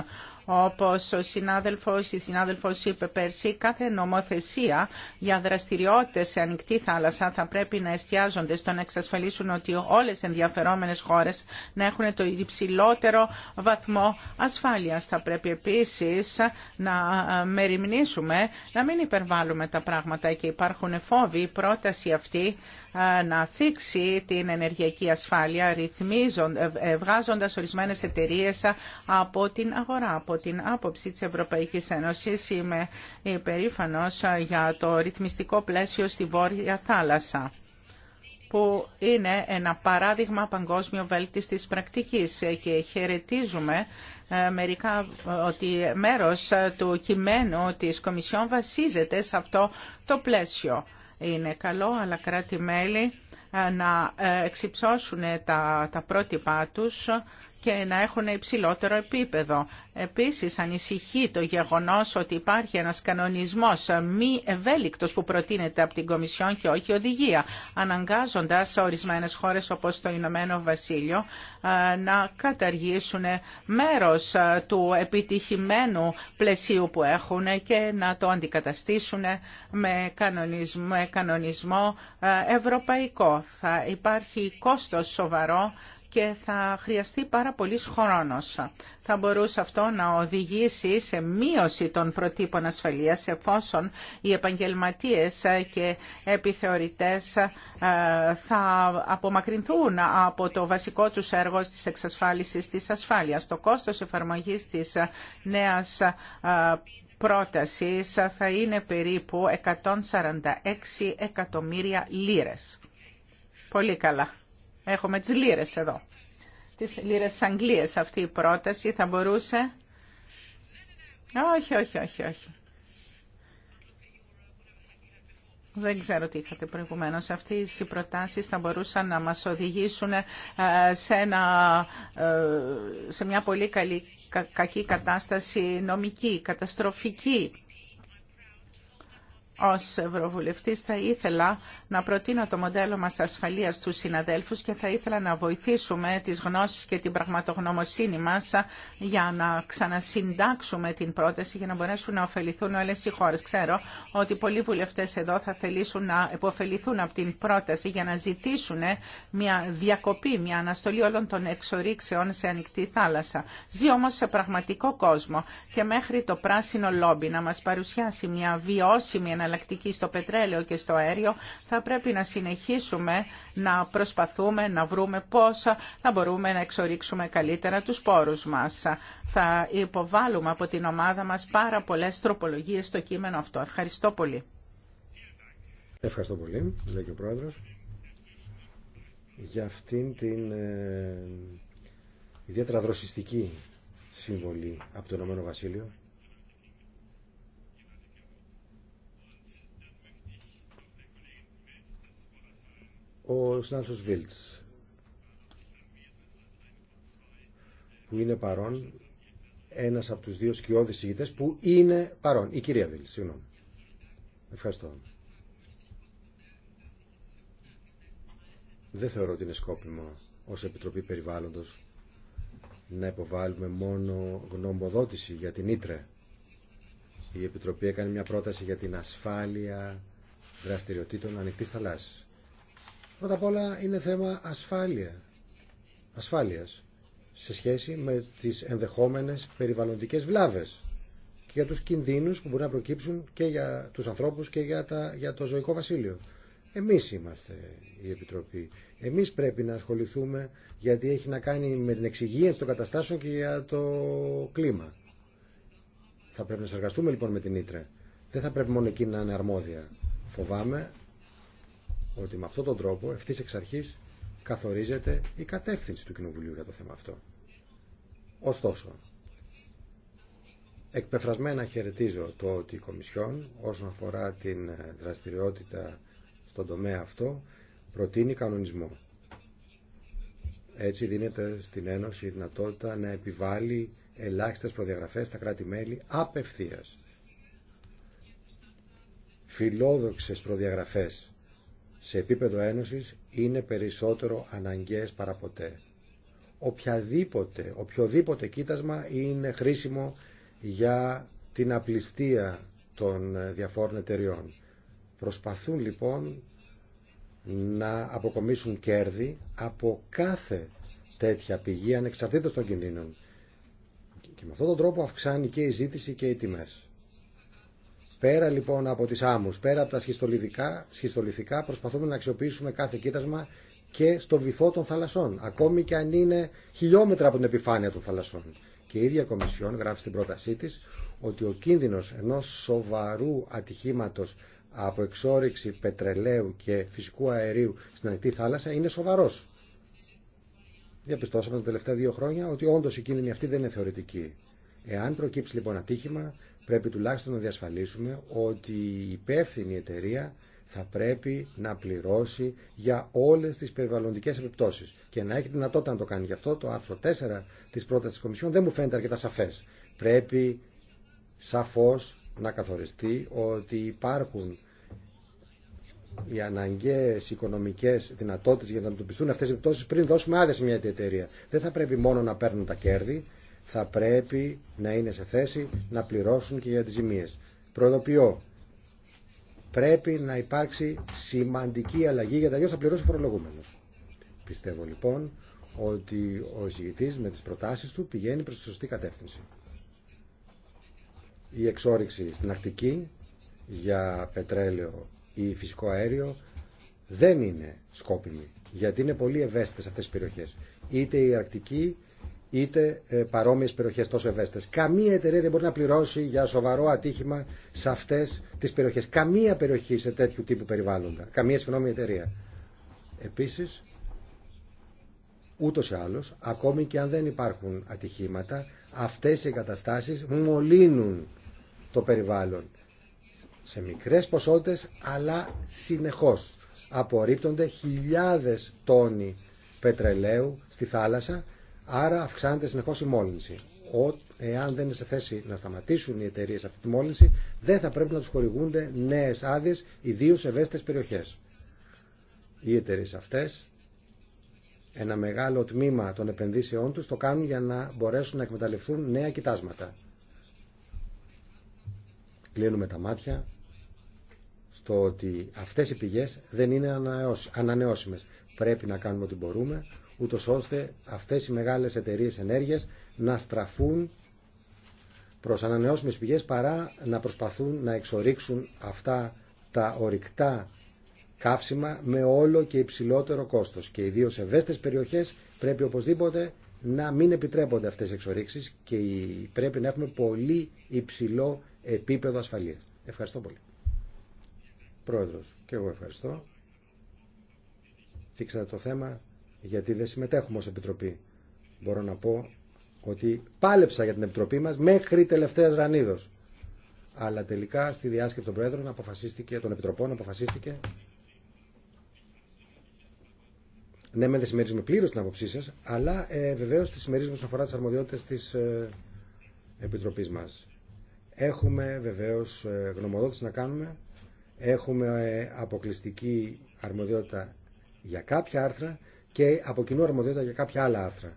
Όπως ο συνάδελφος, η συνάδελφος είπε πέρσι, κάθε νομοθεσία για δραστηριότητες σε ανοιχτή θάλασσα θα πρέπει να εστιάζονται στο να εξασφαλίσουν ότι όλες οι ενδιαφερόμενες χώρες να έχουν το υψηλότερο βαθμό ασφάλειας. Θα πρέπει επίσης να ε, μεριμνήσουμε, να μην υπερβάλλουμε τα πράγματα και υπάρχουν φόβοι. Η πρόταση αυτή ε, να θίξει την ενεργειακή ασφάλεια, ε, βγάζοντας ορισμένες εταιρείες από την αγορά από την άποψη της Ευρωπαϊκής Ένωσης είμαι υπερήφανος ε, για το ρυθμιστικό πλαίσιο στη Βόρεια Θάλασσα που είναι ένα παράδειγμα παγκόσμιο βέλτιστης πρακτικής ε, και χαιρετίζουμε ε, μερικά ότι μέρος του κειμένου της Κομισιόν βασίζεται σε αυτό το πλαίσιο. Είναι καλό, αλλά κράτη-μέλη να εξυψώσουν τα, τα πρότυπά τους και να έχουν υψηλότερο επίπεδο. Επίσης ανησυχεί το γεγονός ότι υπάρχει ένας κανονισμός μη ευέλικτος που προτείνεται από την Κομισιόν και όχι οδηγία, αναγκάζοντας ορισμένες χώρες όπως το Ηνωμένο Βασίλειο να καταργήσουν μέρος του επιτυχημένου πλαισίου που έχουν και να το αντικαταστήσουν με κανονισμό, κανονισμό ευρωπαϊκό. Θα υπάρχει κόστος σοβαρό και θα χρειαστεί πάρα πολύ χρόνος. Θα μπορούσε αυτό να οδηγήσει σε μείωση των προτύπων ασφαλείας εφόσον οι επαγγελματίες και επιθεωρητές ε, θα απομακρυνθούν από το βασικό τους έργο της εξασφάλιση της ασφάλειας. Το κόστος εφαρμογής της ε, νέας ε, πρόταση θα είναι περίπου 146 εκατομμύρια λίρες. Πολύ καλά. Έχουμε τις λίρες εδώ. Τις λίρες της Αγγλίας αυτή η πρόταση θα μπορούσε... Όχι, όχι, όχι, όχι. Δεν ξέρω τι είχατε προηγουμένω. Αυτέ οι προτάσει θα μπορούσαν να μα οδηγήσουν ε, σε, ένα, ε, σε μια πολύ κακή κατάσταση νομική, καταστροφική. Ως Ευρωβουλευτής θα ήθελα να προτείνω το μοντέλο μας ασφαλείας στους συναδέλφους και θα ήθελα να βοηθήσουμε τις γνώσεις και την πραγματογνωμοσύνη μας για να ξανασυντάξουμε την πρόταση για να μπορέσουν να ωφεληθούν όλες οι χώρες. Ξέρω ότι πολλοί βουλευτές εδώ θα θελήσουν να επωφεληθούν από την πρόταση για να ζητήσουν μια διακοπή, μια αναστολή όλων των εξορίξεων σε ανοιχτή θάλασσα. Ζει όμως σε πραγματικό κόσμο και μέχρι το πράσινο λόμπι να μας παρουσιάσει μια βιώσιμη εναλλακτική στο πετρέλαιο και στο αέριο, θα πρέπει να συνεχίσουμε να προσπαθούμε να βρούμε πώς θα μπορούμε να εξορίξουμε καλύτερα τους πόρους μας. Θα υποβάλουμε από την ομάδα μας πάρα πολλές τροπολογίες στο κείμενο αυτό. Ευχαριστώ πολύ.
Ευχαριστώ πολύ, λέει και ο Πρόεδρος, για αυτήν την ε, ιδιαίτερα δροσιστική συμβολή από το Ηνωμένο Βασίλειο ο συνάδελφος Βίλτς που είναι παρόν ένας από τους δύο σκιώδεις συγητές που είναι παρόν η κυρία Βίλτς, συγγνώμη ευχαριστώ δεν θεωρώ ότι είναι σκόπιμο ως Επιτροπή Περιβάλλοντος να υποβάλουμε μόνο γνωμοδότηση για την Ήτρε η Επιτροπή έκανε μια πρόταση για την ασφάλεια δραστηριοτήτων ανοιχτής θαλάσσης Πρώτα απ' όλα είναι θέμα ασφάλεια, ασφάλειας σε σχέση με τις ενδεχόμενες περιβαλλοντικές βλάβες και για τους κινδύνους που μπορεί να προκύψουν και για τους ανθρώπους και για, για το ζωικό βασίλειο. Εμείς είμαστε η Επιτροπή. Εμείς πρέπει να ασχοληθούμε γιατί έχει να κάνει με την εξυγίανση των καταστάσεων και για το κλίμα. Θα πρέπει να συνεργαστούμε λοιπόν με την Ήτρε. Δεν θα πρέπει μόνο εκεί να είναι αρμόδια. Φοβάμαι ότι με αυτόν τον τρόπο ευθύ εξ αρχή καθορίζεται η κατεύθυνση του Κοινοβουλίου για το θέμα αυτό. Ωστόσο, εκπεφρασμένα χαιρετίζω το ότι η Κομισιόν όσον αφορά την ε, δραστηριότητα στον τομέα αυτό προτείνει κανονισμό. Έτσι δίνεται στην Ένωση η δυνατότητα να επιβάλλει ελάχιστες προδιαγραφές στα κράτη-μέλη απευθείας. Φιλόδοξες προδιαγραφές σε επίπεδο ένωσης είναι περισσότερο αναγκαίες παρά ποτέ. Οποιαδήποτε, οποιοδήποτε κοίτασμα είναι χρήσιμο για την απληστία των διαφόρων εταιριών. Προσπαθούν λοιπόν να αποκομίσουν κέρδη από κάθε τέτοια πηγή ανεξαρτήτως των κινδύνων. Και με αυτόν τον τρόπο αυξάνει και η ζήτηση και οι τιμές. Πέρα λοιπόν από τις άμμους, πέρα από τα σχιστολιθικά, σχιστολιθικά προσπαθούμε να αξιοποιήσουμε κάθε κοίτασμα και στο βυθό των θαλασσών, ακόμη και αν είναι χιλιόμετρα από την επιφάνεια των θαλασσών. Και η ίδια Κομισιόν γράφει στην πρότασή της ότι ο κίνδυνος ενός σοβαρού ατυχήματος από εξόριξη πετρελαίου και φυσικού αερίου στην ανοιχτή θάλασσα είναι σοβαρός. Διαπιστώσαμε τα τελευταία δύο χρόνια ότι όντως η κίνδυνη αυτή δεν είναι θεωρητική. Εάν προκύψει λοιπόν ατύχημα, Πρέπει τουλάχιστον να διασφαλίσουμε ότι η υπεύθυνη εταιρεία θα πρέπει να πληρώσει για όλες τις περιβαλλοντικές επιπτώσεις και να έχει δυνατότητα να το κάνει. Γι' αυτό το άρθρο 4 της πρότασης της Κομισιόν δεν μου φαίνεται αρκετά σαφές. Πρέπει σαφώς να καθοριστεί ότι υπάρχουν οι αναγκαίε οικονομικέ δυνατότητε για να αντιμετωπιστούν αυτέ οι επιπτώσει πριν δώσουμε άδεια σε μια εταιρεία. Δεν θα πρέπει μόνο να παίρνουν τα κέρδη, θα πρέπει να είναι σε θέση να πληρώσουν και για τις ζημίες. Προεδοποιώ, πρέπει να υπάρξει σημαντική αλλαγή τα αλλιώς θα πληρώσει ο φορολογούμενος. Πιστεύω λοιπόν ότι ο εισηγητής με τις προτάσεις του πηγαίνει προς τη σωστή κατεύθυνση. Η εξόριξη στην Αρκτική για πετρέλαιο ή φυσικό αέριο δεν είναι σκόπιμη γιατί είναι πολύ ευαίσθητες αυτές τις περιοχές. Είτε η Αρκτική είτε ε, παρόμοιες περιοχές τόσο ευαίσθητες. Καμία εταιρεία δεν μπορεί να πληρώσει για σοβαρό ατύχημα σε αυτές τις περιοχές. Καμία περιοχή σε τέτοιου τύπου περιβάλλοντα. Καμία συγγνώμη εταιρεία. Επίσης, ούτως ή άλλως, ακόμη και αν δεν υπάρχουν ατυχήματα, αυτές οι εγκαταστάσει μολύνουν το περιβάλλον σε μικρές ποσότητες αλλά συνεχώς απορρίπτονται χιλιάδες τόνοι πετρελαίου στη θάλασσα Άρα αυξάνεται συνεχώ η μόλυνση. Ο, εάν δεν είναι σε θέση να σταματήσουν οι εταιρείε αυτή τη μόλυνση, δεν θα πρέπει να του χορηγούνται νέε άδειε, ιδίω σε ευαίσθητε περιοχέ. Οι εταιρείε αυτέ ένα μεγάλο τμήμα των επενδύσεών τους το κάνουν για να μπορέσουν να εκμεταλλευτούν νέα κοιτάσματα. Κλείνουμε τα μάτια στο ότι αυτές οι πηγές δεν είναι ανανεώσιμες. Πρέπει να κάνουμε ό,τι μπορούμε, ούτω ώστε αυτές οι μεγάλες εταιρείες ενέργειας να στραφούν προς ανανεώσιμες πηγές παρά να προσπαθούν να εξορίξουν αυτά τα ορυκτά καύσιμα με όλο και υψηλότερο κόστος. Και ιδίω σε ευαίσθητες περιοχές πρέπει οπωσδήποτε να μην επιτρέπονται αυτές οι εξορίξεις και πρέπει να έχουμε πολύ υψηλό επίπεδο ασφαλείας. Ευχαριστώ πολύ. Πρόεδρος, και εγώ ευχαριστώ. Θίξατε το θέμα γιατί δεν συμμετέχουμε ως Επιτροπή. Μπορώ να πω ότι πάλεψα για την Επιτροπή μας μέχρι τελευταίας ρανίδος. Αλλά τελικά στη διάσκεψη των Προέδρων αποφασίστηκε, των Επιτροπών αποφασίστηκε ναι, με δεν συμμερίζουμε πλήρω την άποψή σα, αλλά ε, βεβαίω τη συμμερίζουμε όσον αφορά τι αρμοδιότητε τη ε, Επιτροπή μα. Έχουμε βεβαίω ε, γνωμοδότηση να κάνουμε. Έχουμε ε, αποκλειστική αρμοδιότητα για κάποια άρθρα και από κοινού αρμοδιότητα για κάποια άλλα άρθρα.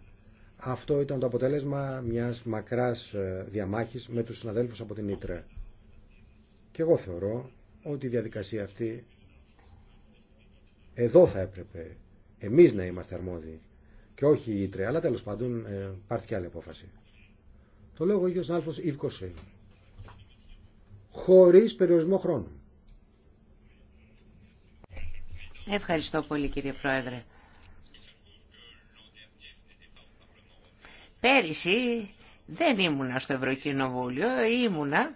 Αυτό ήταν το αποτέλεσμα μιας μακράς ε, διαμάχης με τους συναδέλφους από την Ήτρε. Και εγώ θεωρώ ότι η διαδικασία αυτή εδώ θα έπρεπε εμείς να είμαστε αρμόδιοι και όχι η Ήτρε, αλλά τέλος πάντων ε, πάρθηκε άλλη απόφαση. Το λέω εγώ ίδιο Νάλφο Ιβκο Χωρίς περιορισμό χρόνου.
Ευχαριστώ πολύ κύριε Πρόεδρε. Πέρυσι δεν ήμουνα στο Ευρωκοινοβούλιο, ήμουνα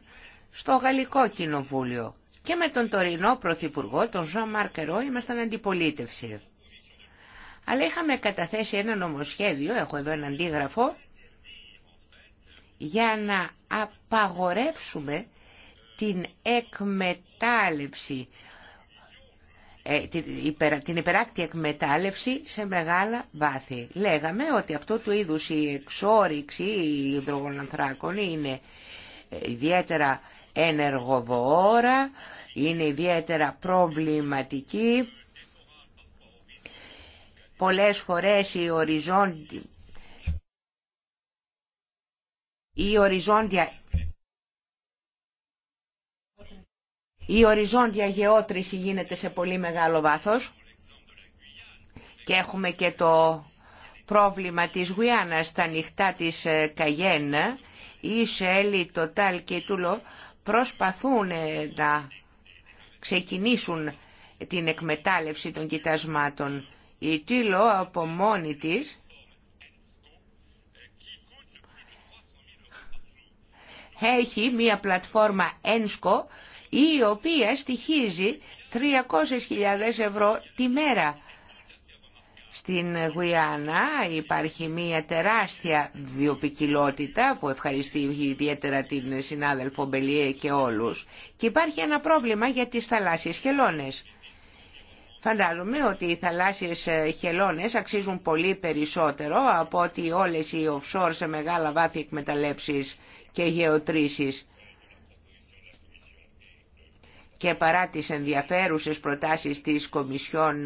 στο Γαλλικό Κοινοβούλιο. Και με τον τωρινό Πρωθυπουργό, τον Ζωα Μαρκερό, ήμασταν αντιπολίτευση. Αλλά είχαμε καταθέσει ένα νομοσχέδιο, έχω εδώ ένα αντίγραφο, για να απαγορεύσουμε την εκμετάλλευση ε, την υπεράκτη εκμετάλλευση σε μεγάλα βάθη. Λέγαμε ότι αυτό του είδους η εξόριξη υδρογονανθράκων είναι ε, ιδιαίτερα ενεργοβόρα, είναι ιδιαίτερα προβληματική. Πολλές φορές η οριζόντια Η οριζόντια γεώτρηση γίνεται σε πολύ μεγάλο βάθος και έχουμε και το πρόβλημα της Γουιάννα στα νυχτά της ε, Καγέν. Η Σέλη, το Τάλ και η Τούλο προσπαθούν ε, να ξεκινήσουν την εκμετάλλευση των κοιτασμάτων. Η ΤΟΥΛΟ από μόνη της έχει μία πλατφόρμα ένσκο η οποία στοιχίζει 300.000 ευρώ τη μέρα. Στην Γουιάννα υπάρχει μια τεράστια βιοπικιλότητα που ευχαριστεί ιδιαίτερα την συνάδελφο Μπελιέ και όλους και υπάρχει ένα πρόβλημα για τις θαλάσσιες χελώνες. Φαντάζομαι ότι οι θαλάσσιες ε, χελώνες αξίζουν πολύ περισσότερο από ότι όλες οι offshore σε μεγάλα βάθη εκμεταλλεύσεις και γεωτρήσεις και παρά τις ενδιαφέρουσες προτάσεις της Κομισιόν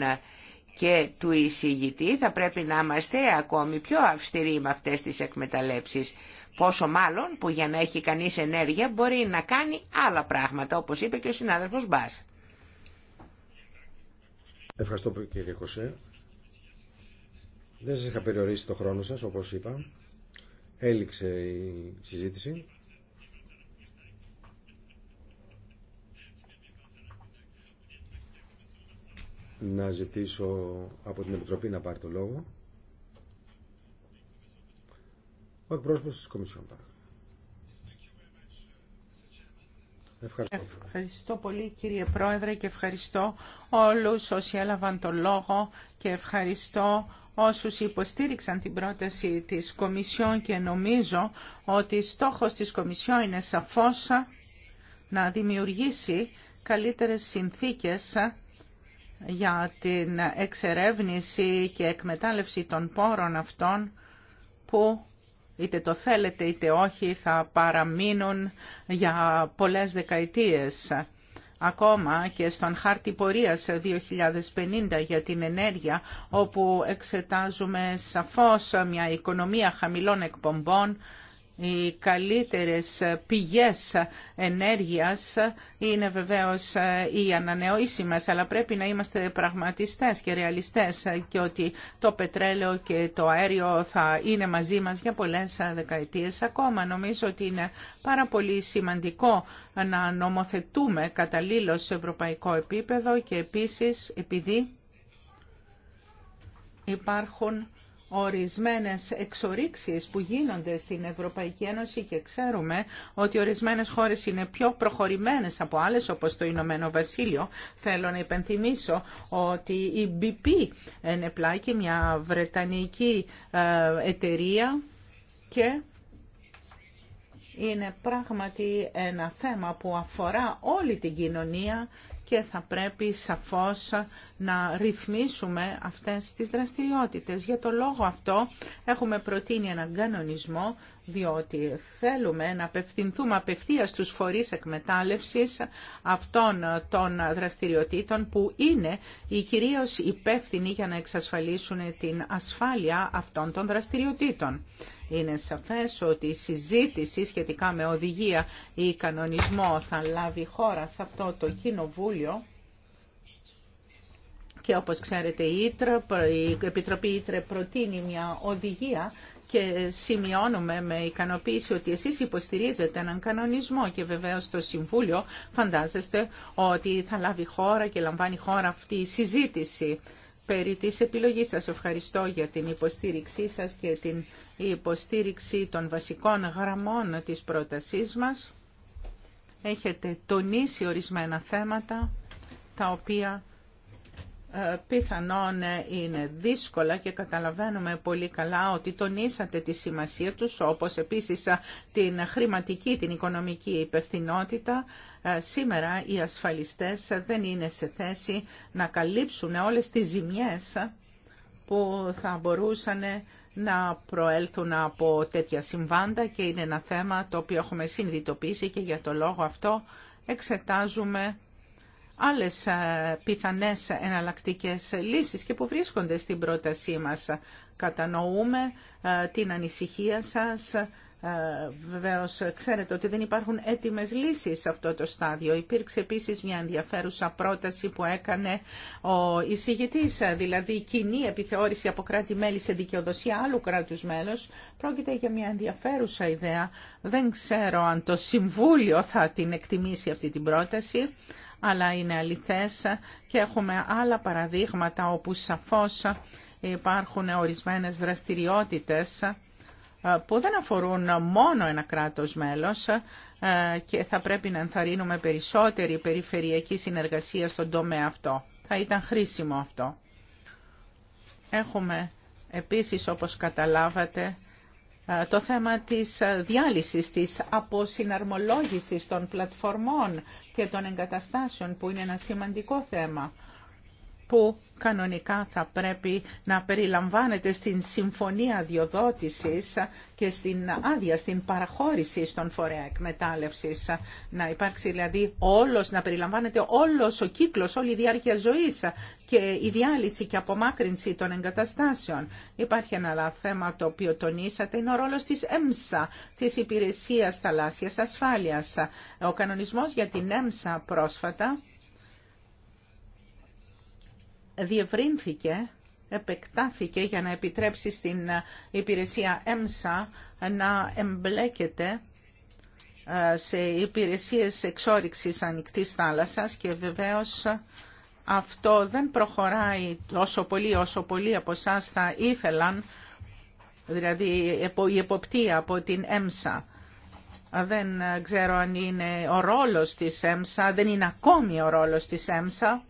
και του εισηγητή θα πρέπει να είμαστε ακόμη πιο αυστηροί με αυτές τις εκμεταλλεύσεις. Πόσο μάλλον που για να έχει κανείς ενέργεια μπορεί να κάνει άλλα πράγματα, όπως είπε και ο συνάδελφος Μπάς.
Ευχαριστώ κύριε Κωσέ. Δεν σας είχα περιορίσει το χρόνο σας, όπως είπα. Έληξε η συζήτηση. να ζητήσω από την Επιτροπή να πάρει το λόγο. Ο εκπρόσωπος της Κομισιόν Ευχαριστώ.
ευχαριστώ πολύ κύριε Πρόεδρε και ευχαριστώ όλους όσοι έλαβαν το λόγο και ευχαριστώ όσους υποστήριξαν την πρόταση της Κομισιόν και νομίζω ότι στόχος της Κομισιόν είναι σαφώς να δημιουργήσει καλύτερες συνθήκες για την εξερεύνηση και εκμετάλλευση των πόρων αυτών που είτε το θέλετε είτε όχι θα παραμείνουν για πολλές δεκαετίες. Ακόμα και στον χάρτη πορείας 2050 για την ενέργεια, όπου εξετάζουμε σαφώς μια οικονομία χαμηλών εκπομπών, οι καλύτερες πηγές ενέργειας είναι βεβαίως οι ανανεώσιμες, αλλά πρέπει να είμαστε πραγματιστές και ρεαλιστές και ότι το πετρέλαιο και το αέριο θα είναι μαζί μας για πολλές δεκαετίες ακόμα. Νομίζω ότι είναι πάρα πολύ σημαντικό να νομοθετούμε καταλήλως σε ευρωπαϊκό επίπεδο και επίσης επειδή υπάρχουν ορισμένες εξορίξεις που γίνονται στην Ευρωπαϊκή Ένωση και ξέρουμε ότι ορισμένες χώρες είναι πιο προχωρημένες από άλλες όπως το Ηνωμένο Βασίλειο. Θέλω να υπενθυμίσω ότι η BP είναι πλάκη μια βρετανική ε, εταιρεία και είναι πράγματι ένα θέμα που αφορά όλη την κοινωνία και θα πρέπει σαφώς να ρυθμίσουμε αυτές τις δραστηριότητες. Για το λόγο αυτό έχουμε προτείνει έναν κανονισμό διότι θέλουμε να απευθυνθούμε απευθεία στους φορείς εκμετάλλευσης αυτών των δραστηριοτήτων που είναι οι κυρίως υπεύθυνοι για να εξασφαλίσουν την ασφάλεια αυτών των δραστηριοτήτων. Είναι σαφές ότι η συζήτηση σχετικά με οδηγία ή κανονισμό θα λάβει χώρα σε αυτό το κοινοβούλιο και όπως ξέρετε η, Ήτρα, Επιτροπή Ήτρε προτείνει μια οδηγία και σημειώνουμε με ικανοποίηση ότι εσείς υποστηρίζετε έναν κανονισμό και βεβαίως το Συμβούλιο φαντάζεστε ότι θα λάβει χώρα και λαμβάνει χώρα αυτή η συζήτηση περί της επιλογής σας. Ευχαριστώ για την υποστήριξή σας και την υποστήριξη των βασικών γραμμών της πρότασής μας. Έχετε τονίσει ορισμένα θέματα τα οποία ε, πιθανόν ε, είναι δύσκολα και καταλαβαίνουμε πολύ καλά ότι τονίσατε τη σημασία τους, όπως επίσης ε, την χρηματική, την οικονομική υπευθυνότητα. Σήμερα οι ασφαλιστές δεν είναι σε θέση να καλύψουν όλες τις ζημιές που θα μπορούσαν να προέλθουν από τέτοια συμβάντα και είναι ένα θέμα το οποίο έχουμε συνειδητοποιήσει και για το λόγο αυτό εξετάζουμε άλλες ε, πιθανές εναλλακτικές λύσεις και που βρίσκονται στην πρότασή μας. Κατανοούμε ε, την ανησυχία σας. Ε, Βεβαίω ξέρετε ότι δεν υπάρχουν έτοιμες λύσεις σε αυτό το στάδιο. Υπήρξε επίσης μια ενδιαφέρουσα πρόταση που έκανε ο εισηγητής, δηλαδή η δηλαδή κοινή επιθεώρηση από κράτη-μέλη σε δικαιοδοσία άλλου κράτους μέλος. Πρόκειται για μια ενδιαφέρουσα ιδέα. Δεν ξέρω αν το Συμβούλιο θα την εκτιμήσει αυτή την πρόταση αλλά είναι αληθές και έχουμε άλλα παραδείγματα όπου σαφώς υπάρχουν ορισμένες δραστηριότητες ε, που δεν αφορούν μόνο ένα κράτος μέλος ε, και θα πρέπει να ενθαρρύνουμε περισσότερη περιφερειακή συνεργασία στον τομέα αυτό. Θα ήταν χρήσιμο αυτό. Έχουμε επίσης όπως καταλάβατε ε, το θέμα της ε, διάλυσης, της αποσυναρμολόγησης των πλατφορμών και των εγκαταστάσεων που είναι ένα σημαντικό θέμα που κανονικά θα πρέπει να περιλαμβάνεται στην συμφωνία διοδότησης και στην άδεια, στην παραχώρηση στον φορέα εκμετάλλευσης. Να υπάρξει δηλαδή όλος, να περιλαμβάνεται όλος ο κύκλος, όλη η διάρκεια ζωής και η διάλυση και απομάκρυνση των εγκαταστάσεων. Υπάρχει ένα άλλο θέμα το οποίο τονίσατε, είναι ο ρόλος της ΕΜΣΑ, της Υπηρεσίας Θαλάσσιας Ασφάλειας. Ο κανονισμός για την ΕΜΣΑ πρόσφατα διευρύνθηκε, επεκτάθηκε για να επιτρέψει στην ε, υπηρεσία ΕΜΣΑ να εμπλέκεται ε, σε υπηρεσίες εξόριξης ανοιχτής θάλασσας και βεβαίως αυτό δεν προχωράει τόσο πολύ όσο πολλοί από εσά θα ήθελαν, δηλαδή η εποπτεία από την ΕΜΣΑ. Δεν ξέρω αν είναι ο ρόλος της ΕΜΣΑ, δεν είναι ακόμη ο ρόλος της ΕΜΣΑ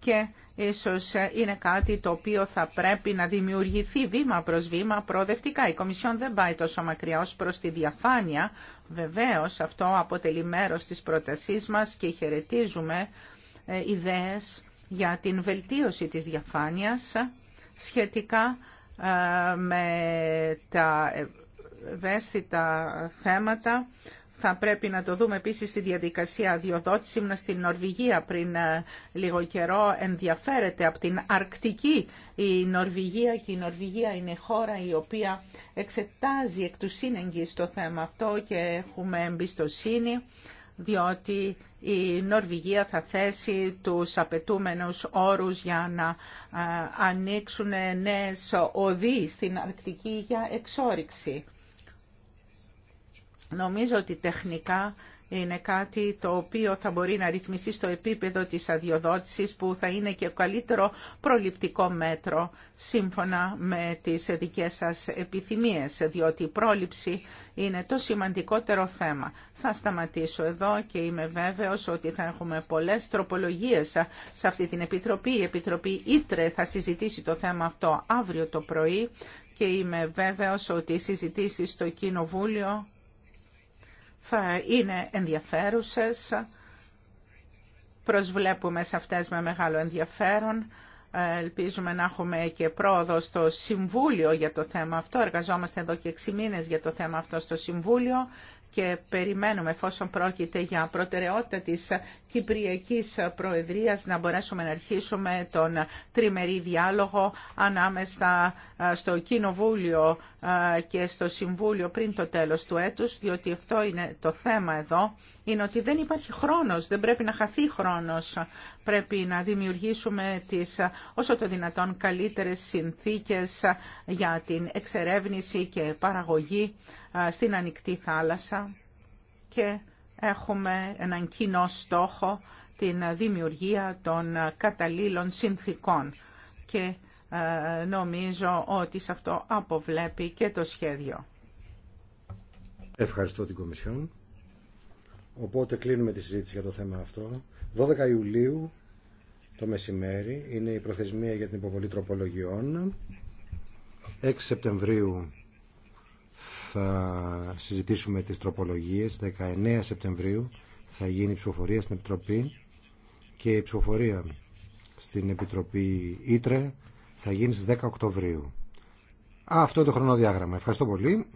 και ίσως ε, είναι κάτι το οποίο θα πρέπει να δημιουργηθεί βήμα προς βήμα προοδευτικά. Η Κομισιόν δεν πάει τόσο μακριά ως προς τη διαφάνεια. Βεβαίως αυτό αποτελεί μέρος της πρότασής μας και χαιρετίζουμε ε, ιδέες για την βελτίωση της διαφάνειας σχετικά ε, με τα ευαίσθητα θέματα θα πρέπει να το δούμε επίσης στη διαδικασία αδειοδότηση. Ήμουν στην Νορβηγία πριν ε, λίγο καιρό. Ενδιαφέρεται από την Αρκτική η Νορβηγία και η Νορβηγία είναι χώρα η οποία εξετάζει εκ του σύνεγγυς το θέμα αυτό και έχουμε εμπιστοσύνη διότι η Νορβηγία θα θέσει τους απαιτούμενους όρους για να ε, ανοίξουν νέες οδοί στην Αρκτική για εξόριξη. Νομίζω ότι τεχνικά είναι κάτι το οποίο θα μπορεί να ρυθμιστεί στο επίπεδο της αδειοδότησης που θα είναι και καλύτερο προληπτικό μέτρο σύμφωνα με τις δικές σας επιθυμίες, διότι η πρόληψη είναι το σημαντικότερο θέμα. Θα σταματήσω εδώ και είμαι βέβαιος ότι θα έχουμε πολλές τροπολογίες σε αυτή την Επιτροπή. Η Επιτροπή Ήτρε θα συζητήσει το θέμα αυτό αύριο το πρωί και είμαι βέβαιος ότι οι συζητήσεις στο Κοινοβούλιο θα είναι ενδιαφέρουσες. Προσβλέπουμε σε αυτές με μεγάλο ενδιαφέρον. Ελπίζουμε να έχουμε και πρόοδο στο Συμβούλιο για το θέμα αυτό. Εργαζόμαστε εδώ και 6 μήνες για το θέμα αυτό στο Συμβούλιο και περιμένουμε εφόσον πρόκειται για προτεραιότητα της Κυπριακής Προεδρίας να μπορέσουμε να αρχίσουμε τον τριμερή διάλογο ανάμεσα στο Κοινοβούλιο και στο Συμβούλιο πριν το τέλος του έτους, διότι αυτό είναι το θέμα εδώ, είναι ότι δεν υπάρχει χρόνος, δεν πρέπει να χαθεί χρόνος. Πρέπει να δημιουργήσουμε τις όσο το δυνατόν καλύτερες συνθήκες για την εξερεύνηση και παραγωγή στην ανοιχτή θάλασσα και έχουμε έναν κοινό στόχο την δημιουργία των καταλήλων συνθήκων και ε, νομίζω ότι σε αυτό αποβλέπει και το σχέδιο.
Ευχαριστώ την Κομισιόν. Οπότε κλείνουμε τη συζήτηση για το θέμα αυτό. 12 Ιουλίου το μεσημέρι είναι η προθεσμία για την υποβολή τροπολογιών. 6 Σεπτεμβρίου θα συζητήσουμε τις τροπολογίες. 19 Σεπτεμβρίου θα γίνει η ψηφοφορία στην Επιτροπή και η ψηφοφορία στην Επιτροπή Ήτρε θα γίνει στις 10 Οκτωβρίου. Α, αυτό είναι το χρονοδιάγραμμα. Ευχαριστώ πολύ.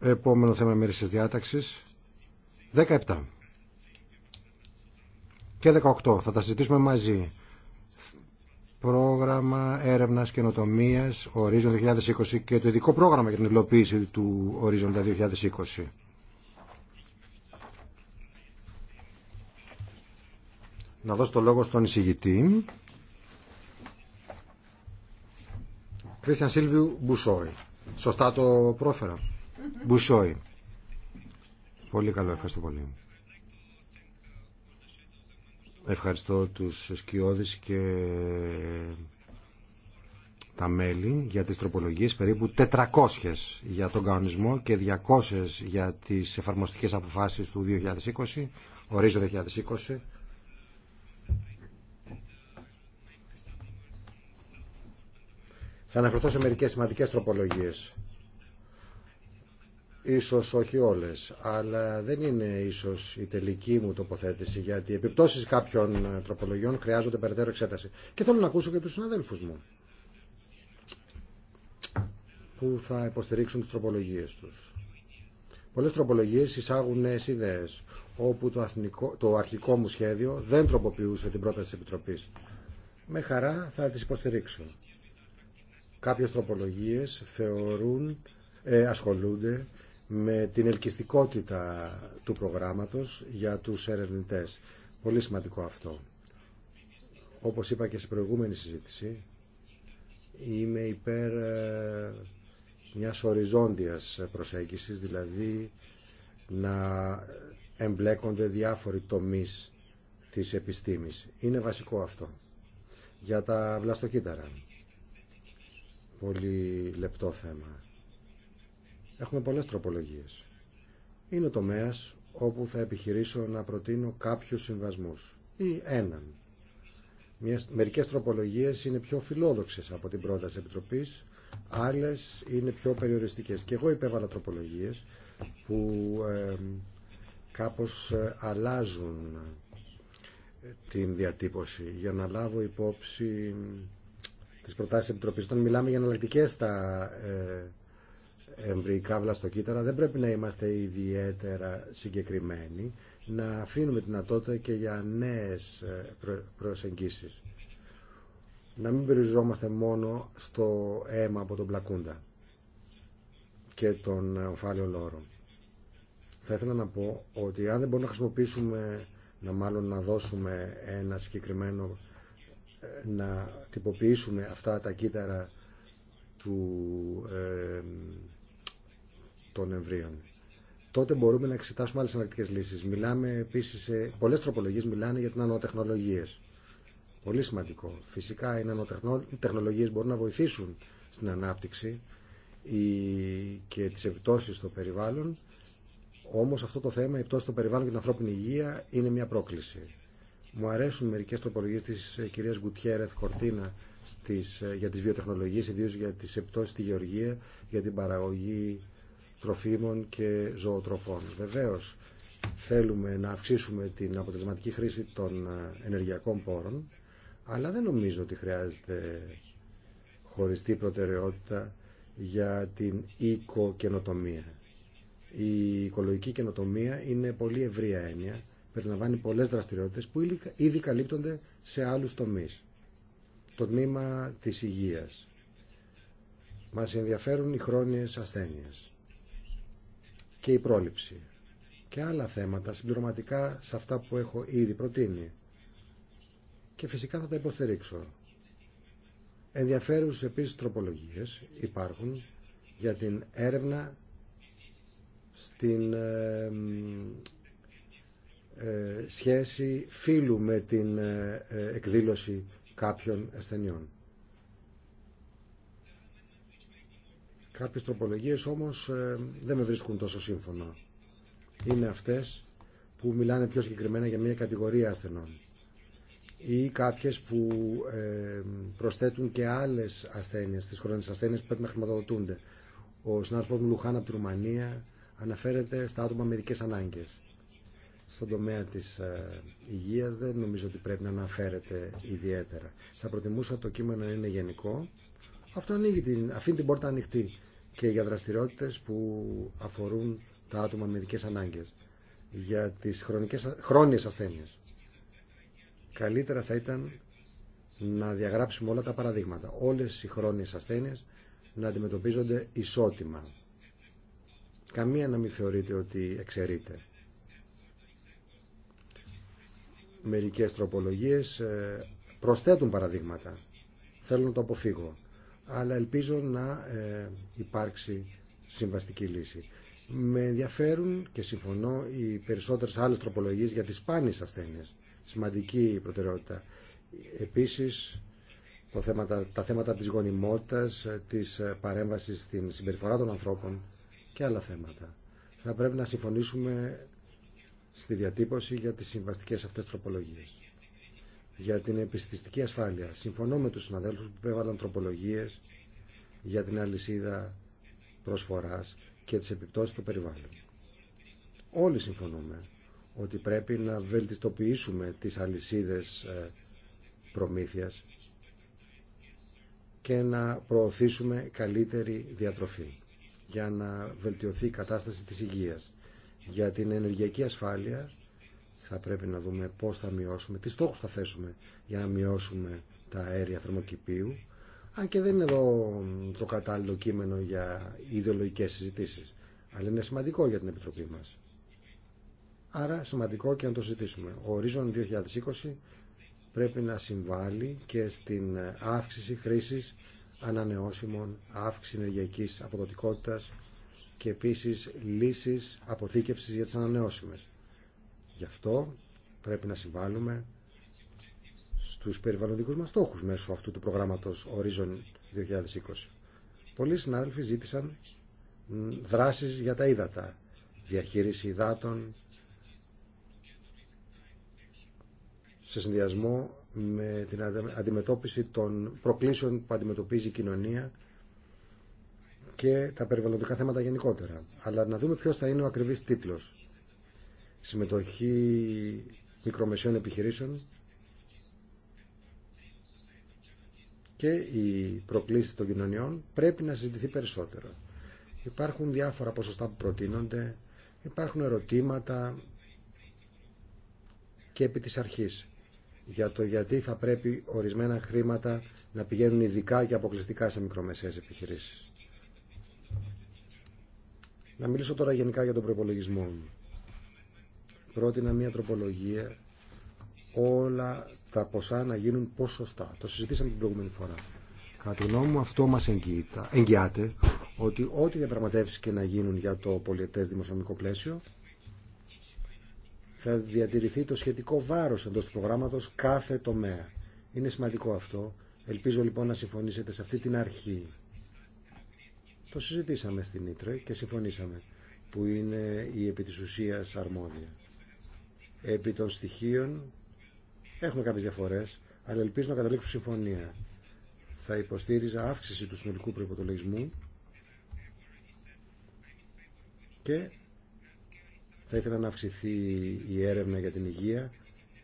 Επόμενο θέμα της διάταξης. 17 και 18. Θα τα συζητήσουμε μαζί. Πρόγραμμα έρευνας καινοτομίας ορίζοντα 2020 και το ειδικό πρόγραμμα για την υλοποίηση του ορίζοντα 2020. να δώσω το λόγο στον εισηγητή. Κρίστιαν Σίλβιου Μπουσόη. Σωστά το πρόφερα. Μπουσόη. Πολύ καλό, ευχαριστώ πολύ. Ευχαριστώ τους σκιώδεις και τα μέλη για τις τροπολογίες, περίπου 400 για τον κανονισμό και 200 για τις εφαρμοστικές αποφάσεις του 2020, ορίζω 2020. Θα αναφερθώ σε μερικές σημαντικές τροπολογίες. Ίσως όχι όλες, αλλά δεν είναι ίσως η τελική μου τοποθέτηση, γιατί οι επιπτώσεις κάποιων τροπολογιών χρειάζονται περαιτέρω εξέταση. Και θέλω να ακούσω και τους συναδέλφους μου, που θα υποστηρίξουν τις τροπολογίες τους. Πολλές τροπολογίες εισάγουν νέε ιδέες, όπου το, αθνικό, το αρχικό μου σχέδιο δεν τροποποιούσε την πρόταση της Επιτροπής. Με χαρά θα τις υποστηρίξω. Κάποιες τροπολογίες θεωρούν, ε, ασχολούνται με την ελκυστικότητα του προγράμματος για τους ερευνητές. Πολύ σημαντικό αυτό. Όπως είπα και σε προηγούμενη συζήτηση, είμαι υπέρ ε, μιας οριζόντιας προσέγγισης, δηλαδή να εμπλέκονται διάφοροι τομείς της επιστήμης. Είναι βασικό αυτό. Για τα βλαστοκύτταρα πολύ λεπτό θέμα. Έχουμε πολλές τροπολογίες. Είναι τομέα όπου θα επιχειρήσω να προτείνω κάποιους συμβασμούς ή έναν. Μερικές τροπολογίες είναι πιο φιλόδοξες από την πρόταση Επιτροπής, άλλες είναι πιο περιοριστικές. Και εγώ υπέβαλα τροπολογίες που ε, κάπως αλλάζουν ε, την διατύπωση για να λάβω υπόψη τις προτάσεις επιτροπής. Όταν μιλάμε για εναλλακτικέ στα ε, εμβρυικά βλαστοκύτταρα δεν πρέπει να είμαστε ιδιαίτερα συγκεκριμένοι να αφήνουμε δυνατότητα και για νέες ε, προσεγγίσεις. Να μην περιζόμαστε μόνο στο αίμα από τον πλακούντα και τον ομφάλιο λόρο. Θα ήθελα να πω ότι αν δεν μπορούμε να χρησιμοποιήσουμε, να μάλλον να δώσουμε ένα συγκεκριμένο να τυποποιήσουμε αυτά τα κύτταρα του, ε, των εμβρίων. Τότε μπορούμε να εξετάσουμε άλλε εναλλακτικέ λύσει. Μιλάμε επίση, πολλέ τροπολογίε μιλάνε για τι νανοτεχνολογίε. Πολύ σημαντικό. Φυσικά οι τεχνολογίες μπορούν να βοηθήσουν στην ανάπτυξη και τι επιπτώσει στο περιβάλλον. Όμω αυτό το θέμα, η πτώση στο περιβάλλον και την ανθρώπινη υγεία είναι μια πρόκληση. Μου αρέσουν μερικές τροπολογίες της ε, κυρίας Γκουτιέρεθ Κορτίνα στις, ε, για τις βιοτεχνολογίες, ιδίως για τις επιπτώσεις στη γεωργία, για την παραγωγή τροφίμων και ζωοτροφών. Βεβαίως, θέλουμε να αυξήσουμε την αποτελεσματική χρήση των ε, ενεργειακών πόρων, αλλά δεν νομίζω ότι χρειάζεται χωριστή προτεραιότητα για την οικοκαινοτομία. Η οικολογική καινοτομία είναι πολύ ευρία έννοια περιλαμβάνει πολλέ δραστηριότητες που ήδη καλύπτονται σε άλλους τομεί. Το τμήμα της υγείας. Μας ενδιαφέρουν οι χρόνιες ασθένειε. και η πρόληψη και άλλα θέματα συμπληρωματικά σε αυτά που έχω ήδη προτείνει και φυσικά θα τα υποστηρίξω. Ενδιαφέρουσες επίσης τροπολογίες υπάρχουν για την έρευνα στην ε, ε, σχέση φίλου με την ε, ε, εκδήλωση κάποιων ασθενειών. Κάποιες τροπολογίες όμως δεν με βρίσκουν τόσο σύμφωνο. Είναι αυτές που μιλάνε πιο συγκεκριμένα για μια κατηγορία ασθενών ή κάποιες που προσθέτουν και άλλες ασθένειες, τις χρόνες ασθένειες που πρέπει να χρηματοδοτούνται. Ο συνάδελφος μου Λουχάν από τη Ρουμανία αναφέρεται στα άτομα με ειδικές ανάγκες στον τομέα της ε, υγείας δεν νομίζω ότι πρέπει να αναφέρεται ιδιαίτερα. Θα προτιμούσα το κείμενο να είναι γενικό. Αυτό ανοίγει την, αφήνει την πόρτα ανοιχτή και για δραστηριότητες που αφορούν τα άτομα με ειδικές ανάγκες, για τις χρονικές, χρόνιες ασθένειες. Καλύτερα θα ήταν να διαγράψουμε όλα τα παραδείγματα. Όλες οι χρόνιες ασθένειες να αντιμετωπίζονται ισότιμα. Καμία να μην θεωρείται ότι εξαιρείται. Μερικές τροπολογίες ε, προσθέτουν παραδείγματα. Θέλω να το αποφύγω. Αλλά ελπίζω να ε, υπάρξει συμβαστική λύση. Με ενδιαφέρουν και συμφωνώ οι περισσότερες άλλες τροπολογίες για τις σπάνιες ασθένειες. Σημαντική προτεραιότητα. Επίσης, θέματα, τα θέματα της γονιμότητας, ε, της παρέμβασης στην συμπεριφορά των ανθρώπων και άλλα θέματα. Θα πρέπει να συμφωνήσουμε στη διατύπωση για τις συμβαστικές αυτές τροπολογίες. Για την επιστηστική ασφάλεια. Συμφωνώ με τους συναδέλφους που έβαλαν τροπολογίες για την αλυσίδα προσφοράς και τις επιπτώσεις του περιβάλλον. Όλοι συμφωνούμε ότι πρέπει να βελτιστοποιήσουμε τις αλυσίδες ε, προμήθειας και να προωθήσουμε καλύτερη διατροφή για να βελτιωθεί η κατάσταση της υγείας για την ενεργειακή ασφάλεια θα πρέπει να δούμε πώς θα μειώσουμε, τι στόχους θα θέσουμε για να μειώσουμε τα αέρια θερμοκηπίου, αν και δεν είναι εδώ το κατάλληλο κείμενο για ιδεολογικές συζητήσεις, αλλά είναι σημαντικό για την Επιτροπή μας. Άρα σημαντικό και να το συζητήσουμε. Ο Horizon 2020 πρέπει να συμβάλλει και στην αύξηση χρήσης ανανεώσιμων, αύξηση ενεργειακής αποδοτικότητας, και επίσης λύσεις αποθήκευσης για τις ανανεώσιμες. Γι' αυτό πρέπει να συμβάλλουμε στους περιβαλλοντικούς μας στόχους μέσω αυτού του προγράμματος Horizon 2020. Πολλοί συνάδελφοι ζήτησαν δράσεις για τα ύδατα, διαχείριση υδάτων, σε συνδυασμό με την αντιμετώπιση των προκλήσεων που αντιμετωπίζει η κοινωνία και τα περιβαλλοντικά θέματα γενικότερα. Αλλά να δούμε ποιος θα είναι ο ακριβής τίτλος. Συμμετοχή μικρομεσαίων επιχειρήσεων και οι προκλήσει των κοινωνιών πρέπει να συζητηθεί περισσότερο. Υπάρχουν διάφορα ποσοστά που προτείνονται, υπάρχουν ερωτήματα και επί της αρχής για το γιατί θα πρέπει ορισμένα χρήματα να πηγαίνουν ειδικά και αποκλειστικά σε μικρομεσαίες επιχειρήσεις. Να μιλήσω τώρα γενικά για τον προπολογισμό. Πρότεινα μια τροπολογία όλα τα ποσά να γίνουν ποσοστά. Το συζητήσαμε την προηγούμενη φορά. Κατά τη γνώμη μου αυτό μας εγγυάται ότι ό,τι διαπραγματεύσει και να γίνουν για το πολιετέ δημοσιονομικό πλαίσιο θα διατηρηθεί το σχετικό βάρο εντό του προγράμματος κάθε τομέα. Είναι σημαντικό αυτό. Ελπίζω λοιπόν να συμφωνήσετε σε αυτή την αρχή. Το συζητήσαμε στην Ήτρε και συμφωνήσαμε που είναι η επί της ουσίας αρμόδια. Επί των στοιχείων έχουμε κάποιες διαφορές, αλλά ελπίζω να καταλήξω συμφωνία. Θα υποστήριζα αύξηση του συνολικού προϋποτολογισμού και θα ήθελα να αυξηθεί η έρευνα για την υγεία,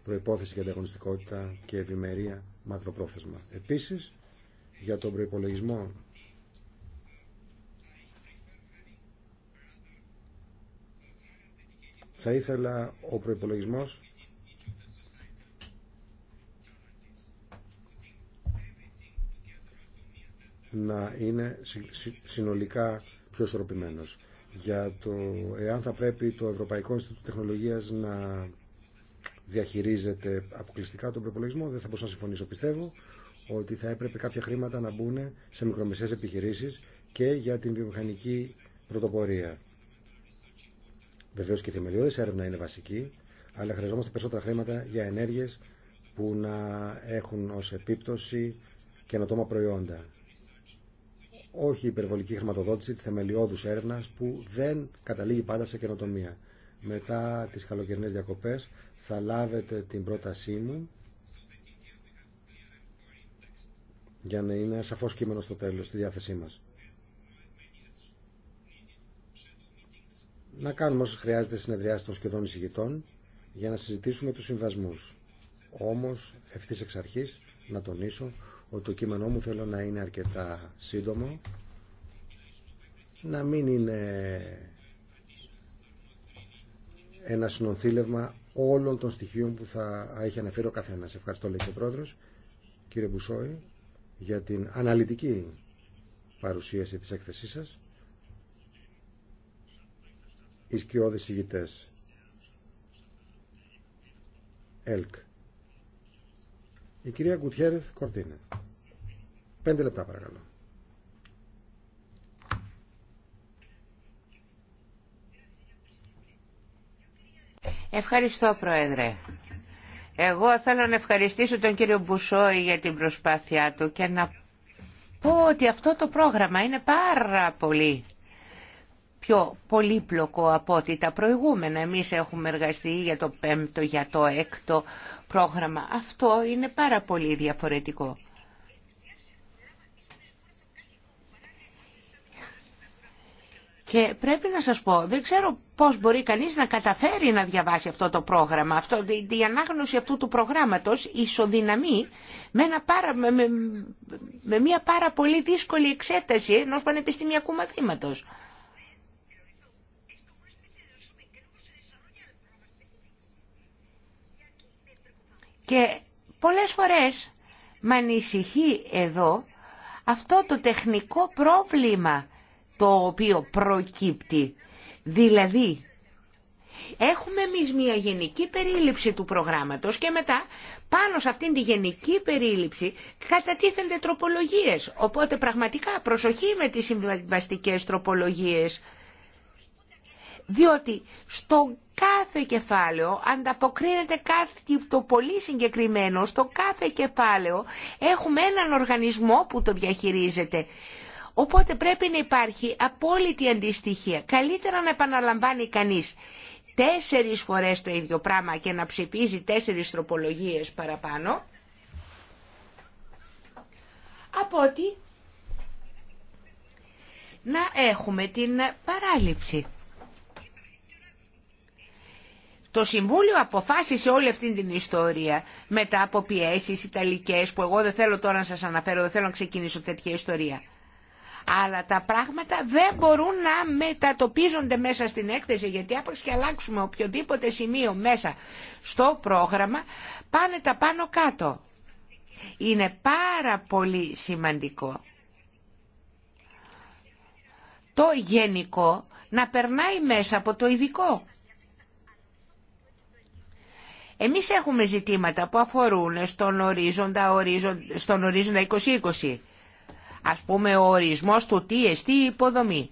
προϋπόθεση για ανταγωνιστικότητα και ευημερία μακροπρόθεσμα. Επίσης, για τον προϋπολογισμό Θα ήθελα ο προπολογισμό να είναι συνολικά πιο ισορροπημένος. Για το εάν θα πρέπει το Ευρωπαϊκό Ινστιτούτο Τεχνολογίας να διαχειρίζεται αποκλειστικά τον προπολογισμό, δεν θα μπορούσα να συμφωνήσω. Πιστεύω ότι θα έπρεπε κάποια χρήματα να μπουν σε μικρομεσαίες επιχειρήσεις και για την βιομηχανική πρωτοπορία. Βεβαίω και η θεμελιώδη έρευνα είναι βασική, αλλά χρειαζόμαστε περισσότερα χρήματα για ενέργειε που να έχουν ω επίπτωση καινοτόμα προϊόντα. Όχι υπερβολική χρηματοδότηση τη θεμελιώδου έρευνα που δεν καταλήγει πάντα σε καινοτομία. Μετά τι καλοκαιρινέ διακοπέ θα λάβετε την πρότασή μου για να είναι σαφώ κείμενο στο τέλο στη διάθεσή μα. να κάνουμε όσο χρειάζεται συνεδριάσεις των σχεδόν εισηγητών για να συζητήσουμε τους συμβασμούς. Όμως, ευθύς εξ αρχής, να τονίσω ότι το κείμενό μου θέλω να είναι αρκετά σύντομο, να μην είναι ένα συνονθήλευμα όλων των στοιχείων που θα έχει αναφέρει ο καθένα. Ευχαριστώ, λέει και ο Πρόεδρος, κύριε Μπουσόη, για την αναλυτική παρουσίαση της έκθεσής σας οι σκιώδεις ηγητές. ΕΛΚ. Η κυρία Κουτιέρεθ Κορτίνε. Πέντε λεπτά παρακαλώ.
Ευχαριστώ Πρόεδρε. Εγώ θέλω να ευχαριστήσω τον κύριο Μπουσόη για την προσπάθειά του και να πω ότι αυτό το πρόγραμμα είναι πάρα πολύ πιο πολύπλοκο από ό,τι τα προηγούμενα. Εμείς έχουμε εργαστεί για το πέμπτο, για το έκτο πρόγραμμα. Αυτό είναι πάρα πολύ διαφορετικό. Και πρέπει να σας πω, δεν ξέρω πώς μπορεί κανείς να καταφέρει να διαβάσει αυτό το πρόγραμμα. Αυτό, η ανάγνωση αυτού του προγράμματος ισοδυναμεί με, με, με μια πάρα πολύ δύσκολη εξέταση ενός πανεπιστημιακού μαθήματος. Και πολλές φορές με ανησυχεί εδώ αυτό το τεχνικό πρόβλημα το οποίο προκύπτει. Δηλαδή, έχουμε εμεί μια γενική περίληψη του προγράμματος και μετά πάνω σε αυτήν τη γενική περίληψη κατατίθενται τροπολογίες. Οπότε πραγματικά προσοχή με τις συμβαστικές τροπολογίες διότι στο κάθε κεφάλαιο ανταποκρίνεται κάτι το πολύ συγκεκριμένο, στο κάθε κεφάλαιο έχουμε έναν οργανισμό που το διαχειρίζεται. Οπότε πρέπει να υπάρχει απόλυτη αντιστοιχεία. Καλύτερα να επαναλαμβάνει κανείς τέσσερις φορές το ίδιο πράγμα και να ψηφίζει τέσσερις τροπολογίες παραπάνω, από ότι να έχουμε την παράληψη. Το Συμβούλιο αποφάσισε όλη αυτή την ιστορία μετά από πιέσεις ιταλικές που εγώ δεν θέλω τώρα να σας αναφέρω, δεν θέλω να ξεκινήσω τέτοια ιστορία. Αλλά τα πράγματα δεν μπορούν να μετατοπίζονται μέσα στην έκθεση γιατί άπαξ και αλλάξουμε οποιοδήποτε σημείο μέσα στο πρόγραμμα πάνε τα πάνω κάτω. Είναι πάρα πολύ σημαντικό το γενικό να περνάει μέσα από το ειδικό. Εμείς έχουμε ζητήματα που αφορούν στον ορίζοντα, ορίζοντα, στον ορίζοντα 2020. Ας πούμε ο ορισμός του τι εστί υποδομή.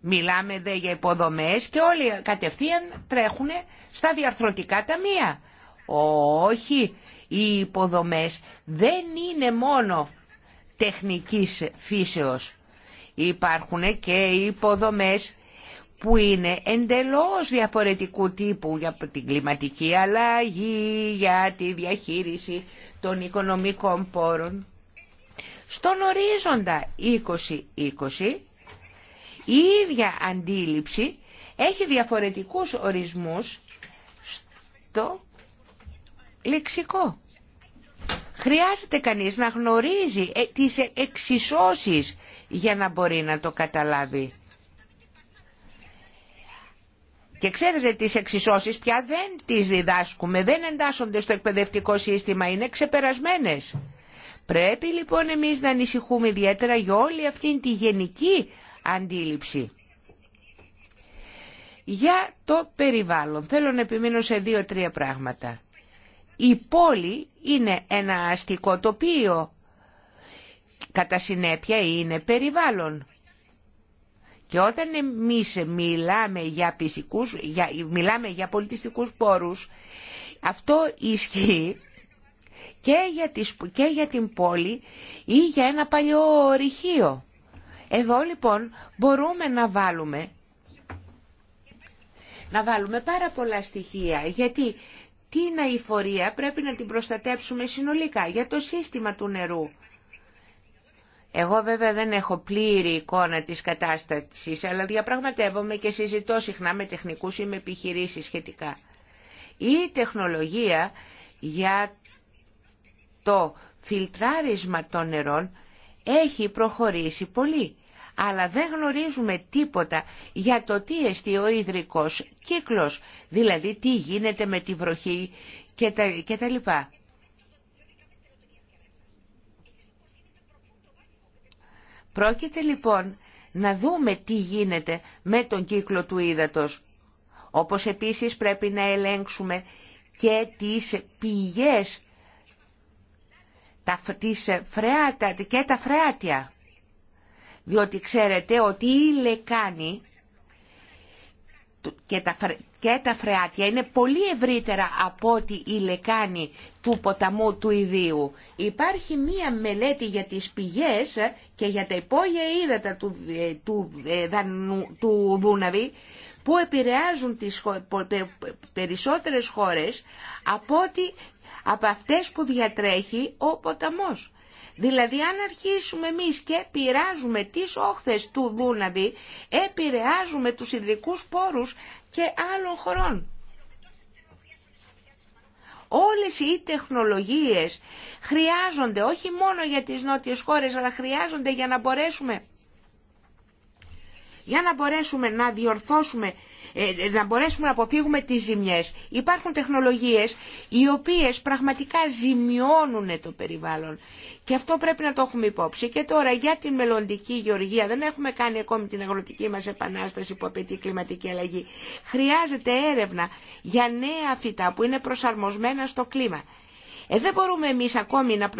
Μιλάμε δε για υποδομές και όλοι κατευθείαν τρέχουν στα διαρθρωτικά ταμεία. Όχι, οι υποδομές δεν είναι μόνο τεχνικής φύσεως. Υπάρχουν και υποδομές που είναι εντελώς διαφορετικού τύπου για την κλιματική αλλαγή, για τη διαχείριση των οικονομικών πόρων. Στον ορίζοντα 2020 η ίδια αντίληψη έχει διαφορετικούς ορισμούς στο λεξικό. Χρειάζεται κανείς να γνωρίζει ε, τις εξισώσεις για να μπορεί να το καταλάβει. Και ξέρετε τις εξισώσεις πια δεν τις διδάσκουμε, δεν εντάσσονται στο εκπαιδευτικό σύστημα, είναι ξεπερασμένες. Πρέπει λοιπόν εμείς να ανησυχούμε ιδιαίτερα για όλη αυτή τη γενική αντίληψη. Για το περιβάλλον θέλω να επιμείνω σε δύο-τρία πράγματα. Η πόλη είναι ένα αστικό τοπίο. Κατά συνέπεια είναι περιβάλλον. Και όταν εμείς μιλάμε για, πισικούς, για, μιλάμε για πολιτιστικούς πόρους, αυτό ισχύει και για, τις, την πόλη ή για ένα παλιό ρηχείο. Εδώ λοιπόν μπορούμε να βάλουμε, να βάλουμε πάρα πολλά στοιχεία, γιατί την αηφορία πρέπει να την προστατεύσουμε συνολικά για το σύστημα του νερού εγώ βέβαια δεν έχω πλήρη εικόνα της κατάστασης, αλλά διαπραγματεύομαι και συζητώ συχνά με τεχνικούς ή με επιχειρήσεις σχετικά. Η τεχνολογία για το φιλτράρισμα των νερών έχει προχωρήσει πολύ, αλλά δεν γνωρίζουμε τίποτα για το τι εστί ο ιδρικός κύκλος, δηλαδή τι γίνεται με τη βροχή κτλ. Πρόκειται λοιπόν να δούμε τι γίνεται με τον κύκλο του ύδατος. Όπως επίσης πρέπει να ελέγξουμε και τις πηγές και τα φρεάτια. Διότι ξέρετε ότι η λεκάνη και τα, και τα φρεάτια είναι πολύ ευρύτερα από ότι η λεκάνη του ποταμού του Ιδίου. Υπάρχει μία μελέτη για τις πηγές ε, και για τα υπόγεια ύδατα του, ε, του, ε, του Δούναβη που επηρεάζουν τις περισσότερες χώρες από, ότι, από αυτές που διατρέχει ο ποταμός. Δηλαδή αν αρχίσουμε εμείς και πειράζουμε τις όχθες του Δούναβη, επηρεάζουμε τους ιδρικούς πόρους και άλλων χωρών. Όλες οι τεχνολογίες χρειάζονται όχι μόνο για τις νότιες χώρες, αλλά χρειάζονται για να μπορέσουμε, για να, μπορέσουμε να διορθώσουμε ε, να μπορέσουμε να αποφύγουμε τις ζημιές. Υπάρχουν τεχνολογίες οι οποίες πραγματικά ζημιώνουν το περιβάλλον και αυτό πρέπει να το έχουμε υπόψη. Και τώρα για την μελλοντική γεωργία δεν έχουμε κάνει ακόμη την αγροτική μας επανάσταση που απαιτεί κλιματική αλλαγή. Χρειάζεται έρευνα για νέα φυτά που είναι προσαρμοσμένα στο κλίμα. Ε, δεν μπορούμε εμείς ακόμη να,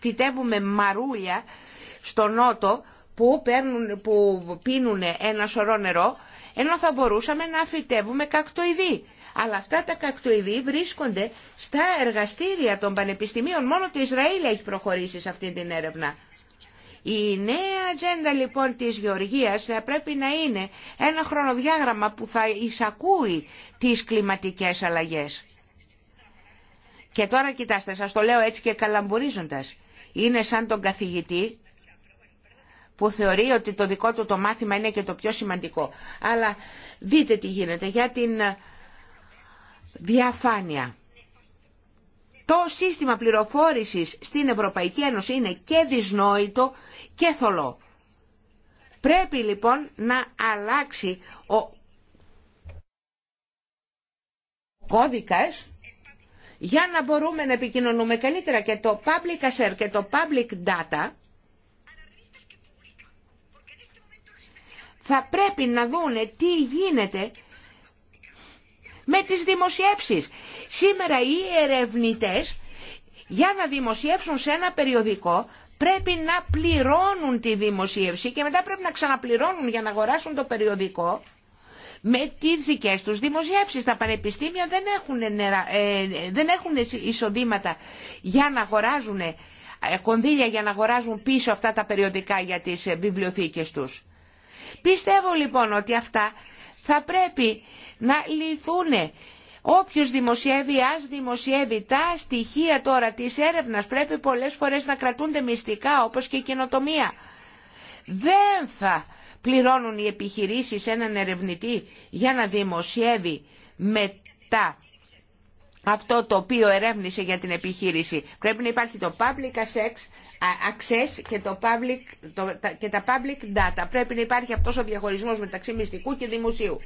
φυτεύουμε μαρούλια στο νότο που, παίρνουν, που πίνουν ένα σωρό νερό ενώ θα μπορούσαμε να φυτεύουμε κακτοειδή. Αλλά αυτά τα κακτοειδή βρίσκονται στα εργαστήρια των πανεπιστημίων. Μόνο το Ισραήλ έχει προχωρήσει σε αυτή την έρευνα. Η νέα ατζέντα λοιπόν της γεωργίας θα πρέπει να είναι ένα χρονοδιάγραμμα που θα εισακούει τις κλιματικές αλλαγές. Και τώρα κοιτάστε, σας το λέω έτσι και καλαμπορίζοντας. Είναι σαν τον καθηγητή που θεωρεί ότι το δικό του το μάθημα είναι και το πιο σημαντικό. Αλλά δείτε τι γίνεται για την ε, διαφάνεια. Το σύστημα πληροφόρησης στην Ευρωπαϊκή Ένωση είναι και δυσνόητο και θολό. Πρέπει λοιπόν να αλλάξει ο κώδικας για να μπορούμε να επικοινωνούμε καλύτερα και το public assert και το public data θα πρέπει να δούνε τι γίνεται με τις δημοσιεύσεις. Σήμερα οι ερευνητές για να δημοσιεύσουν σε ένα περιοδικό πρέπει να πληρώνουν τη δημοσίευση και μετά πρέπει να ξαναπληρώνουν για να αγοράσουν το περιοδικό με τις δικές τους δημοσιεύσεις. Τα πανεπιστήμια δεν έχουν, ε, δεν έχουν εισοδήματα για να αγοράζουν ε, κονδύλια για να αγοράζουν πίσω αυτά τα περιοδικά για τις ε, βιβλιοθήκες τους. Πιστεύω λοιπόν ότι αυτά θα πρέπει να λυθούν. Όποιος δημοσιεύει, ας δημοσιεύει τα στοιχεία τώρα της έρευνας πρέπει πολλές φορές να κρατούνται μυστικά όπως και η καινοτομία. Δεν θα πληρώνουν οι επιχειρήσεις έναν ερευνητή για να δημοσιεύει μετά αυτό το οποίο ερεύνησε για την επιχείρηση. Πρέπει να υπάρχει το public access access και, το public, το, τα, και τα public data. Πρέπει να υπάρχει αυτός ο διαχωρισμός μεταξύ μυστικού και δημοσίου.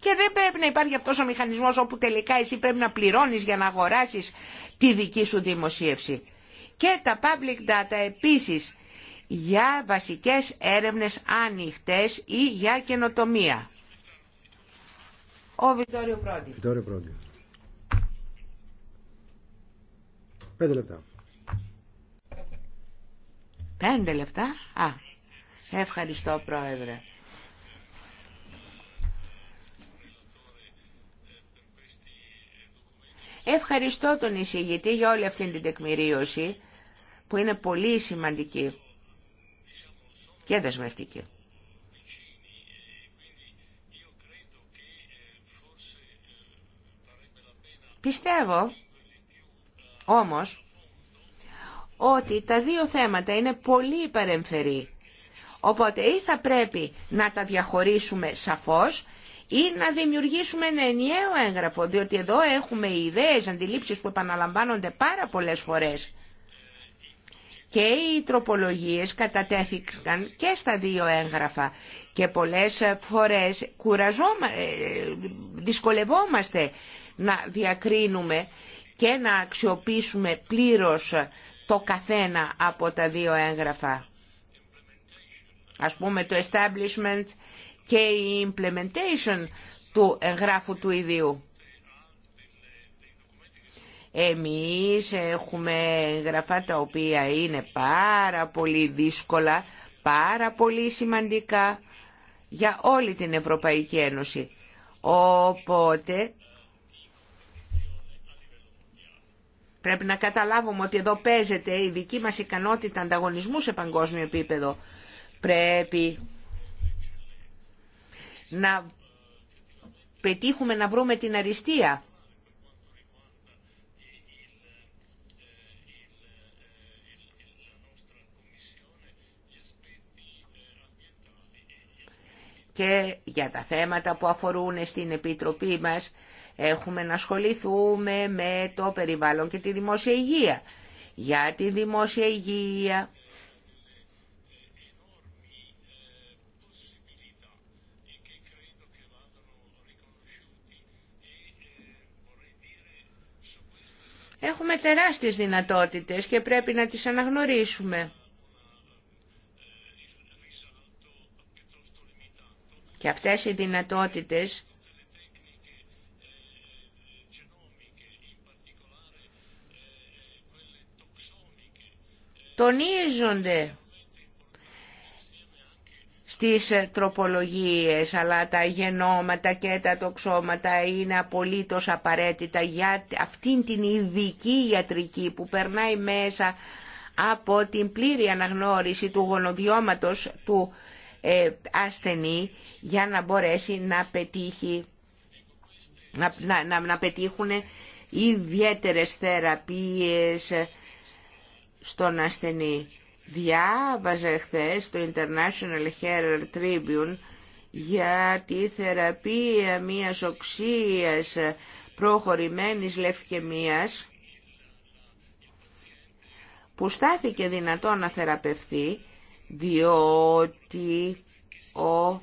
Και δεν πρέπει να υπάρχει αυτός ο μηχανισμός όπου τελικά εσύ πρέπει να πληρώνεις για να αγοράσεις τη δική σου δημοσίευση. Και τα public data επίσης για βασικές έρευνες άνοιχτες ή για καινοτομία. Ο Βιτόριο
Πρόντι. Πέντε λεπτά.
Πέντε λεπτά. Α, ευχαριστώ πρόεδρε. Ευχαριστώ τον εισηγητή για όλη αυτή την τεκμηρίωση που είναι πολύ σημαντική και δεσμευτική. Πιστεύω όμως ότι τα δύο θέματα είναι πολύ παρεμφερή. Οπότε ή θα πρέπει να τα διαχωρίσουμε σαφώς ή να δημιουργήσουμε ένα ενιαίο έγγραφο, διότι εδώ έχουμε ιδέες, αντιλήψεις που επαναλαμβάνονται πάρα πολλές φορές. Και οι τροπολογίες κατατέθηκαν και στα δύο έγγραφα και πολλές φορές κουραζόμα... Ε, δυσκολευόμαστε να διακρίνουμε και να αξιοποιήσουμε πλήρως το καθένα από τα δύο έγγραφα. Ας πούμε το establishment και η implementation του εγγράφου του ιδίου. Εμείς έχουμε εγγραφά τα οποία είναι πάρα πολύ δύσκολα, πάρα πολύ σημαντικά για όλη την Ευρωπαϊκή Ένωση. Οπότε Πρέπει να καταλάβουμε ότι εδώ παίζεται η δική μας ικανότητα ανταγωνισμού σε παγκόσμιο επίπεδο. Πρέπει να πετύχουμε να βρούμε την αριστεία. Και για τα θέματα που αφορούν στην Επιτροπή μας Έχουμε να ασχοληθούμε με το περιβάλλον και τη δημόσια υγεία. Για τη δημόσια υγεία Έχουμε τεράστιες δυνατότητες και πρέπει να τις αναγνωρίσουμε. Και αυτές οι δυνατότητες τονίζονται στις ε, τροπολογίες, αλλά τα γενώματα και τα τοξώματα είναι απολύτως απαραίτητα για αυτήν την ειδική ιατρική που περνάει μέσα από την πλήρη αναγνώριση του γονοδιώματος του ε, ασθενή για να μπορέσει να πετύχει να, να, να πετύχουν ιδιαίτερες θεραπείες στον ασθενή. Διάβαζα χθε το International Herald Tribune για τη θεραπεία μιας οξείας προχωρημένης λευκαιμίας που στάθηκε δυνατό να θεραπευθεί, διότι ο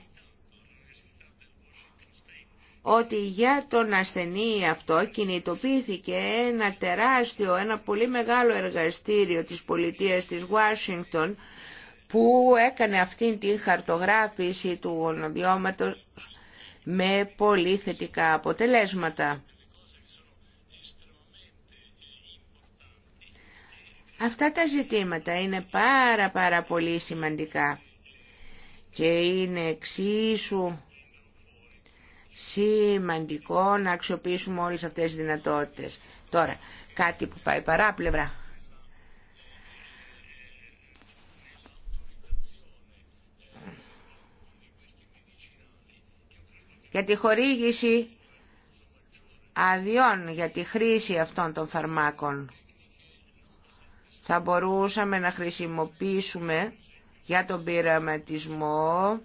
ότι για τον ασθενή αυτό κινητοποιήθηκε ένα τεράστιο, ένα πολύ μεγάλο εργαστήριο της πολιτείας της Ουάσιγκτον που έκανε αυτήν την χαρτογράφηση του γονοδιώματος με πολύ θετικά αποτελέσματα. Αυτά τα ζητήματα είναι πάρα πάρα πολύ σημαντικά και είναι εξίσου σημαντικό να αξιοποιήσουμε όλες αυτές τις δυνατότητες. Τώρα, κάτι που πάει παράπλευρα. Για τη χορήγηση αδειών για τη χρήση αυτών των φαρμάκων θα μπορούσαμε να χρησιμοποιήσουμε για τον πειραματισμό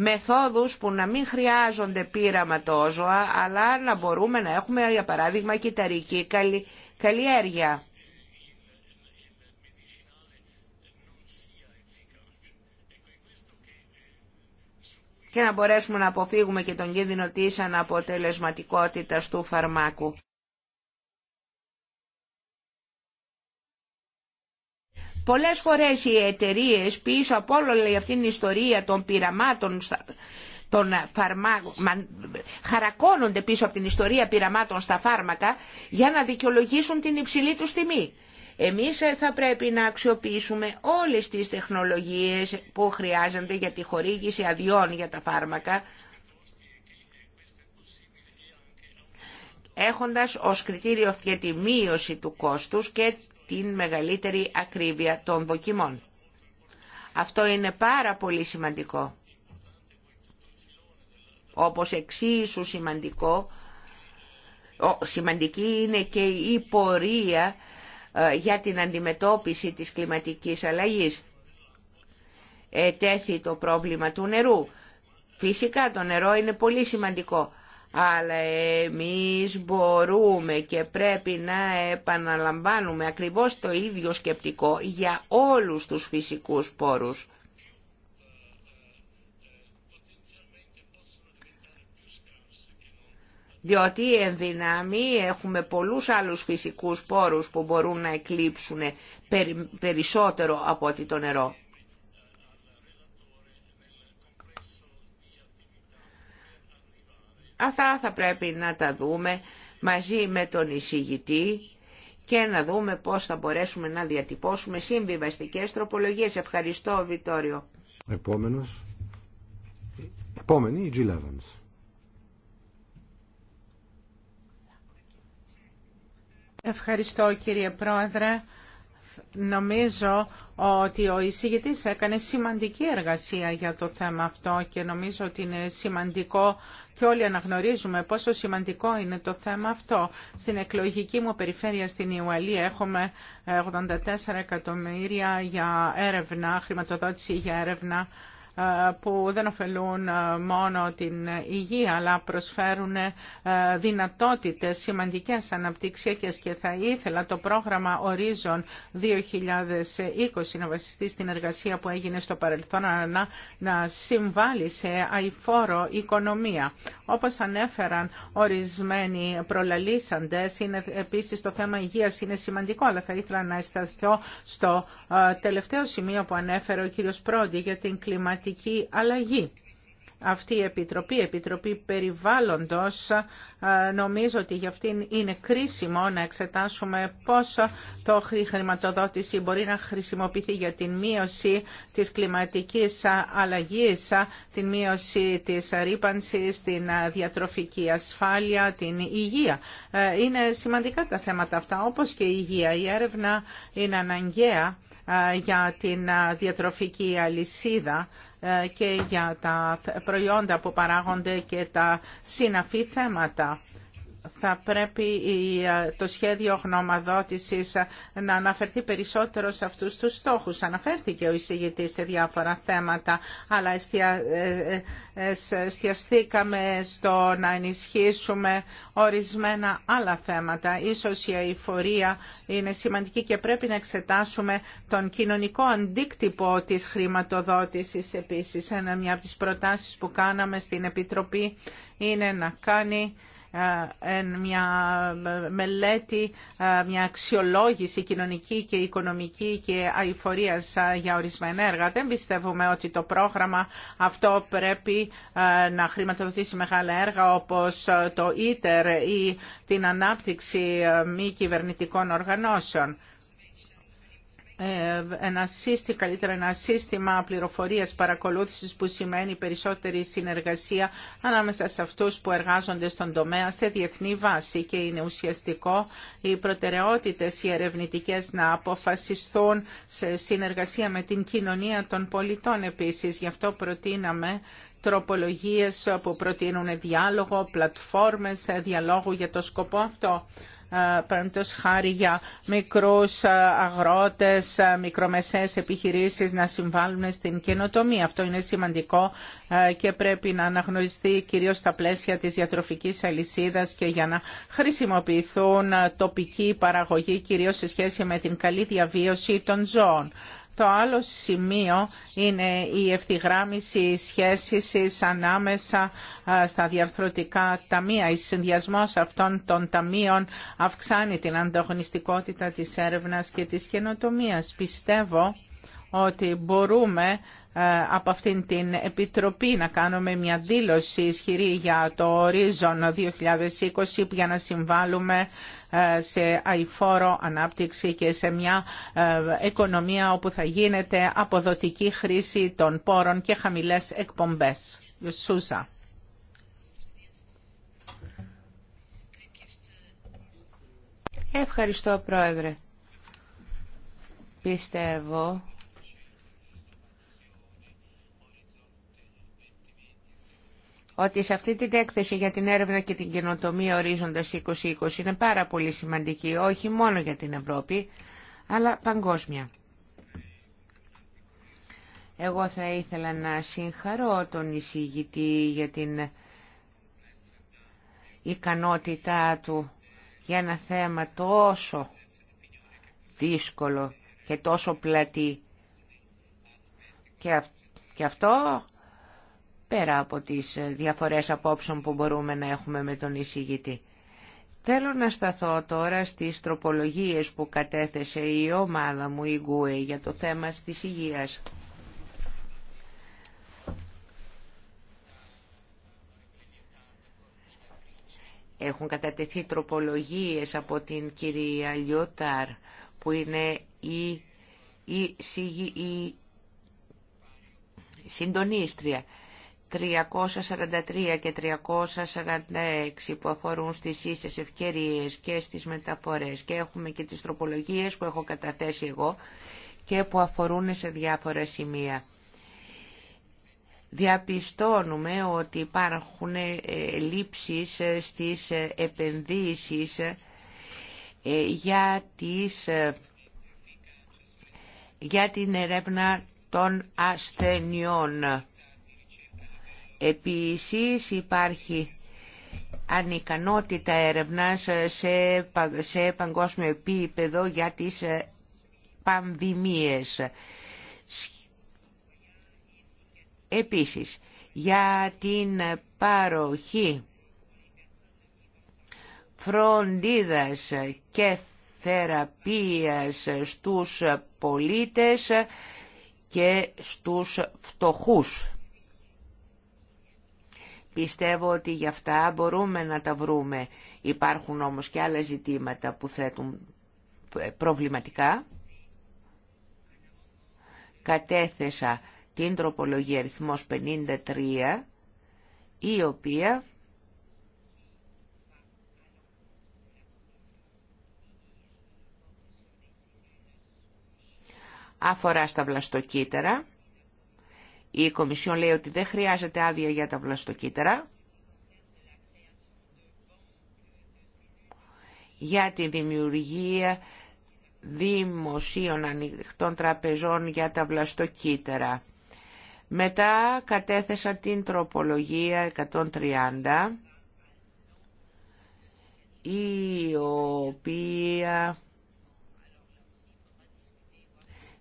μεθόδους που να μην χρειάζονται πειραματόζωα, αλλά να μπορούμε να έχουμε, για παράδειγμα, κυταρική καλλιέργεια. και να μπορέσουμε να αποφύγουμε και τον κίνδυνο της αναποτελεσματικότητας του φαρμάκου. Πολλές φορές οι εταιρείε πίσω από όλη αυτήν την ιστορία των πειραμάτων των φαρμάκων, χαρακώνονται πίσω από την ιστορία πειραμάτων στα φάρμακα για να δικαιολογήσουν την υψηλή του τιμή. Εμείς ε, θα πρέπει να αξιοποιήσουμε όλες τις τεχνολογίες που χρειάζονται για τη χορήγηση αδειών για τα φάρμακα, έχοντας ως κριτήριο και τη μείωση του κόστους και την μεγαλύτερη ακρίβεια των δοκιμών. Αυτό είναι πάρα πολύ σημαντικό. Όπως εξίσου σημαντικό, σημαντική είναι και η πορεία ε, για την αντιμετώπιση της κλιματικής αλλαγής. Ετέθη το πρόβλημα του νερού. Φυσικά το νερό είναι πολύ σημαντικό, αλλά εμείς μπορούμε και πρέπει να επαναλαμβάνουμε ακριβώς το ίδιο σκεπτικό για όλους τους φυσικούς πόρους. διότι εν δυνάμει έχουμε πολλούς άλλους φυσικούς πόρους που μπορούν να εκλείψουν περισσότερο από ότι το νερό. Αυτά θα πρέπει να τα δούμε μαζί με τον εισηγητή και να δούμε πώς θα μπορέσουμε να διατυπώσουμε συμβιβαστικές τροπολογίες. Ευχαριστώ, Βιτόριο.
Επόμενος. Επόμενη, η
Ευχαριστώ, κύριε Πρόεδρε. Νομίζω ότι ο εισηγητής έκανε σημαντική εργασία για το θέμα αυτό και νομίζω ότι είναι σημαντικό και όλοι αναγνωρίζουμε πόσο σημαντικό είναι το θέμα αυτό. Στην εκλογική μου περιφέρεια στην Ιουαλία έχουμε 84 ε, εκατομμύρια για έρευνα, χρηματοδότηση για έρευνα ε, που δεν ωφελούν ε, μόνο την υγεία αλλά προσφέρουν ε, δυνατότητες σημαντικές αναπτυξιακές και θα ήθελα το πρόγραμμα Horizon 2020 να βασιστεί στην εργασία που έγινε στο παρελθόν να να συμβάλλει σε αηφόρο οικονομία. Όπως ανέφεραν ορισμένοι προλαλήσαντες, είναι επίσης το θέμα υγείας είναι σημαντικό, αλλά θα ήθελα να εσταθώ στο τελευταίο σημείο που ανέφερε ο κύριος Πρόντι για την κλιματική κλιματική Αυτή η Επιτροπή, η Επιτροπή Περιβάλλοντος, νομίζω ότι για αυτήν είναι κρίσιμο να εξετάσουμε πώς το χρηματοδότηση μπορεί να χρησιμοποιηθεί για την μείωση της κλιματικής αλλαγής, την μείωση της ρήπανσης, την διατροφική ασφάλεια, την υγεία. Ε, είναι σημαντικά τα θέματα αυτά, όπως και η υγεία. Η έρευνα είναι αναγκαία ε, για την ε, διατροφική αλυσίδα ε, και για τα προϊόντα που παράγονται και τα συναφή θέματα θα πρέπει ε, το σχέδιο γνωμαδότησης ε, να αναφερθεί περισσότερο σε αυτούς τους στόχους. Αναφέρθηκε ο εισηγητής σε διάφορα θέματα, αλλά ε, εστιαστήκαμε στο να ενισχύσουμε ορισμένα άλλα θέματα. Ίσως η αηφορία είναι σημαντική και πρέπει να εξετάσουμε τον κοινωνικό αντίκτυπο της χρηματοδότησης επίσης. Ένα μια από τις προτάσεις που κάναμε στην Επιτροπή είναι να κάνει ε, μια μελέτη, ε, μια αξιολόγηση κοινωνική και οικονομική και αηφορίας ε, για ορισμένα έργα. Δεν πιστεύουμε ότι το πρόγραμμα αυτό πρέπει να χρηματοδοτήσει μεγάλα έργα όπως το ITER ή την ανάπτυξη μη κυβερνητικών οργανώσεων. Ε, ένα σύστημα, καλύτερα ένα σύστημα πληροφορίας παρακολούθησης που σημαίνει περισσότερη συνεργασία ανάμεσα σε αυτούς που εργάζονται στον τομέα σε διεθνή βάση και είναι ουσιαστικό οι προτεραιότητες οι ερευνητικές να αποφασιστούν σε συνεργασία με την κοινωνία των πολιτών επίσης. Γι' αυτό προτείναμε τροπολογίες που προτείνουν διάλογο, πλατφόρμες διαλόγου για το σκοπό αυτό. Ε, Παραδείγματο χάρη για μικρούς ε, αγρότες, ε, μικρομεσαίες επιχειρήσεις να συμβάλλουν στην καινοτομία. Αυτό είναι σημαντικό και πρέπει να αναγνωριστεί κυρίως στα πλαίσια της διατροφικής αλυσίδας και για να χρησιμοποιηθούν τοπική παραγωγή κυρίως σε σχέση με την καλή διαβίωση των ζώων. Το άλλο σημείο είναι η ευθυγράμμιση σχέσης ανάμεσα στα διαρθρωτικά ταμεία. Η συνδυασμός αυτών των ταμείων αυξάνει την ανταγωνιστικότητα της έρευνας και της καινοτομίας. Πιστεύω ότι μπορούμε ε, από αυτήν την Επιτροπή να κάνουμε μια δήλωση ισχυρή για το ορίζον 2020 για να συμβάλλουμε ε, σε αηφόρο ανάπτυξη και σε μια ε, οικονομία όπου θα γίνεται αποδοτική χρήση των πόρων και χαμηλές εκπομπές. Σούσα.
Ευχαριστώ, Πρόεδρε. Πιστεύω ότι σε αυτή την έκθεση για την έρευνα και την καινοτομία ορίζοντας 2020 είναι πάρα πολύ σημαντική, όχι μόνο για την Ευρώπη, αλλά παγκόσμια. Εγώ θα ήθελα να συγχαρώ τον εισηγητή για την ικανότητά του για ένα θέμα τόσο δύσκολο και τόσο πλατή. Και, αυτό πέρα από τις ε, διαφορές απόψεων που μπορούμε να έχουμε με τον εισηγητή. Θέλω να σταθώ τώρα στις τροπολογίες που κατέθεσε η ομάδα μου, η Γκουέ, για το θέμα της υγείας. Έχουν κατατεθεί τροπολογίες από την κυρία Λιωτάρ, που είναι η, η, η συντονίστρια 343 και 346 που αφορούν στις ίσες ευκαιρίες και στις μεταφορές και έχουμε και τις τροπολογίες που έχω καταθέσει εγώ και που αφορούν σε διάφορα σημεία. Διαπιστώνουμε ότι υπάρχουν ε, λήψεις ε, στις ε, επενδύσεις για, τις, για την ερεύνα των ασθενειών. Επίσης υπάρχει ανικανότητα έρευνας σε, σε παγκόσμιο επίπεδο για τις ε, πανδημίες. Επίσης, για την παροχή φροντίδας και θεραπείας στους πολίτες και στους φτωχούς. Πιστεύω ότι γι' αυτά μπορούμε να τα βρούμε. Υπάρχουν όμως και άλλα ζητήματα που θέτουν προβληματικά. Κατέθεσα την τροπολογία αριθμός 53, η οποία αφορά στα βλαστοκύτταρα. Η Κομισιόν λέει ότι δεν χρειάζεται άδεια για τα βλαστοκύτταρα. Για τη δημιουργία δημοσίων ανοιχτών τραπεζών για τα βλαστοκύτταρα. Μετά κατέθεσα την τροπολογία 130 η οποία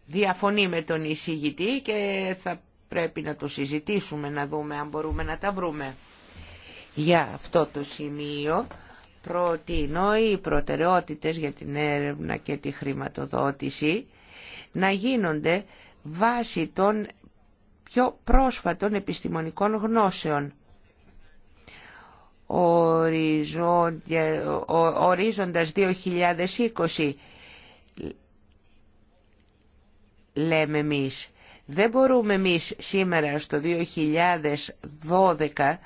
διαφωνεί με τον εισηγητή και θα πρέπει να το συζητήσουμε, να δούμε αν μπορούμε να τα βρούμε. Για αυτό το σημείο προτείνω οι προτεραιότητες για την έρευνα και τη χρηματοδότηση να γίνονται βάσει των πιο πρόσφατων επιστημονικών γνώσεων. Ορίζοντας 2020 λέμε εμείς δεν μπορούμε εμείς σήμερα στο 2012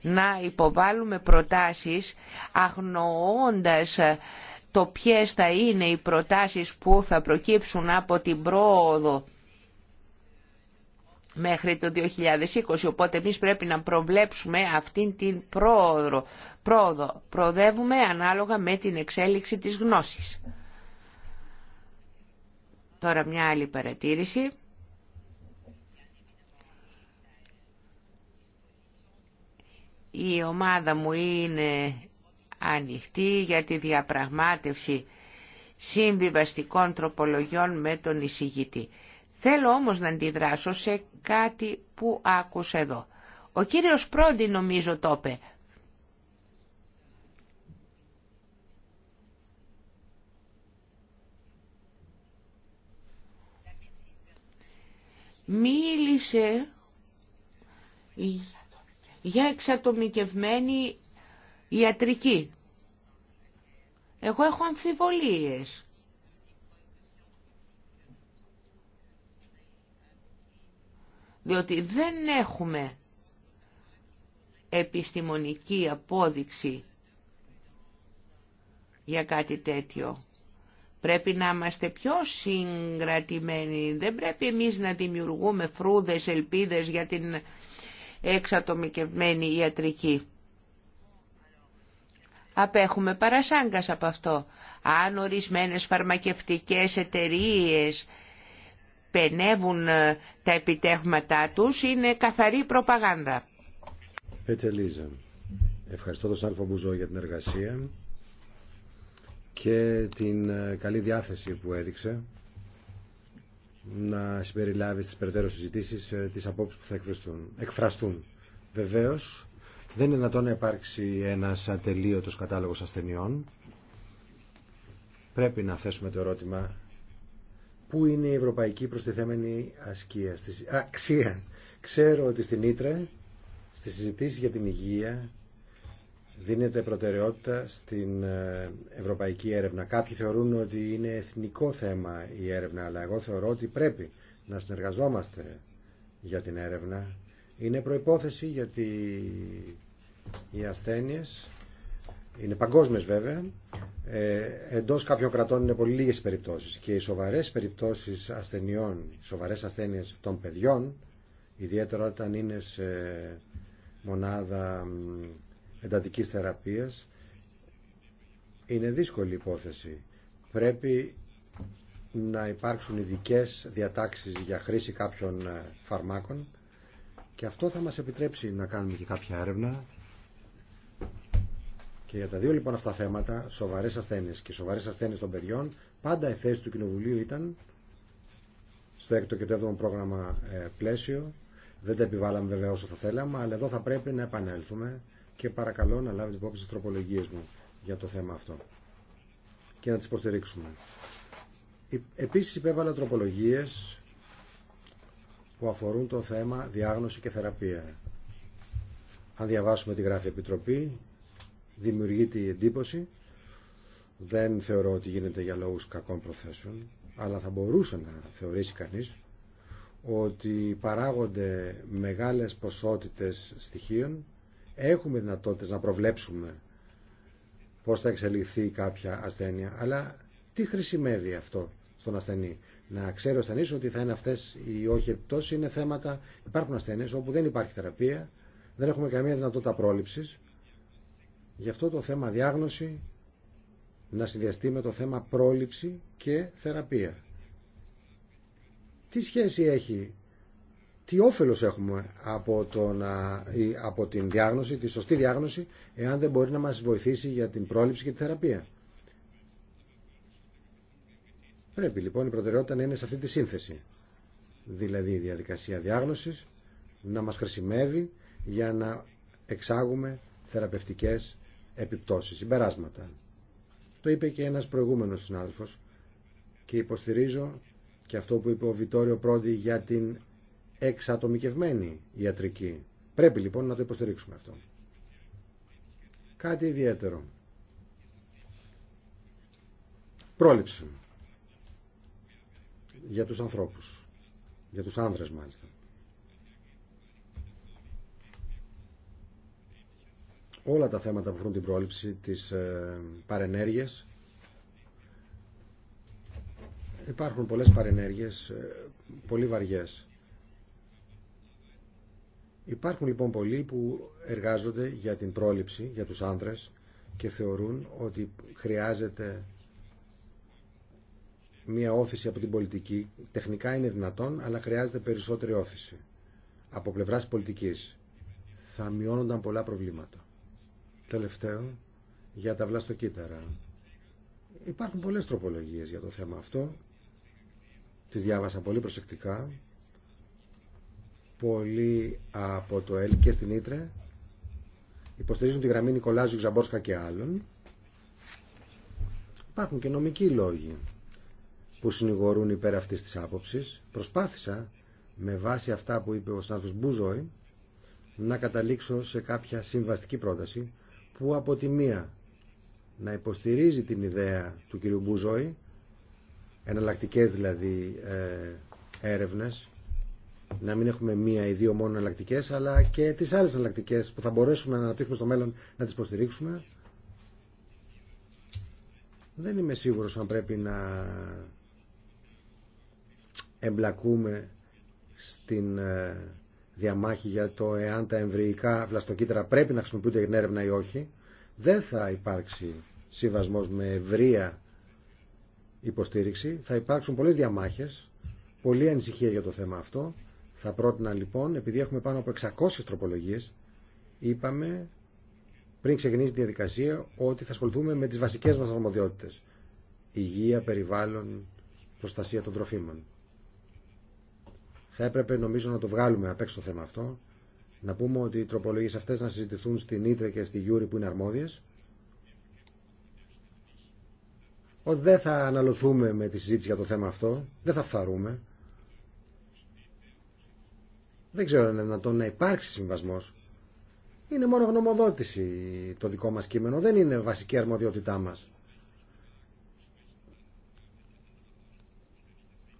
να υποβάλουμε προτάσεις αγνοώντας ε, το ποιες θα είναι οι προτάσεις που θα προκύψουν από την πρόοδο μέχρι το 2020. Οπότε εμείς πρέπει να προβλέψουμε αυτήν την πρόοδο. πρόοδο. Προοδεύουμε ανάλογα με την εξέλιξη της γνώσης. Τώρα μια άλλη παρατήρηση. Η ομάδα μου είναι ανοιχτή για τη διαπραγμάτευση συμβιβαστικών τροπολογιών με τον εισηγητή. Θέλω όμως να αντιδράσω σε κάτι που άκουσα εδώ. Ο κύριος Πρόντι νομίζω το είπε. Μίλησε για εξατομικευμένη ιατρική. Εγώ έχω αμφιβολίες. Διότι δεν έχουμε επιστημονική απόδειξη για κάτι τέτοιο. Πρέπει να είμαστε πιο συγκρατημένοι. Δεν πρέπει εμείς να δημιουργούμε φρούδες, ελπίδες για την εξατομικευμένη ιατρική. Απέχουμε παρασάγκας από αυτό. Αν ορισμένες φαρμακευτικές εταιρείες πενεύουν ε, τα επιτεύγματά τους, είναι καθαρή προπαγάνδα.
Πετσελίζα, ευχαριστώ τον Σάλφα Μπουζό για την εργασία και την ε, καλή διάθεση που έδειξε να συμπεριλάβει στις περαιτέρω συζητήσεις ε, τι απόψει που θα εκφραστούν. εκφραστούν. Βεβαίως, δεν είναι δυνατόν να υπάρξει ένα ατελείωτο κατάλογος ασθενειών. Πρέπει να θέσουμε το ερώτημα πού είναι η ευρωπαϊκή προστιθέμενη ασκία, αξία. Ξέρω ότι στην Ήτρε, στις συζητήσεις για την υγεία, δίνεται προτεραιότητα στην ε, ευρωπαϊκή έρευνα. Κάποιοι θεωρούν ότι είναι εθνικό θέμα η έρευνα, αλλά εγώ θεωρώ ότι πρέπει να συνεργαζόμαστε για την έρευνα. Είναι προϋπόθεση γιατί οι ασθένειες είναι παγκόσμιες βέβαια. Ε, εντός κάποιων κρατών είναι πολύ λίγες περιπτώσεις και οι σοβαρές περιπτώσεις ασθενειών, οι σοβαρές ασθένειες των παιδιών, ιδιαίτερα όταν είναι σε μονάδα εντατικής θεραπείας είναι δύσκολη υπόθεση. Πρέπει να υπάρξουν ειδικέ διατάξεις για χρήση κάποιων ε, φαρμάκων και αυτό θα μας επιτρέψει να κάνουμε και κάποια έρευνα και για τα δύο λοιπόν αυτά θέματα, σοβαρές ασθένειες και σοβαρές ασθένειες των παιδιών, πάντα η θέση του Κοινοβουλίου ήταν στο έκτο και το 7ο πρόγραμμα ε, πλαίσιο. Δεν τα επιβάλαμε βέβαια όσο θα θέλαμε, αλλά εδώ θα πρέπει να επανέλθουμε και παρακαλώ να λάβετε υπόψη τις τροπολογίες μου για το θέμα αυτό και να τις υποστηρίξουμε. Επίσης υπέβαλα τροπολογίες που αφορούν το θέμα διάγνωση και θεραπεία. Αν διαβάσουμε τη γράφη επιτροπή, δημιουργείται η εντύπωση, δεν θεωρώ ότι γίνεται για λόγους κακών προθέσεων, αλλά θα μπορούσε να θεωρήσει κανείς ότι παράγονται μεγάλες ποσότητες στοιχείων Έχουμε δυνατότητες να προβλέψουμε πώς θα εξελιχθεί κάποια ασθένεια, αλλά τι χρησιμεύει αυτό στον ασθενή. Να ξέρει ο ασθενή ότι θα είναι αυτέ ή όχι επιπτώσει είναι θέματα. Υπάρχουν ασθένειε όπου δεν υπάρχει θεραπεία, δεν έχουμε καμία δυνατότητα πρόληψη. Γι' αυτό το θέμα διάγνωση να συνδυαστεί με το θέμα πρόληψη και θεραπεία. Τι σχέση έχει τι όφελος έχουμε από, τον, από την διάγνωση, τη σωστή διάγνωση, εάν δεν μπορεί να μας βοηθήσει για την πρόληψη και τη θεραπεία. Πρέπει λοιπόν η προτεραιότητα να είναι σε αυτή τη σύνθεση. Δηλαδή η διαδικασία διάγνωσης να μας χρησιμεύει για να εξάγουμε θεραπευτικές επιπτώσεις, συμπεράσματα. Το είπε και ένας προηγούμενος συνάδελφος και υποστηρίζω και αυτό που είπε ο Βιτόριο Πρόντι για την εξατομικευμένη ιατρική. Πρέπει λοιπόν να το υποστηρίξουμε αυτό. Κάτι ιδιαίτερο. Πρόληψη. Για τους ανθρώπους. Για τους άνδρες μάλιστα. Όλα τα θέματα που αφορούν την πρόληψη της ε, παρενέργειας υπάρχουν πολλές παρενέργειες ε, πολύ βαριές Υπάρχουν λοιπόν πολλοί που εργάζονται για την πρόληψη, για τους άνδρες και θεωρούν ότι χρειάζεται μία όθηση από την πολιτική. Τεχνικά είναι δυνατόν, αλλά χρειάζεται περισσότερη όθηση από πλευράς πολιτικής. Θα μειώνονταν πολλά προβλήματα. Τελευταίο, για τα βλαστοκύτταρα. Υπάρχουν πολλές τροπολογίες για το θέμα αυτό. Τις διάβασα πολύ προσεκτικά πολύ από το ΕΛ και στην Ήτρε υποστηρίζουν τη γραμμή Νικολάζου, Ξαμπόρσκα και άλλων. Υπάρχουν και νομικοί λόγοι που συνηγορούν υπέρ αυτής της άποψης. Προσπάθησα με βάση αυτά που είπε ο Σάνθος Μπούζοη να καταλήξω σε κάποια συμβαστική πρόταση που από τη μία να υποστηρίζει την ιδέα του κ. Μπούζοη εναλλακτικέ δηλαδή ε, έρευνες να μην έχουμε μία ή δύο μόνο εναλλακτικέ, αλλά και τι άλλε εναλλακτικέ που θα μπορέσουμε να αναπτύξουμε στο μέλλον να τι υποστηρίξουμε. Δεν είμαι σίγουρος αν πρέπει να εμπλακούμε στην ε, διαμάχη για το εάν τα εμβρυϊκά βλαστοκύτταρα πρέπει να χρησιμοποιούνται για την έρευνα ή όχι. Δεν θα υπάρξει συμβασμός με ευρεία υποστήριξη. Θα υπάρξουν πολλές διαμάχες, πολλή ανησυχία για το θέμα αυτό θα πρότεινα λοιπόν, επειδή έχουμε πάνω από 600 τροπολογίες, είπαμε πριν ξεκινήσει τη διαδικασία ότι θα ασχοληθούμε με τις βασικές μας αρμοδιότητες. Υγεία, περιβάλλον, προστασία των τροφίμων. Θα έπρεπε νομίζω να το βγάλουμε απ' έξω το θέμα αυτό. Να πούμε ότι οι τροπολογίες αυτές να συζητηθούν στην Ήτρε και στη Γιούρη που είναι αρμόδιες. Ότι δεν θα αναλωθούμε με τη συζήτηση για το θέμα αυτό. Δεν θα φθαρούμε. Δεν ξέρω αν είναι δυνατόν να υπάρξει συμβασμό. Είναι μόνο γνωμοδότηση το δικό μα κείμενο. Δεν είναι βασική αρμοδιότητά μα.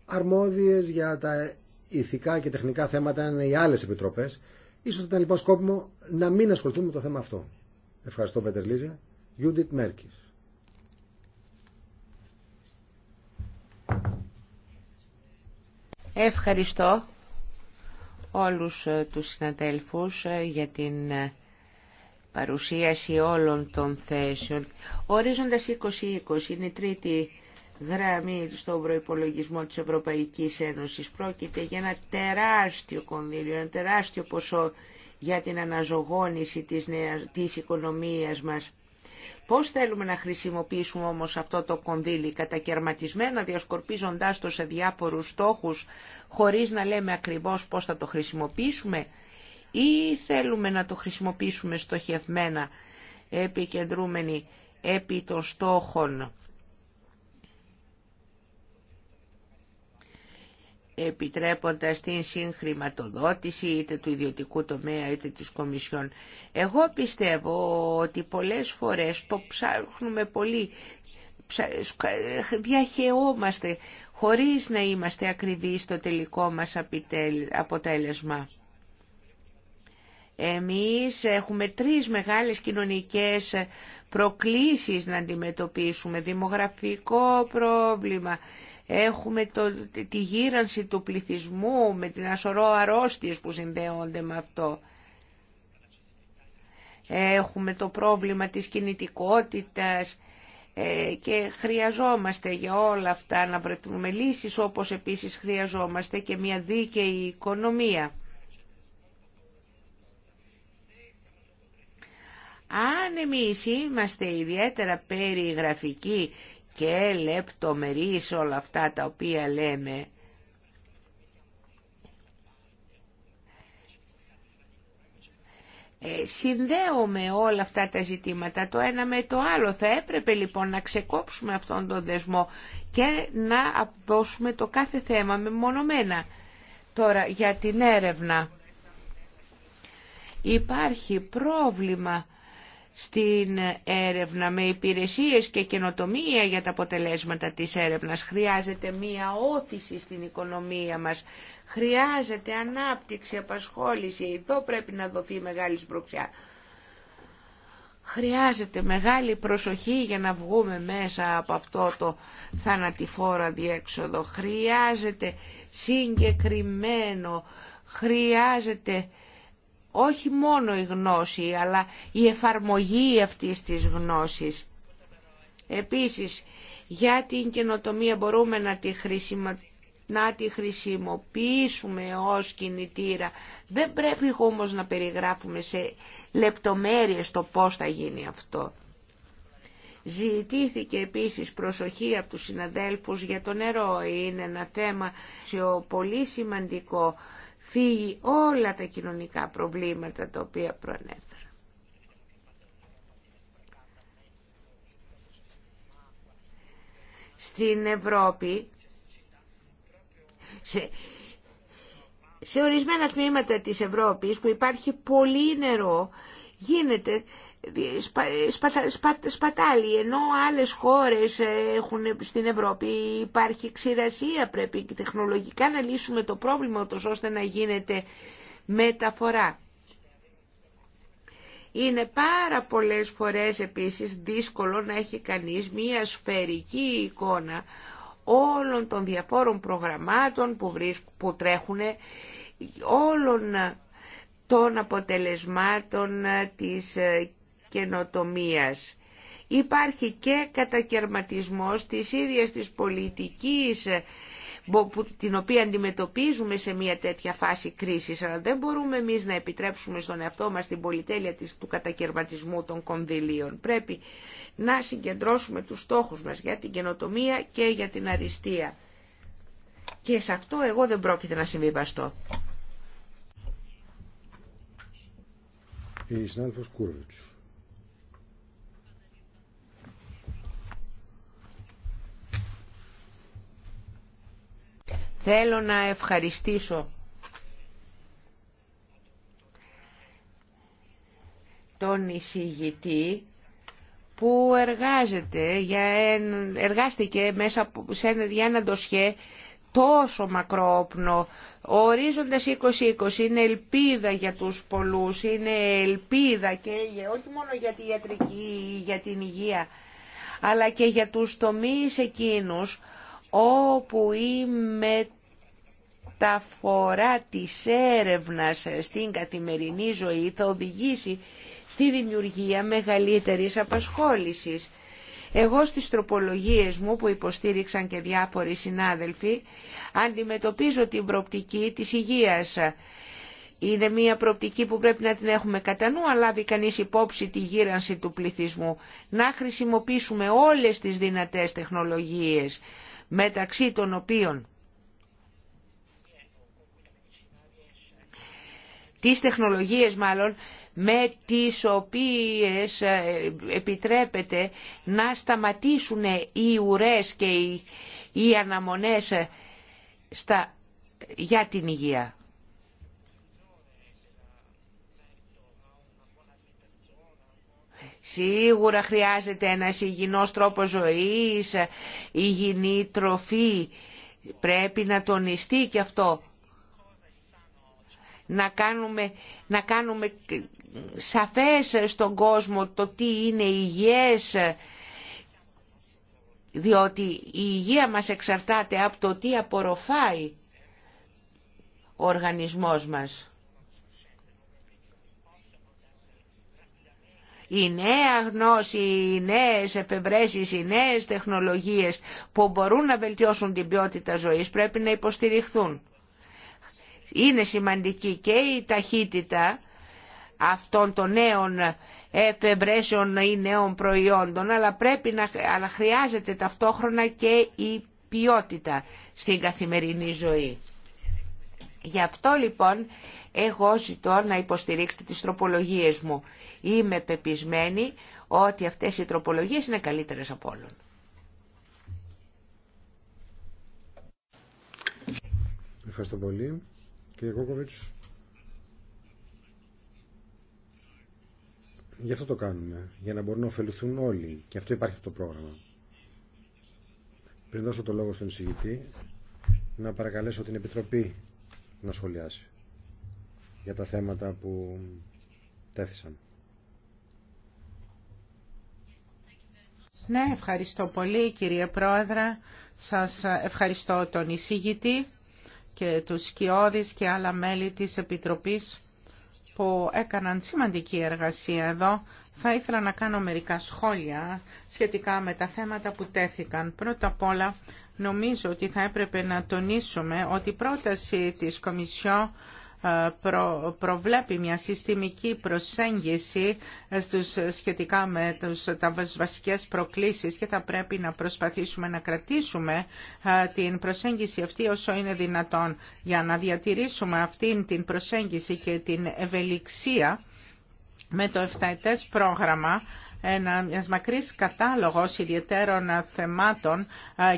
Αρμόδιες για τα ηθικά και τεχνικά θέματα είναι οι άλλε επιτροπές. Ίσως ήταν λοιπόν σκόπιμο να μην ασχοληθούμε με το θέμα αυτό. Ευχαριστώ Πέτερ Λίζε. Γιούντιτ Μέρκης.
Ευχαριστώ όλους ε, τους συναδέλφους ε, για την ε, παρουσίαση όλων των θέσεων. Ορίζοντας 2020 είναι η τρίτη γραμμή στον προϋπολογισμό της Ευρωπαϊκής Ένωσης. Πρόκειται για ένα τεράστιο κονδύλιο, ένα τεράστιο ποσό για την αναζωγόνηση της, νέας, της οικονομίας μας. Πώς θέλουμε να χρησιμοποιήσουμε όμως αυτό το κονδύλι κατακαιρματισμένα, διασκορπίζοντάς το σε διάφορους στόχους, χωρίς να λέμε ακριβώς πώς θα το χρησιμοποιήσουμε ή θέλουμε να το χρησιμοποιήσουμε στοχευμένα, επικεντρούμενοι επί των στόχων επιτρέποντας την συγχρηματοδότηση είτε του ιδιωτικού τομέα είτε της Κομισιόν. Εγώ πιστεύω ότι πολλές φορές το ψάχνουμε πολύ, διαχαιόμαστε χωρίς να είμαστε ακριβείς στο τελικό μας αποτέλεσμα. Εμείς έχουμε τρεις μεγάλες κοινωνικές προκλήσεις να αντιμετωπίσουμε. Δημογραφικό πρόβλημα, Έχουμε τη γύρανση του πληθυσμού με την ασωρό αρρώστιες που συνδέονται με αυτό. Έχουμε το πρόβλημα της κινητικότητας ε, και χρειαζόμαστε για όλα αυτά να βρεθούμε λύσεις όπως επίσης χρειαζόμαστε και μια δίκαιη οικονομία. Αν εμείς είμαστε ιδιαίτερα περιγραφικοί και λεπτομερείς όλα αυτά τα οποία λέμε ε, συνδέουμε όλα αυτά τα ζητήματα το ένα με το άλλο. Θα έπρεπε λοιπόν να ξεκόψουμε αυτόν τον δεσμό και να δώσουμε το κάθε θέμα μεμονωμένα. Τώρα για την έρευνα. Υπάρχει πρόβλημα στην έρευνα με υπηρεσίες και καινοτομία για τα αποτελέσματα της έρευνας. Χρειάζεται μία όθηση στην οικονομία μας. Χρειάζεται ανάπτυξη, απασχόληση. Εδώ πρέπει να δοθεί μεγάλη σπροξιά. Χρειάζεται μεγάλη προσοχή για να βγούμε μέσα από αυτό το θανατηφόρα διέξοδο. Χρειάζεται συγκεκριμένο, χρειάζεται όχι μόνο η γνώση αλλά η εφαρμογή αυτής της γνώσης. Επίσης, για την καινοτομία μπορούμε να τη, χρησιμοποιήσουμε ως κινητήρα. Δεν πρέπει όμως να περιγράφουμε σε λεπτομέρειες το πώς θα γίνει αυτό. Ζητήθηκε επίσης προσοχή από τους συναδέλφους για το νερό. Είναι ένα θέμα πολύ σημαντικό φύγει όλα τα κοινωνικά προβλήματα τα οποία προανέφερα. Στην Ευρώπη, σε, ορισμένα τμήματα της Ευρώπης που υπάρχει πολύ νερό, γίνεται σπα, σπα, σπα, ενώ άλλες χώρες ε, έχουν στην Ευρώπη υπάρχει ξηρασία πρέπει και τεχνολογικά να λύσουμε το πρόβλημα ούτως ώστε να γίνεται μεταφορά. Είναι πάρα πολλές φορές επίσης δύσκολο να έχει κανείς μία σφαιρική εικόνα όλων των διαφόρων προγραμμάτων που, βρίσκουν, που τρέχουν, όλων των αποτελεσμάτων ε, της ε, καινοτομίας. Υπάρχει και κατακαιρματισμός της ίδιας της πολιτικής την οποία αντιμετωπίζουμε σε μια τέτοια φάση κρίσης, αλλά δεν μπορούμε εμείς να επιτρέψουμε στον εαυτό μας την πολυτέλεια του κατακαιρματισμού των κονδυλίων. Πρέπει να συγκεντρώσουμε τους στόχους μας για την καινοτομία και για την αριστεία. Και σε αυτό εγώ δεν πρόκειται να συμβιβαστώ.
Η Κούρβιτς.
Θέλω να ευχαριστήσω τον εισηγητή που εργάζεται για εν, εργάστηκε μέσα σε, για ένα ντοσιέ τόσο μακρόπνο. Ο ορίζοντας 2020 είναι ελπίδα για τους πολλούς, είναι ελπίδα και όχι μόνο για τη ιατρική για την υγεία, αλλά και για τους τομείς εκείνους όπου η τα φορά της έρευνας στην καθημερινή ζωή θα οδηγήσει στη δημιουργία μεγαλύτερης απασχόλησης. Εγώ στις τροπολογίες μου που υποστήριξαν και διάφοροι συνάδελφοι αντιμετωπίζω την προπτική της υγείας. Είναι μια προπτική που πρέπει να την έχουμε κατά νου, αλλά λάβει κανείς υπόψη τη γύρανση του πληθυσμού. Να χρησιμοποιήσουμε όλες τις δυνατές τεχνολογίες, μεταξύ των οποίων τις τεχνολογίες μάλλον με τις οποίες ε, επιτρέπεται να σταματήσουν οι ουρές και οι αναμονές ε, στα, για την υγεία. Σίγουρα χρειάζεται ένα υγιεινός τρόπο ζωής, υγιεινή τροφή. Πρέπει να τονιστεί και αυτό να κάνουμε, να κάνουμε σαφές στον κόσμο το τι είναι υγιές διότι η υγεία μας εξαρτάται από το τι απορροφάει ο οργανισμός μας. η νέα γνώση, οι νέες εφευρέσεις, οι νέες τεχνολογίες που μπορούν να βελτιώσουν την ποιότητα ζωής πρέπει να υποστηριχθούν είναι σημαντική και η ταχύτητα αυτών των νέων εφευρέσεων ή νέων προϊόντων, αλλά, πρέπει να, χρειάζεται ταυτόχρονα και η ποιότητα στην καθημερινή ζωή. Γι' αυτό λοιπόν εγώ ζητώ να υποστηρίξετε τις τροπολογίες μου. Είμαι πεπισμένη ότι αυτές οι τροπολογίες είναι καλύτερες από όλων.
Ευχαριστώ πολύ κύριε Κόκοβιτς. Γι' αυτό το κάνουμε, για να μπορούν να ωφεληθούν όλοι. Και αυτό υπάρχει αυτό το πρόγραμμα. Πριν δώσω το λόγο στον εισηγητή, να παρακαλέσω την Επιτροπή να σχολιάσει για τα θέματα που τέθησαν.
Ναι, ευχαριστώ πολύ κύριε Πρόεδρε. Σας ευχαριστώ τον εισηγητή και τους Σκιώδης και άλλα μέλη της Επιτροπής που έκαναν σημαντική εργασία εδώ. Θα ήθελα να κάνω μερικά σχόλια σχετικά με τα θέματα που τέθηκαν. Πρώτα απ' όλα, νομίζω ότι θα έπρεπε να τονίσουμε ότι η πρόταση της Κομισιό ε, προβλέπει μια συστημική προσέγγιση ε, ε, σχετικά με τους, τα βασικές προκλήσεις και θα πρέπει να προσπαθήσουμε να κρατήσουμε την προσέγγιση αυτή όσο είναι δυνατόν. Για να διατηρήσουμε αυτή την προσέγγιση και την ευελιξία με το 7 πρόγραμμα ένα μιας μακρύς κατάλογος ιδιαίτερων θεμάτων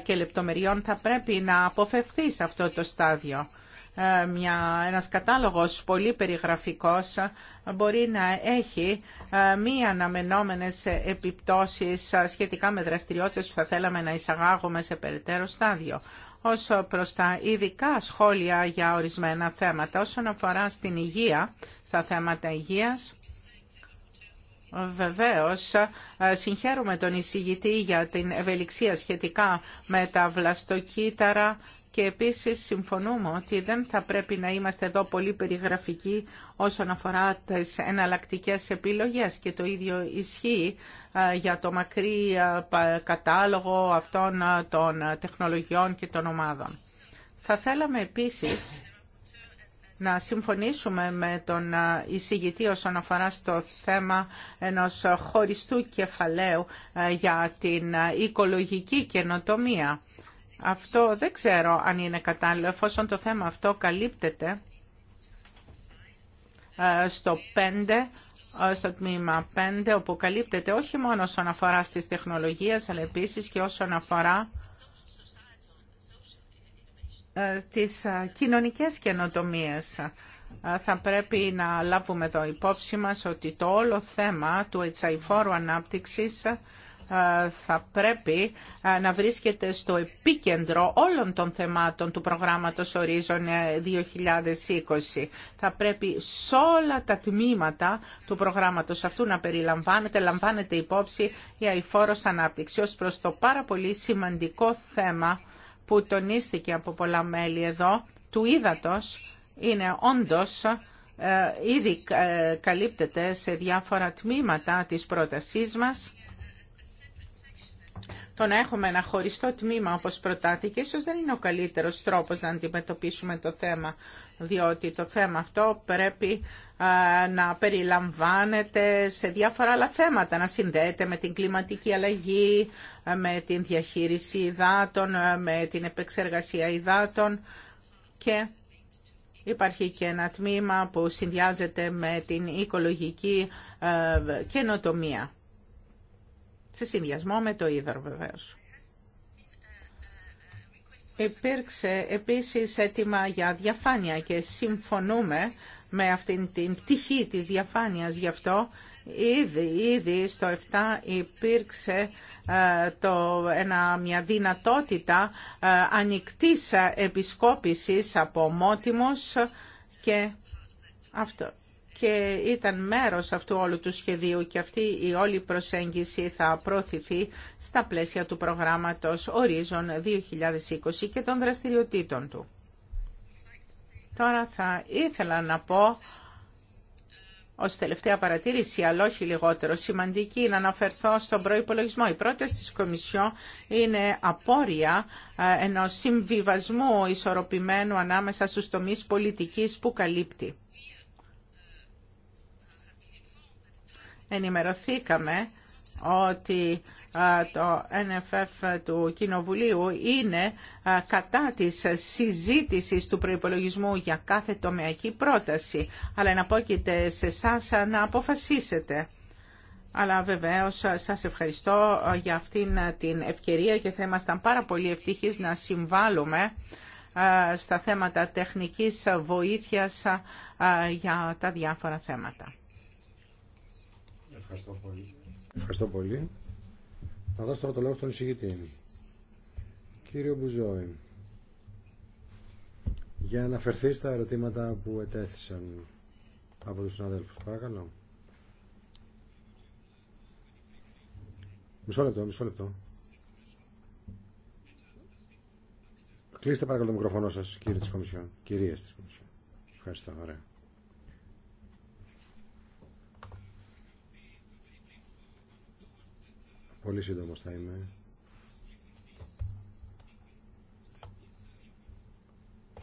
και λεπτομεριών θα πρέπει να αποφευθεί σε αυτό το στάδιο. Ε, μια, ένας κατάλογος πολύ περιγραφικός μπορεί να έχει ε, μη αναμενόμενες επιπτώσεις σχετικά με δραστηριότητες που θα θέλαμε να εισαγάγουμε σε περαιτέρω στάδιο ως προς τα ειδικά σχόλια για ορισμένα θέματα. Όσον αφορά στην υγεία, στα θέματα υγείας, Βεβαίω, συγχαίρουμε τον εισηγητή για την ευελιξία σχετικά με τα βλαστοκύτταρα και επίσης συμφωνούμε ότι δεν θα πρέπει να είμαστε εδώ πολύ περιγραφικοί όσον αφορά τις εναλλακτικέ επιλογές και το ίδιο ισχύει για το μακρύ κατάλογο αυτών των τεχνολογιών και των ομάδων. Θα θέλαμε επίσης να συμφωνήσουμε με τον ε, εισηγητή όσον αφορά στο θέμα ενός χωριστού κεφαλαίου ε, για την ε, οικολογική καινοτομία. Αυτό δεν ξέρω αν είναι κατάλληλο, εφόσον το θέμα αυτό καλύπτεται στο 5 στο τμήμα 5, όπου καλύπτεται όχι μόνο όσον αφορά στις τεχνολογίες, αλλά επίσης και όσον αφορά ε, στις ε, κοινωνικές καινοτομίες. Ε, θα πρέπει να λάβουμε εδώ υπόψη μας ότι το όλο θέμα του ετσαϊφόρου ανάπτυξης θα πρέπει να βρίσκεται στο επίκεντρο όλων των θεμάτων του προγράμματος Horizon 2020. Θα πρέπει σε όλα τα τμήματα του προγράμματος αυτού να περιλαμβάνεται, λαμβάνεται υπόψη η αηφόρος ανάπτυξη ως προς το πάρα πολύ σημαντικό θέμα που τονίστηκε από πολλά μέλη εδώ του ύδατος είναι όντως ε, ήδη ε, καλύπτεται σε διάφορα τμήματα της πρότασής μας. Το να έχουμε ένα χωριστό τμήμα όπως προτάθηκε ίσως δεν είναι ο καλύτερος τρόπος να αντιμετωπίσουμε το θέμα, διότι το θέμα αυτό πρέπει να περιλαμβάνεται σε διάφορα άλλα θέματα, να συνδέεται με την κλιματική αλλαγή, με την διαχείριση υδάτων, με την επεξεργασία υδάτων και υπάρχει και ένα τμήμα που συνδυάζεται με την οικολογική καινοτομία. Σε συνδυασμό με το είδωρο βεβαίως. Υπήρξε επίσης αίτημα για διαφάνεια και συμφωνούμε με αυτήν την πτυχή της διαφάνειας. Γι' αυτό ήδη, ήδη στο 7 υπήρξε ε, το, ένα, μια δυνατότητα ε, ανοιχτής επισκόπησης από μότιμος και αυτό και ήταν μέρος αυτού όλου του σχεδίου και αυτή η όλη προσέγγιση θα προωθηθεί στα πλαίσια του προγράμματος Horizon 2020 και των δραστηριοτήτων του. Τώρα θα ήθελα να πω ως τελευταία παρατήρηση, αλλά όχι λιγότερο σημαντική, να αναφερθώ στον προϋπολογισμό. Η πρόταση της Κομισιό είναι απόρρια ε, ενό συμβιβασμού ισορροπημένου ανάμεσα στους τομείς πολιτικής που καλύπτει. Ενημερωθήκαμε ότι το NFF του Κοινοβουλίου είναι κατά της συζήτησης του προϋπολογισμού για κάθε τομεακή πρόταση, αλλά εναπόκειται σε εσά να αποφασίσετε. Αλλά βεβαίως σας ευχαριστώ για αυτήν την ευκαιρία και θα ήμασταν πάρα πολύ ευτυχείς να συμβάλλουμε στα θέματα τεχνικής βοήθειας για τα διάφορα θέματα.
Ευχαριστώ πολύ. Θα δώσω τώρα το λόγο στον εισηγητή. Κύριο Μπουζόη, για να αναφερθεί στα ερωτήματα που ετέθησαν από τους συναδέλφους. Παρακαλώ. Μισό λεπτό, μισό λεπτό. Κλείστε παρακαλώ το μικροφωνό σας, κύριε της Κομισιόν. Κυρίες της Κομισιόν. Ευχαριστώ, ωραία. Πολύ σύντομο θα είμαι.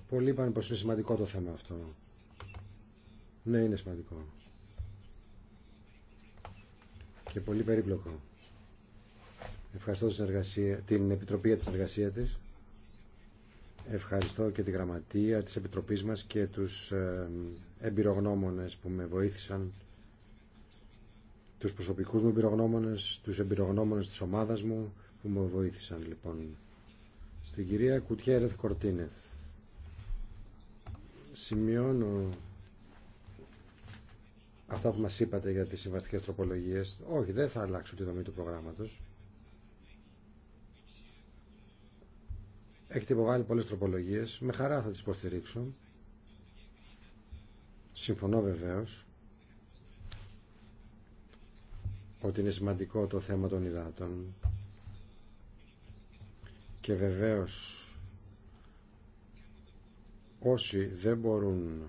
Πολλοί είπαν πως είναι σημαντικό το θέμα αυτό. Ναι, είναι σημαντικό. Και πολύ περίπλοκο. Ευχαριστώ την Επιτροπή για τη συνεργασία της. Ευχαριστώ και τη Γραμματεία της Επιτροπής μας και τους ε, εμπειρογνώμονες που με βοήθησαν τους προσωπικούς μου εμπειρογνώμονες, τους εμπειρογνώμονες της ομάδας μου που με βοήθησαν λοιπόν. Στην κυρία Κουτιέρεθ Κορτίνεθ. Σημειώνω αυτά που μας είπατε για τις συμβαστικές τροπολογίες. Όχι, δεν θα αλλάξω τη δομή του προγράμματος. Έχετε υποβάλει πολλές τροπολογίες. Με χαρά θα τις υποστηρίξω. Συμφωνώ βεβαίως ότι είναι σημαντικό το θέμα των υδάτων και βεβαίως όσοι δεν μπορούν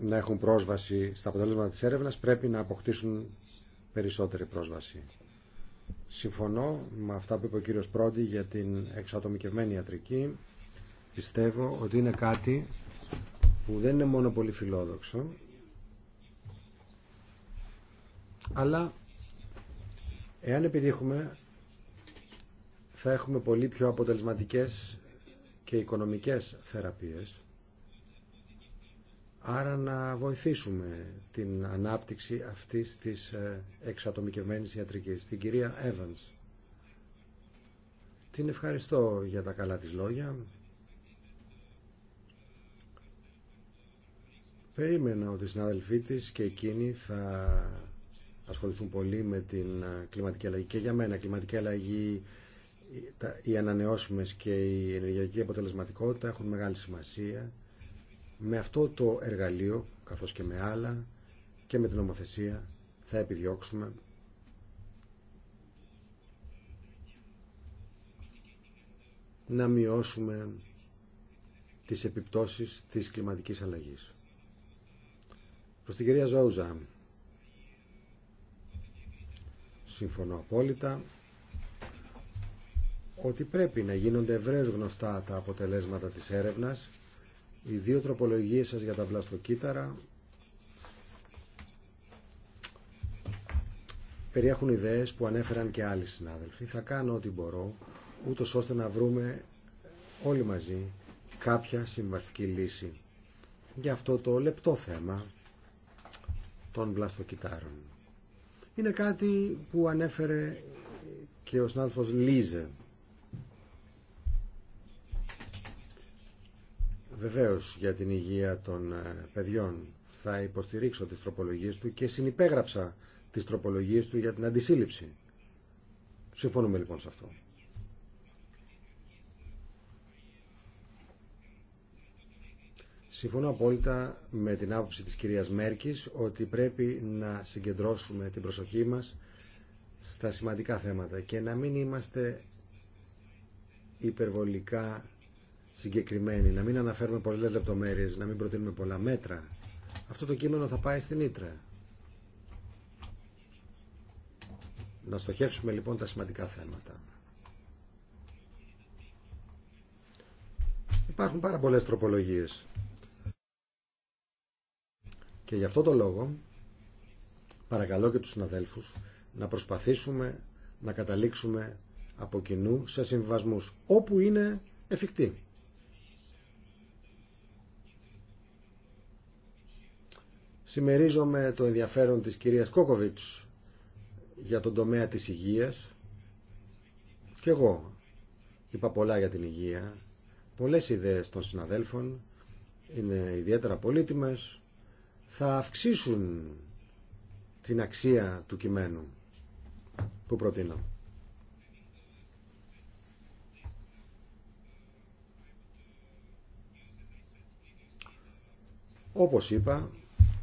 να έχουν πρόσβαση στα αποτελέσματα της έρευνας πρέπει να αποκτήσουν περισσότερη πρόσβαση. Συμφωνώ με αυτά που είπε ο κύριος Πρόντι για την εξατομικευμένη ιατρική. Πιστεύω ότι είναι κάτι που δεν είναι μόνο πολύ φιλόδοξο αλλά εάν επιτύχουμε θα έχουμε πολύ πιο αποτελεσματικές και οικονομικές θεραπείες άρα να βοηθήσουμε την ανάπτυξη αυτής της ε, εξατομικευμένης ιατρικής την κυρία Evans την ευχαριστώ για τα καλά της λόγια Περίμενα ότι οι συνάδελφοί της και εκείνοι θα ασχοληθούν πολύ με την κλιματική αλλαγή. Και για μένα κλιματική αλλαγή, οι ανανεώσιμες και η ενεργειακή αποτελεσματικότητα έχουν μεγάλη σημασία. Με αυτό το εργαλείο, καθώς και με άλλα, και με την νομοθεσία θα επιδιώξουμε να μειώσουμε τις επιπτώσεις της κλιματικής αλλαγής. Προς την κυρία Ζόουζα. Συμφωνώ απόλυτα ότι πρέπει να γίνονται ευρέως γνωστά τα αποτελέσματα της έρευνας. Οι δύο τροπολογίες σας για τα βλαστοκύτταρα περιέχουν ιδέες που ανέφεραν και άλλοι συνάδελφοι. Θα κάνω ό,τι μπορώ, ούτω ώστε να βρούμε όλοι μαζί κάποια συμβαστική λύση για αυτό το λεπτό θέμα των βλαστοκυτάρων. Είναι κάτι που ανέφερε και ο συνάδελφος Λίζε. Βεβαίως για την υγεία των ε, παιδιών θα υποστηρίξω τις τροπολογίες του και συνυπέγραψα τις τροπολογίες του για την αντισύλληψη. Συμφωνούμε λοιπόν σε αυτό. Συμφωνώ απόλυτα με την άποψη της κυρίας Μέρκης ότι πρέπει να συγκεντρώσουμε την προσοχή μας στα σημαντικά θέματα και να μην είμαστε υπερβολικά συγκεκριμένοι, να μην αναφέρουμε πολλές λεπτομέρειες, να μην προτείνουμε πολλά μέτρα. Αυτό το κείμενο θα πάει στην Ήτρα. Να στοχεύσουμε λοιπόν τα σημαντικά θέματα. Υπάρχουν πάρα πολλές τροπολογίες και γι' αυτό το λόγο παρακαλώ και τους συναδέλφους να προσπαθήσουμε να καταλήξουμε από κοινού σε συμβασμούς όπου είναι εφικτή. Σημερίζομαι το ενδιαφέρον της κυρίας Κόκοβιτς για τον τομέα της υγείας και εγώ είπα πολλά για την υγεία πολλές ιδέες των συναδέλφων είναι ιδιαίτερα πολύτιμες θα αυξήσουν την αξία του κειμένου που προτείνω. Όπως είπα,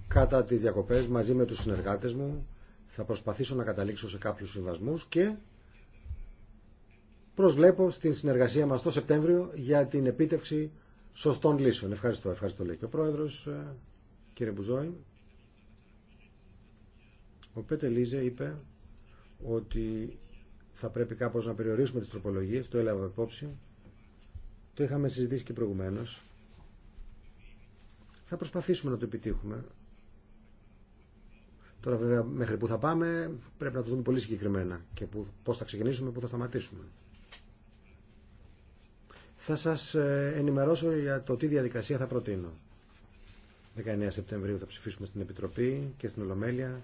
κατά τις διακοπές μαζί με τους συνεργάτες μου θα προσπαθήσω να καταλήξω σε κάποιους συμβασμούς και προσβλέπω στην συνεργασία μας το Σεπτέμβριο για την επίτευξη σωστών λύσεων. Ευχαριστώ, ευχαριστώ λέει και ο Πρόεδρος. Κύριε Μπουζόη, ο Πέτε Λίζε είπε ότι θα πρέπει κάπως να περιορίσουμε τις τροπολογίες, το έλαβα υπόψη. Το είχαμε συζητήσει και προηγουμένως. Θα προσπαθήσουμε να το επιτύχουμε. Τώρα βέβαια μέχρι που θα πάμε πρέπει να το δούμε πολύ συγκεκριμένα και που, πώς θα ξεκινήσουμε, πού θα σταματήσουμε. Θα σας ε, ενημερώσω για το τι διαδικασία θα προτείνω. 19 Σεπτεμβρίου θα ψηφίσουμε στην Επιτροπή και στην Ολομέλεια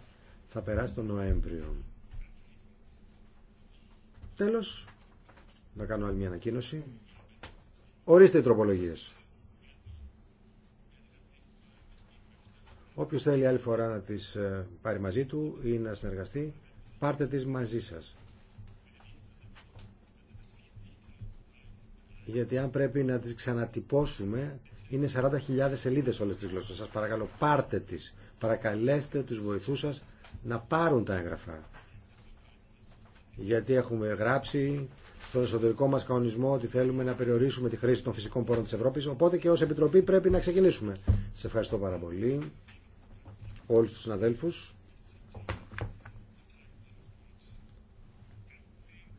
θα περάσει τον Νοέμβριο. Τέλος, να κάνω άλλη μια ανακοίνωση. Ορίστε οι τροπολογίες. Όποιος θέλει άλλη φορά να τις ε, πάρει μαζί του ή να συνεργαστεί, πάρτε τις μαζί σας. Γιατί αν πρέπει να τις ξανατυπώσουμε, είναι 40.000 σελίδε όλες τι γλώσσες. Σας παρακαλώ πάρτε τις. Παρακαλέστε τους βοηθούς σας να πάρουν τα έγγραφα. Γιατί έχουμε γράψει στον εσωτερικό μας κανονισμό ότι θέλουμε να περιορίσουμε τη χρήση των φυσικών πόρων της Ευρώπης. Οπότε και ω Επιτροπή πρέπει να ξεκινήσουμε. Σε ευχαριστώ πάρα πολύ όλους τους συναδέλφους.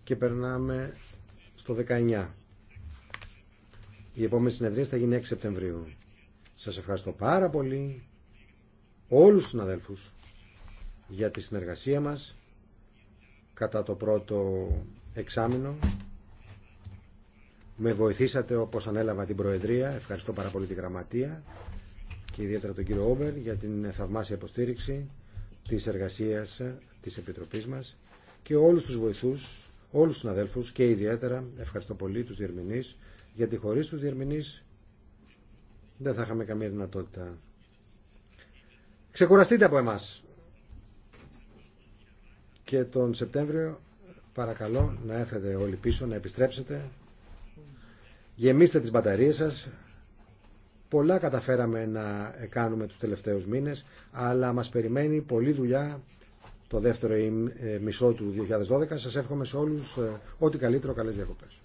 Και περνάμε στο 19. Η επόμενη συνεδρία θα γίνει 6 Σεπτεμβρίου. Σας ευχαριστώ πάρα πολύ όλους τους συναδέλφου για τη συνεργασία μας κατά το πρώτο εξάμεινο. Με βοηθήσατε όπως ανέλαβα την Προεδρία. Ευχαριστώ πάρα πολύ τη Γραμματεία και ιδιαίτερα τον κύριο Όβερ για την θαυμάσια υποστήριξη της εργασίας της Επιτροπής μας και όλους τους βοηθούς, όλους τους συναδέλφους και ιδιαίτερα ευχαριστώ πολύ τους διερμηνείς γιατί χωρίς τους διερμηνείς δεν θα είχαμε καμία δυνατότητα. Ξεκουραστείτε από εμάς. Και τον Σεπτέμβριο παρακαλώ να έρθετε όλοι πίσω, να επιστρέψετε. Γεμίστε τις μπαταρίες σας. Πολλά καταφέραμε να κάνουμε τους τελευταίους μήνες, αλλά μας περιμένει πολλή δουλειά το δεύτερο ε, μισό του 2012. Σας εύχομαι σε όλους ε, ό,τι καλύτερο, καλές διακοπές.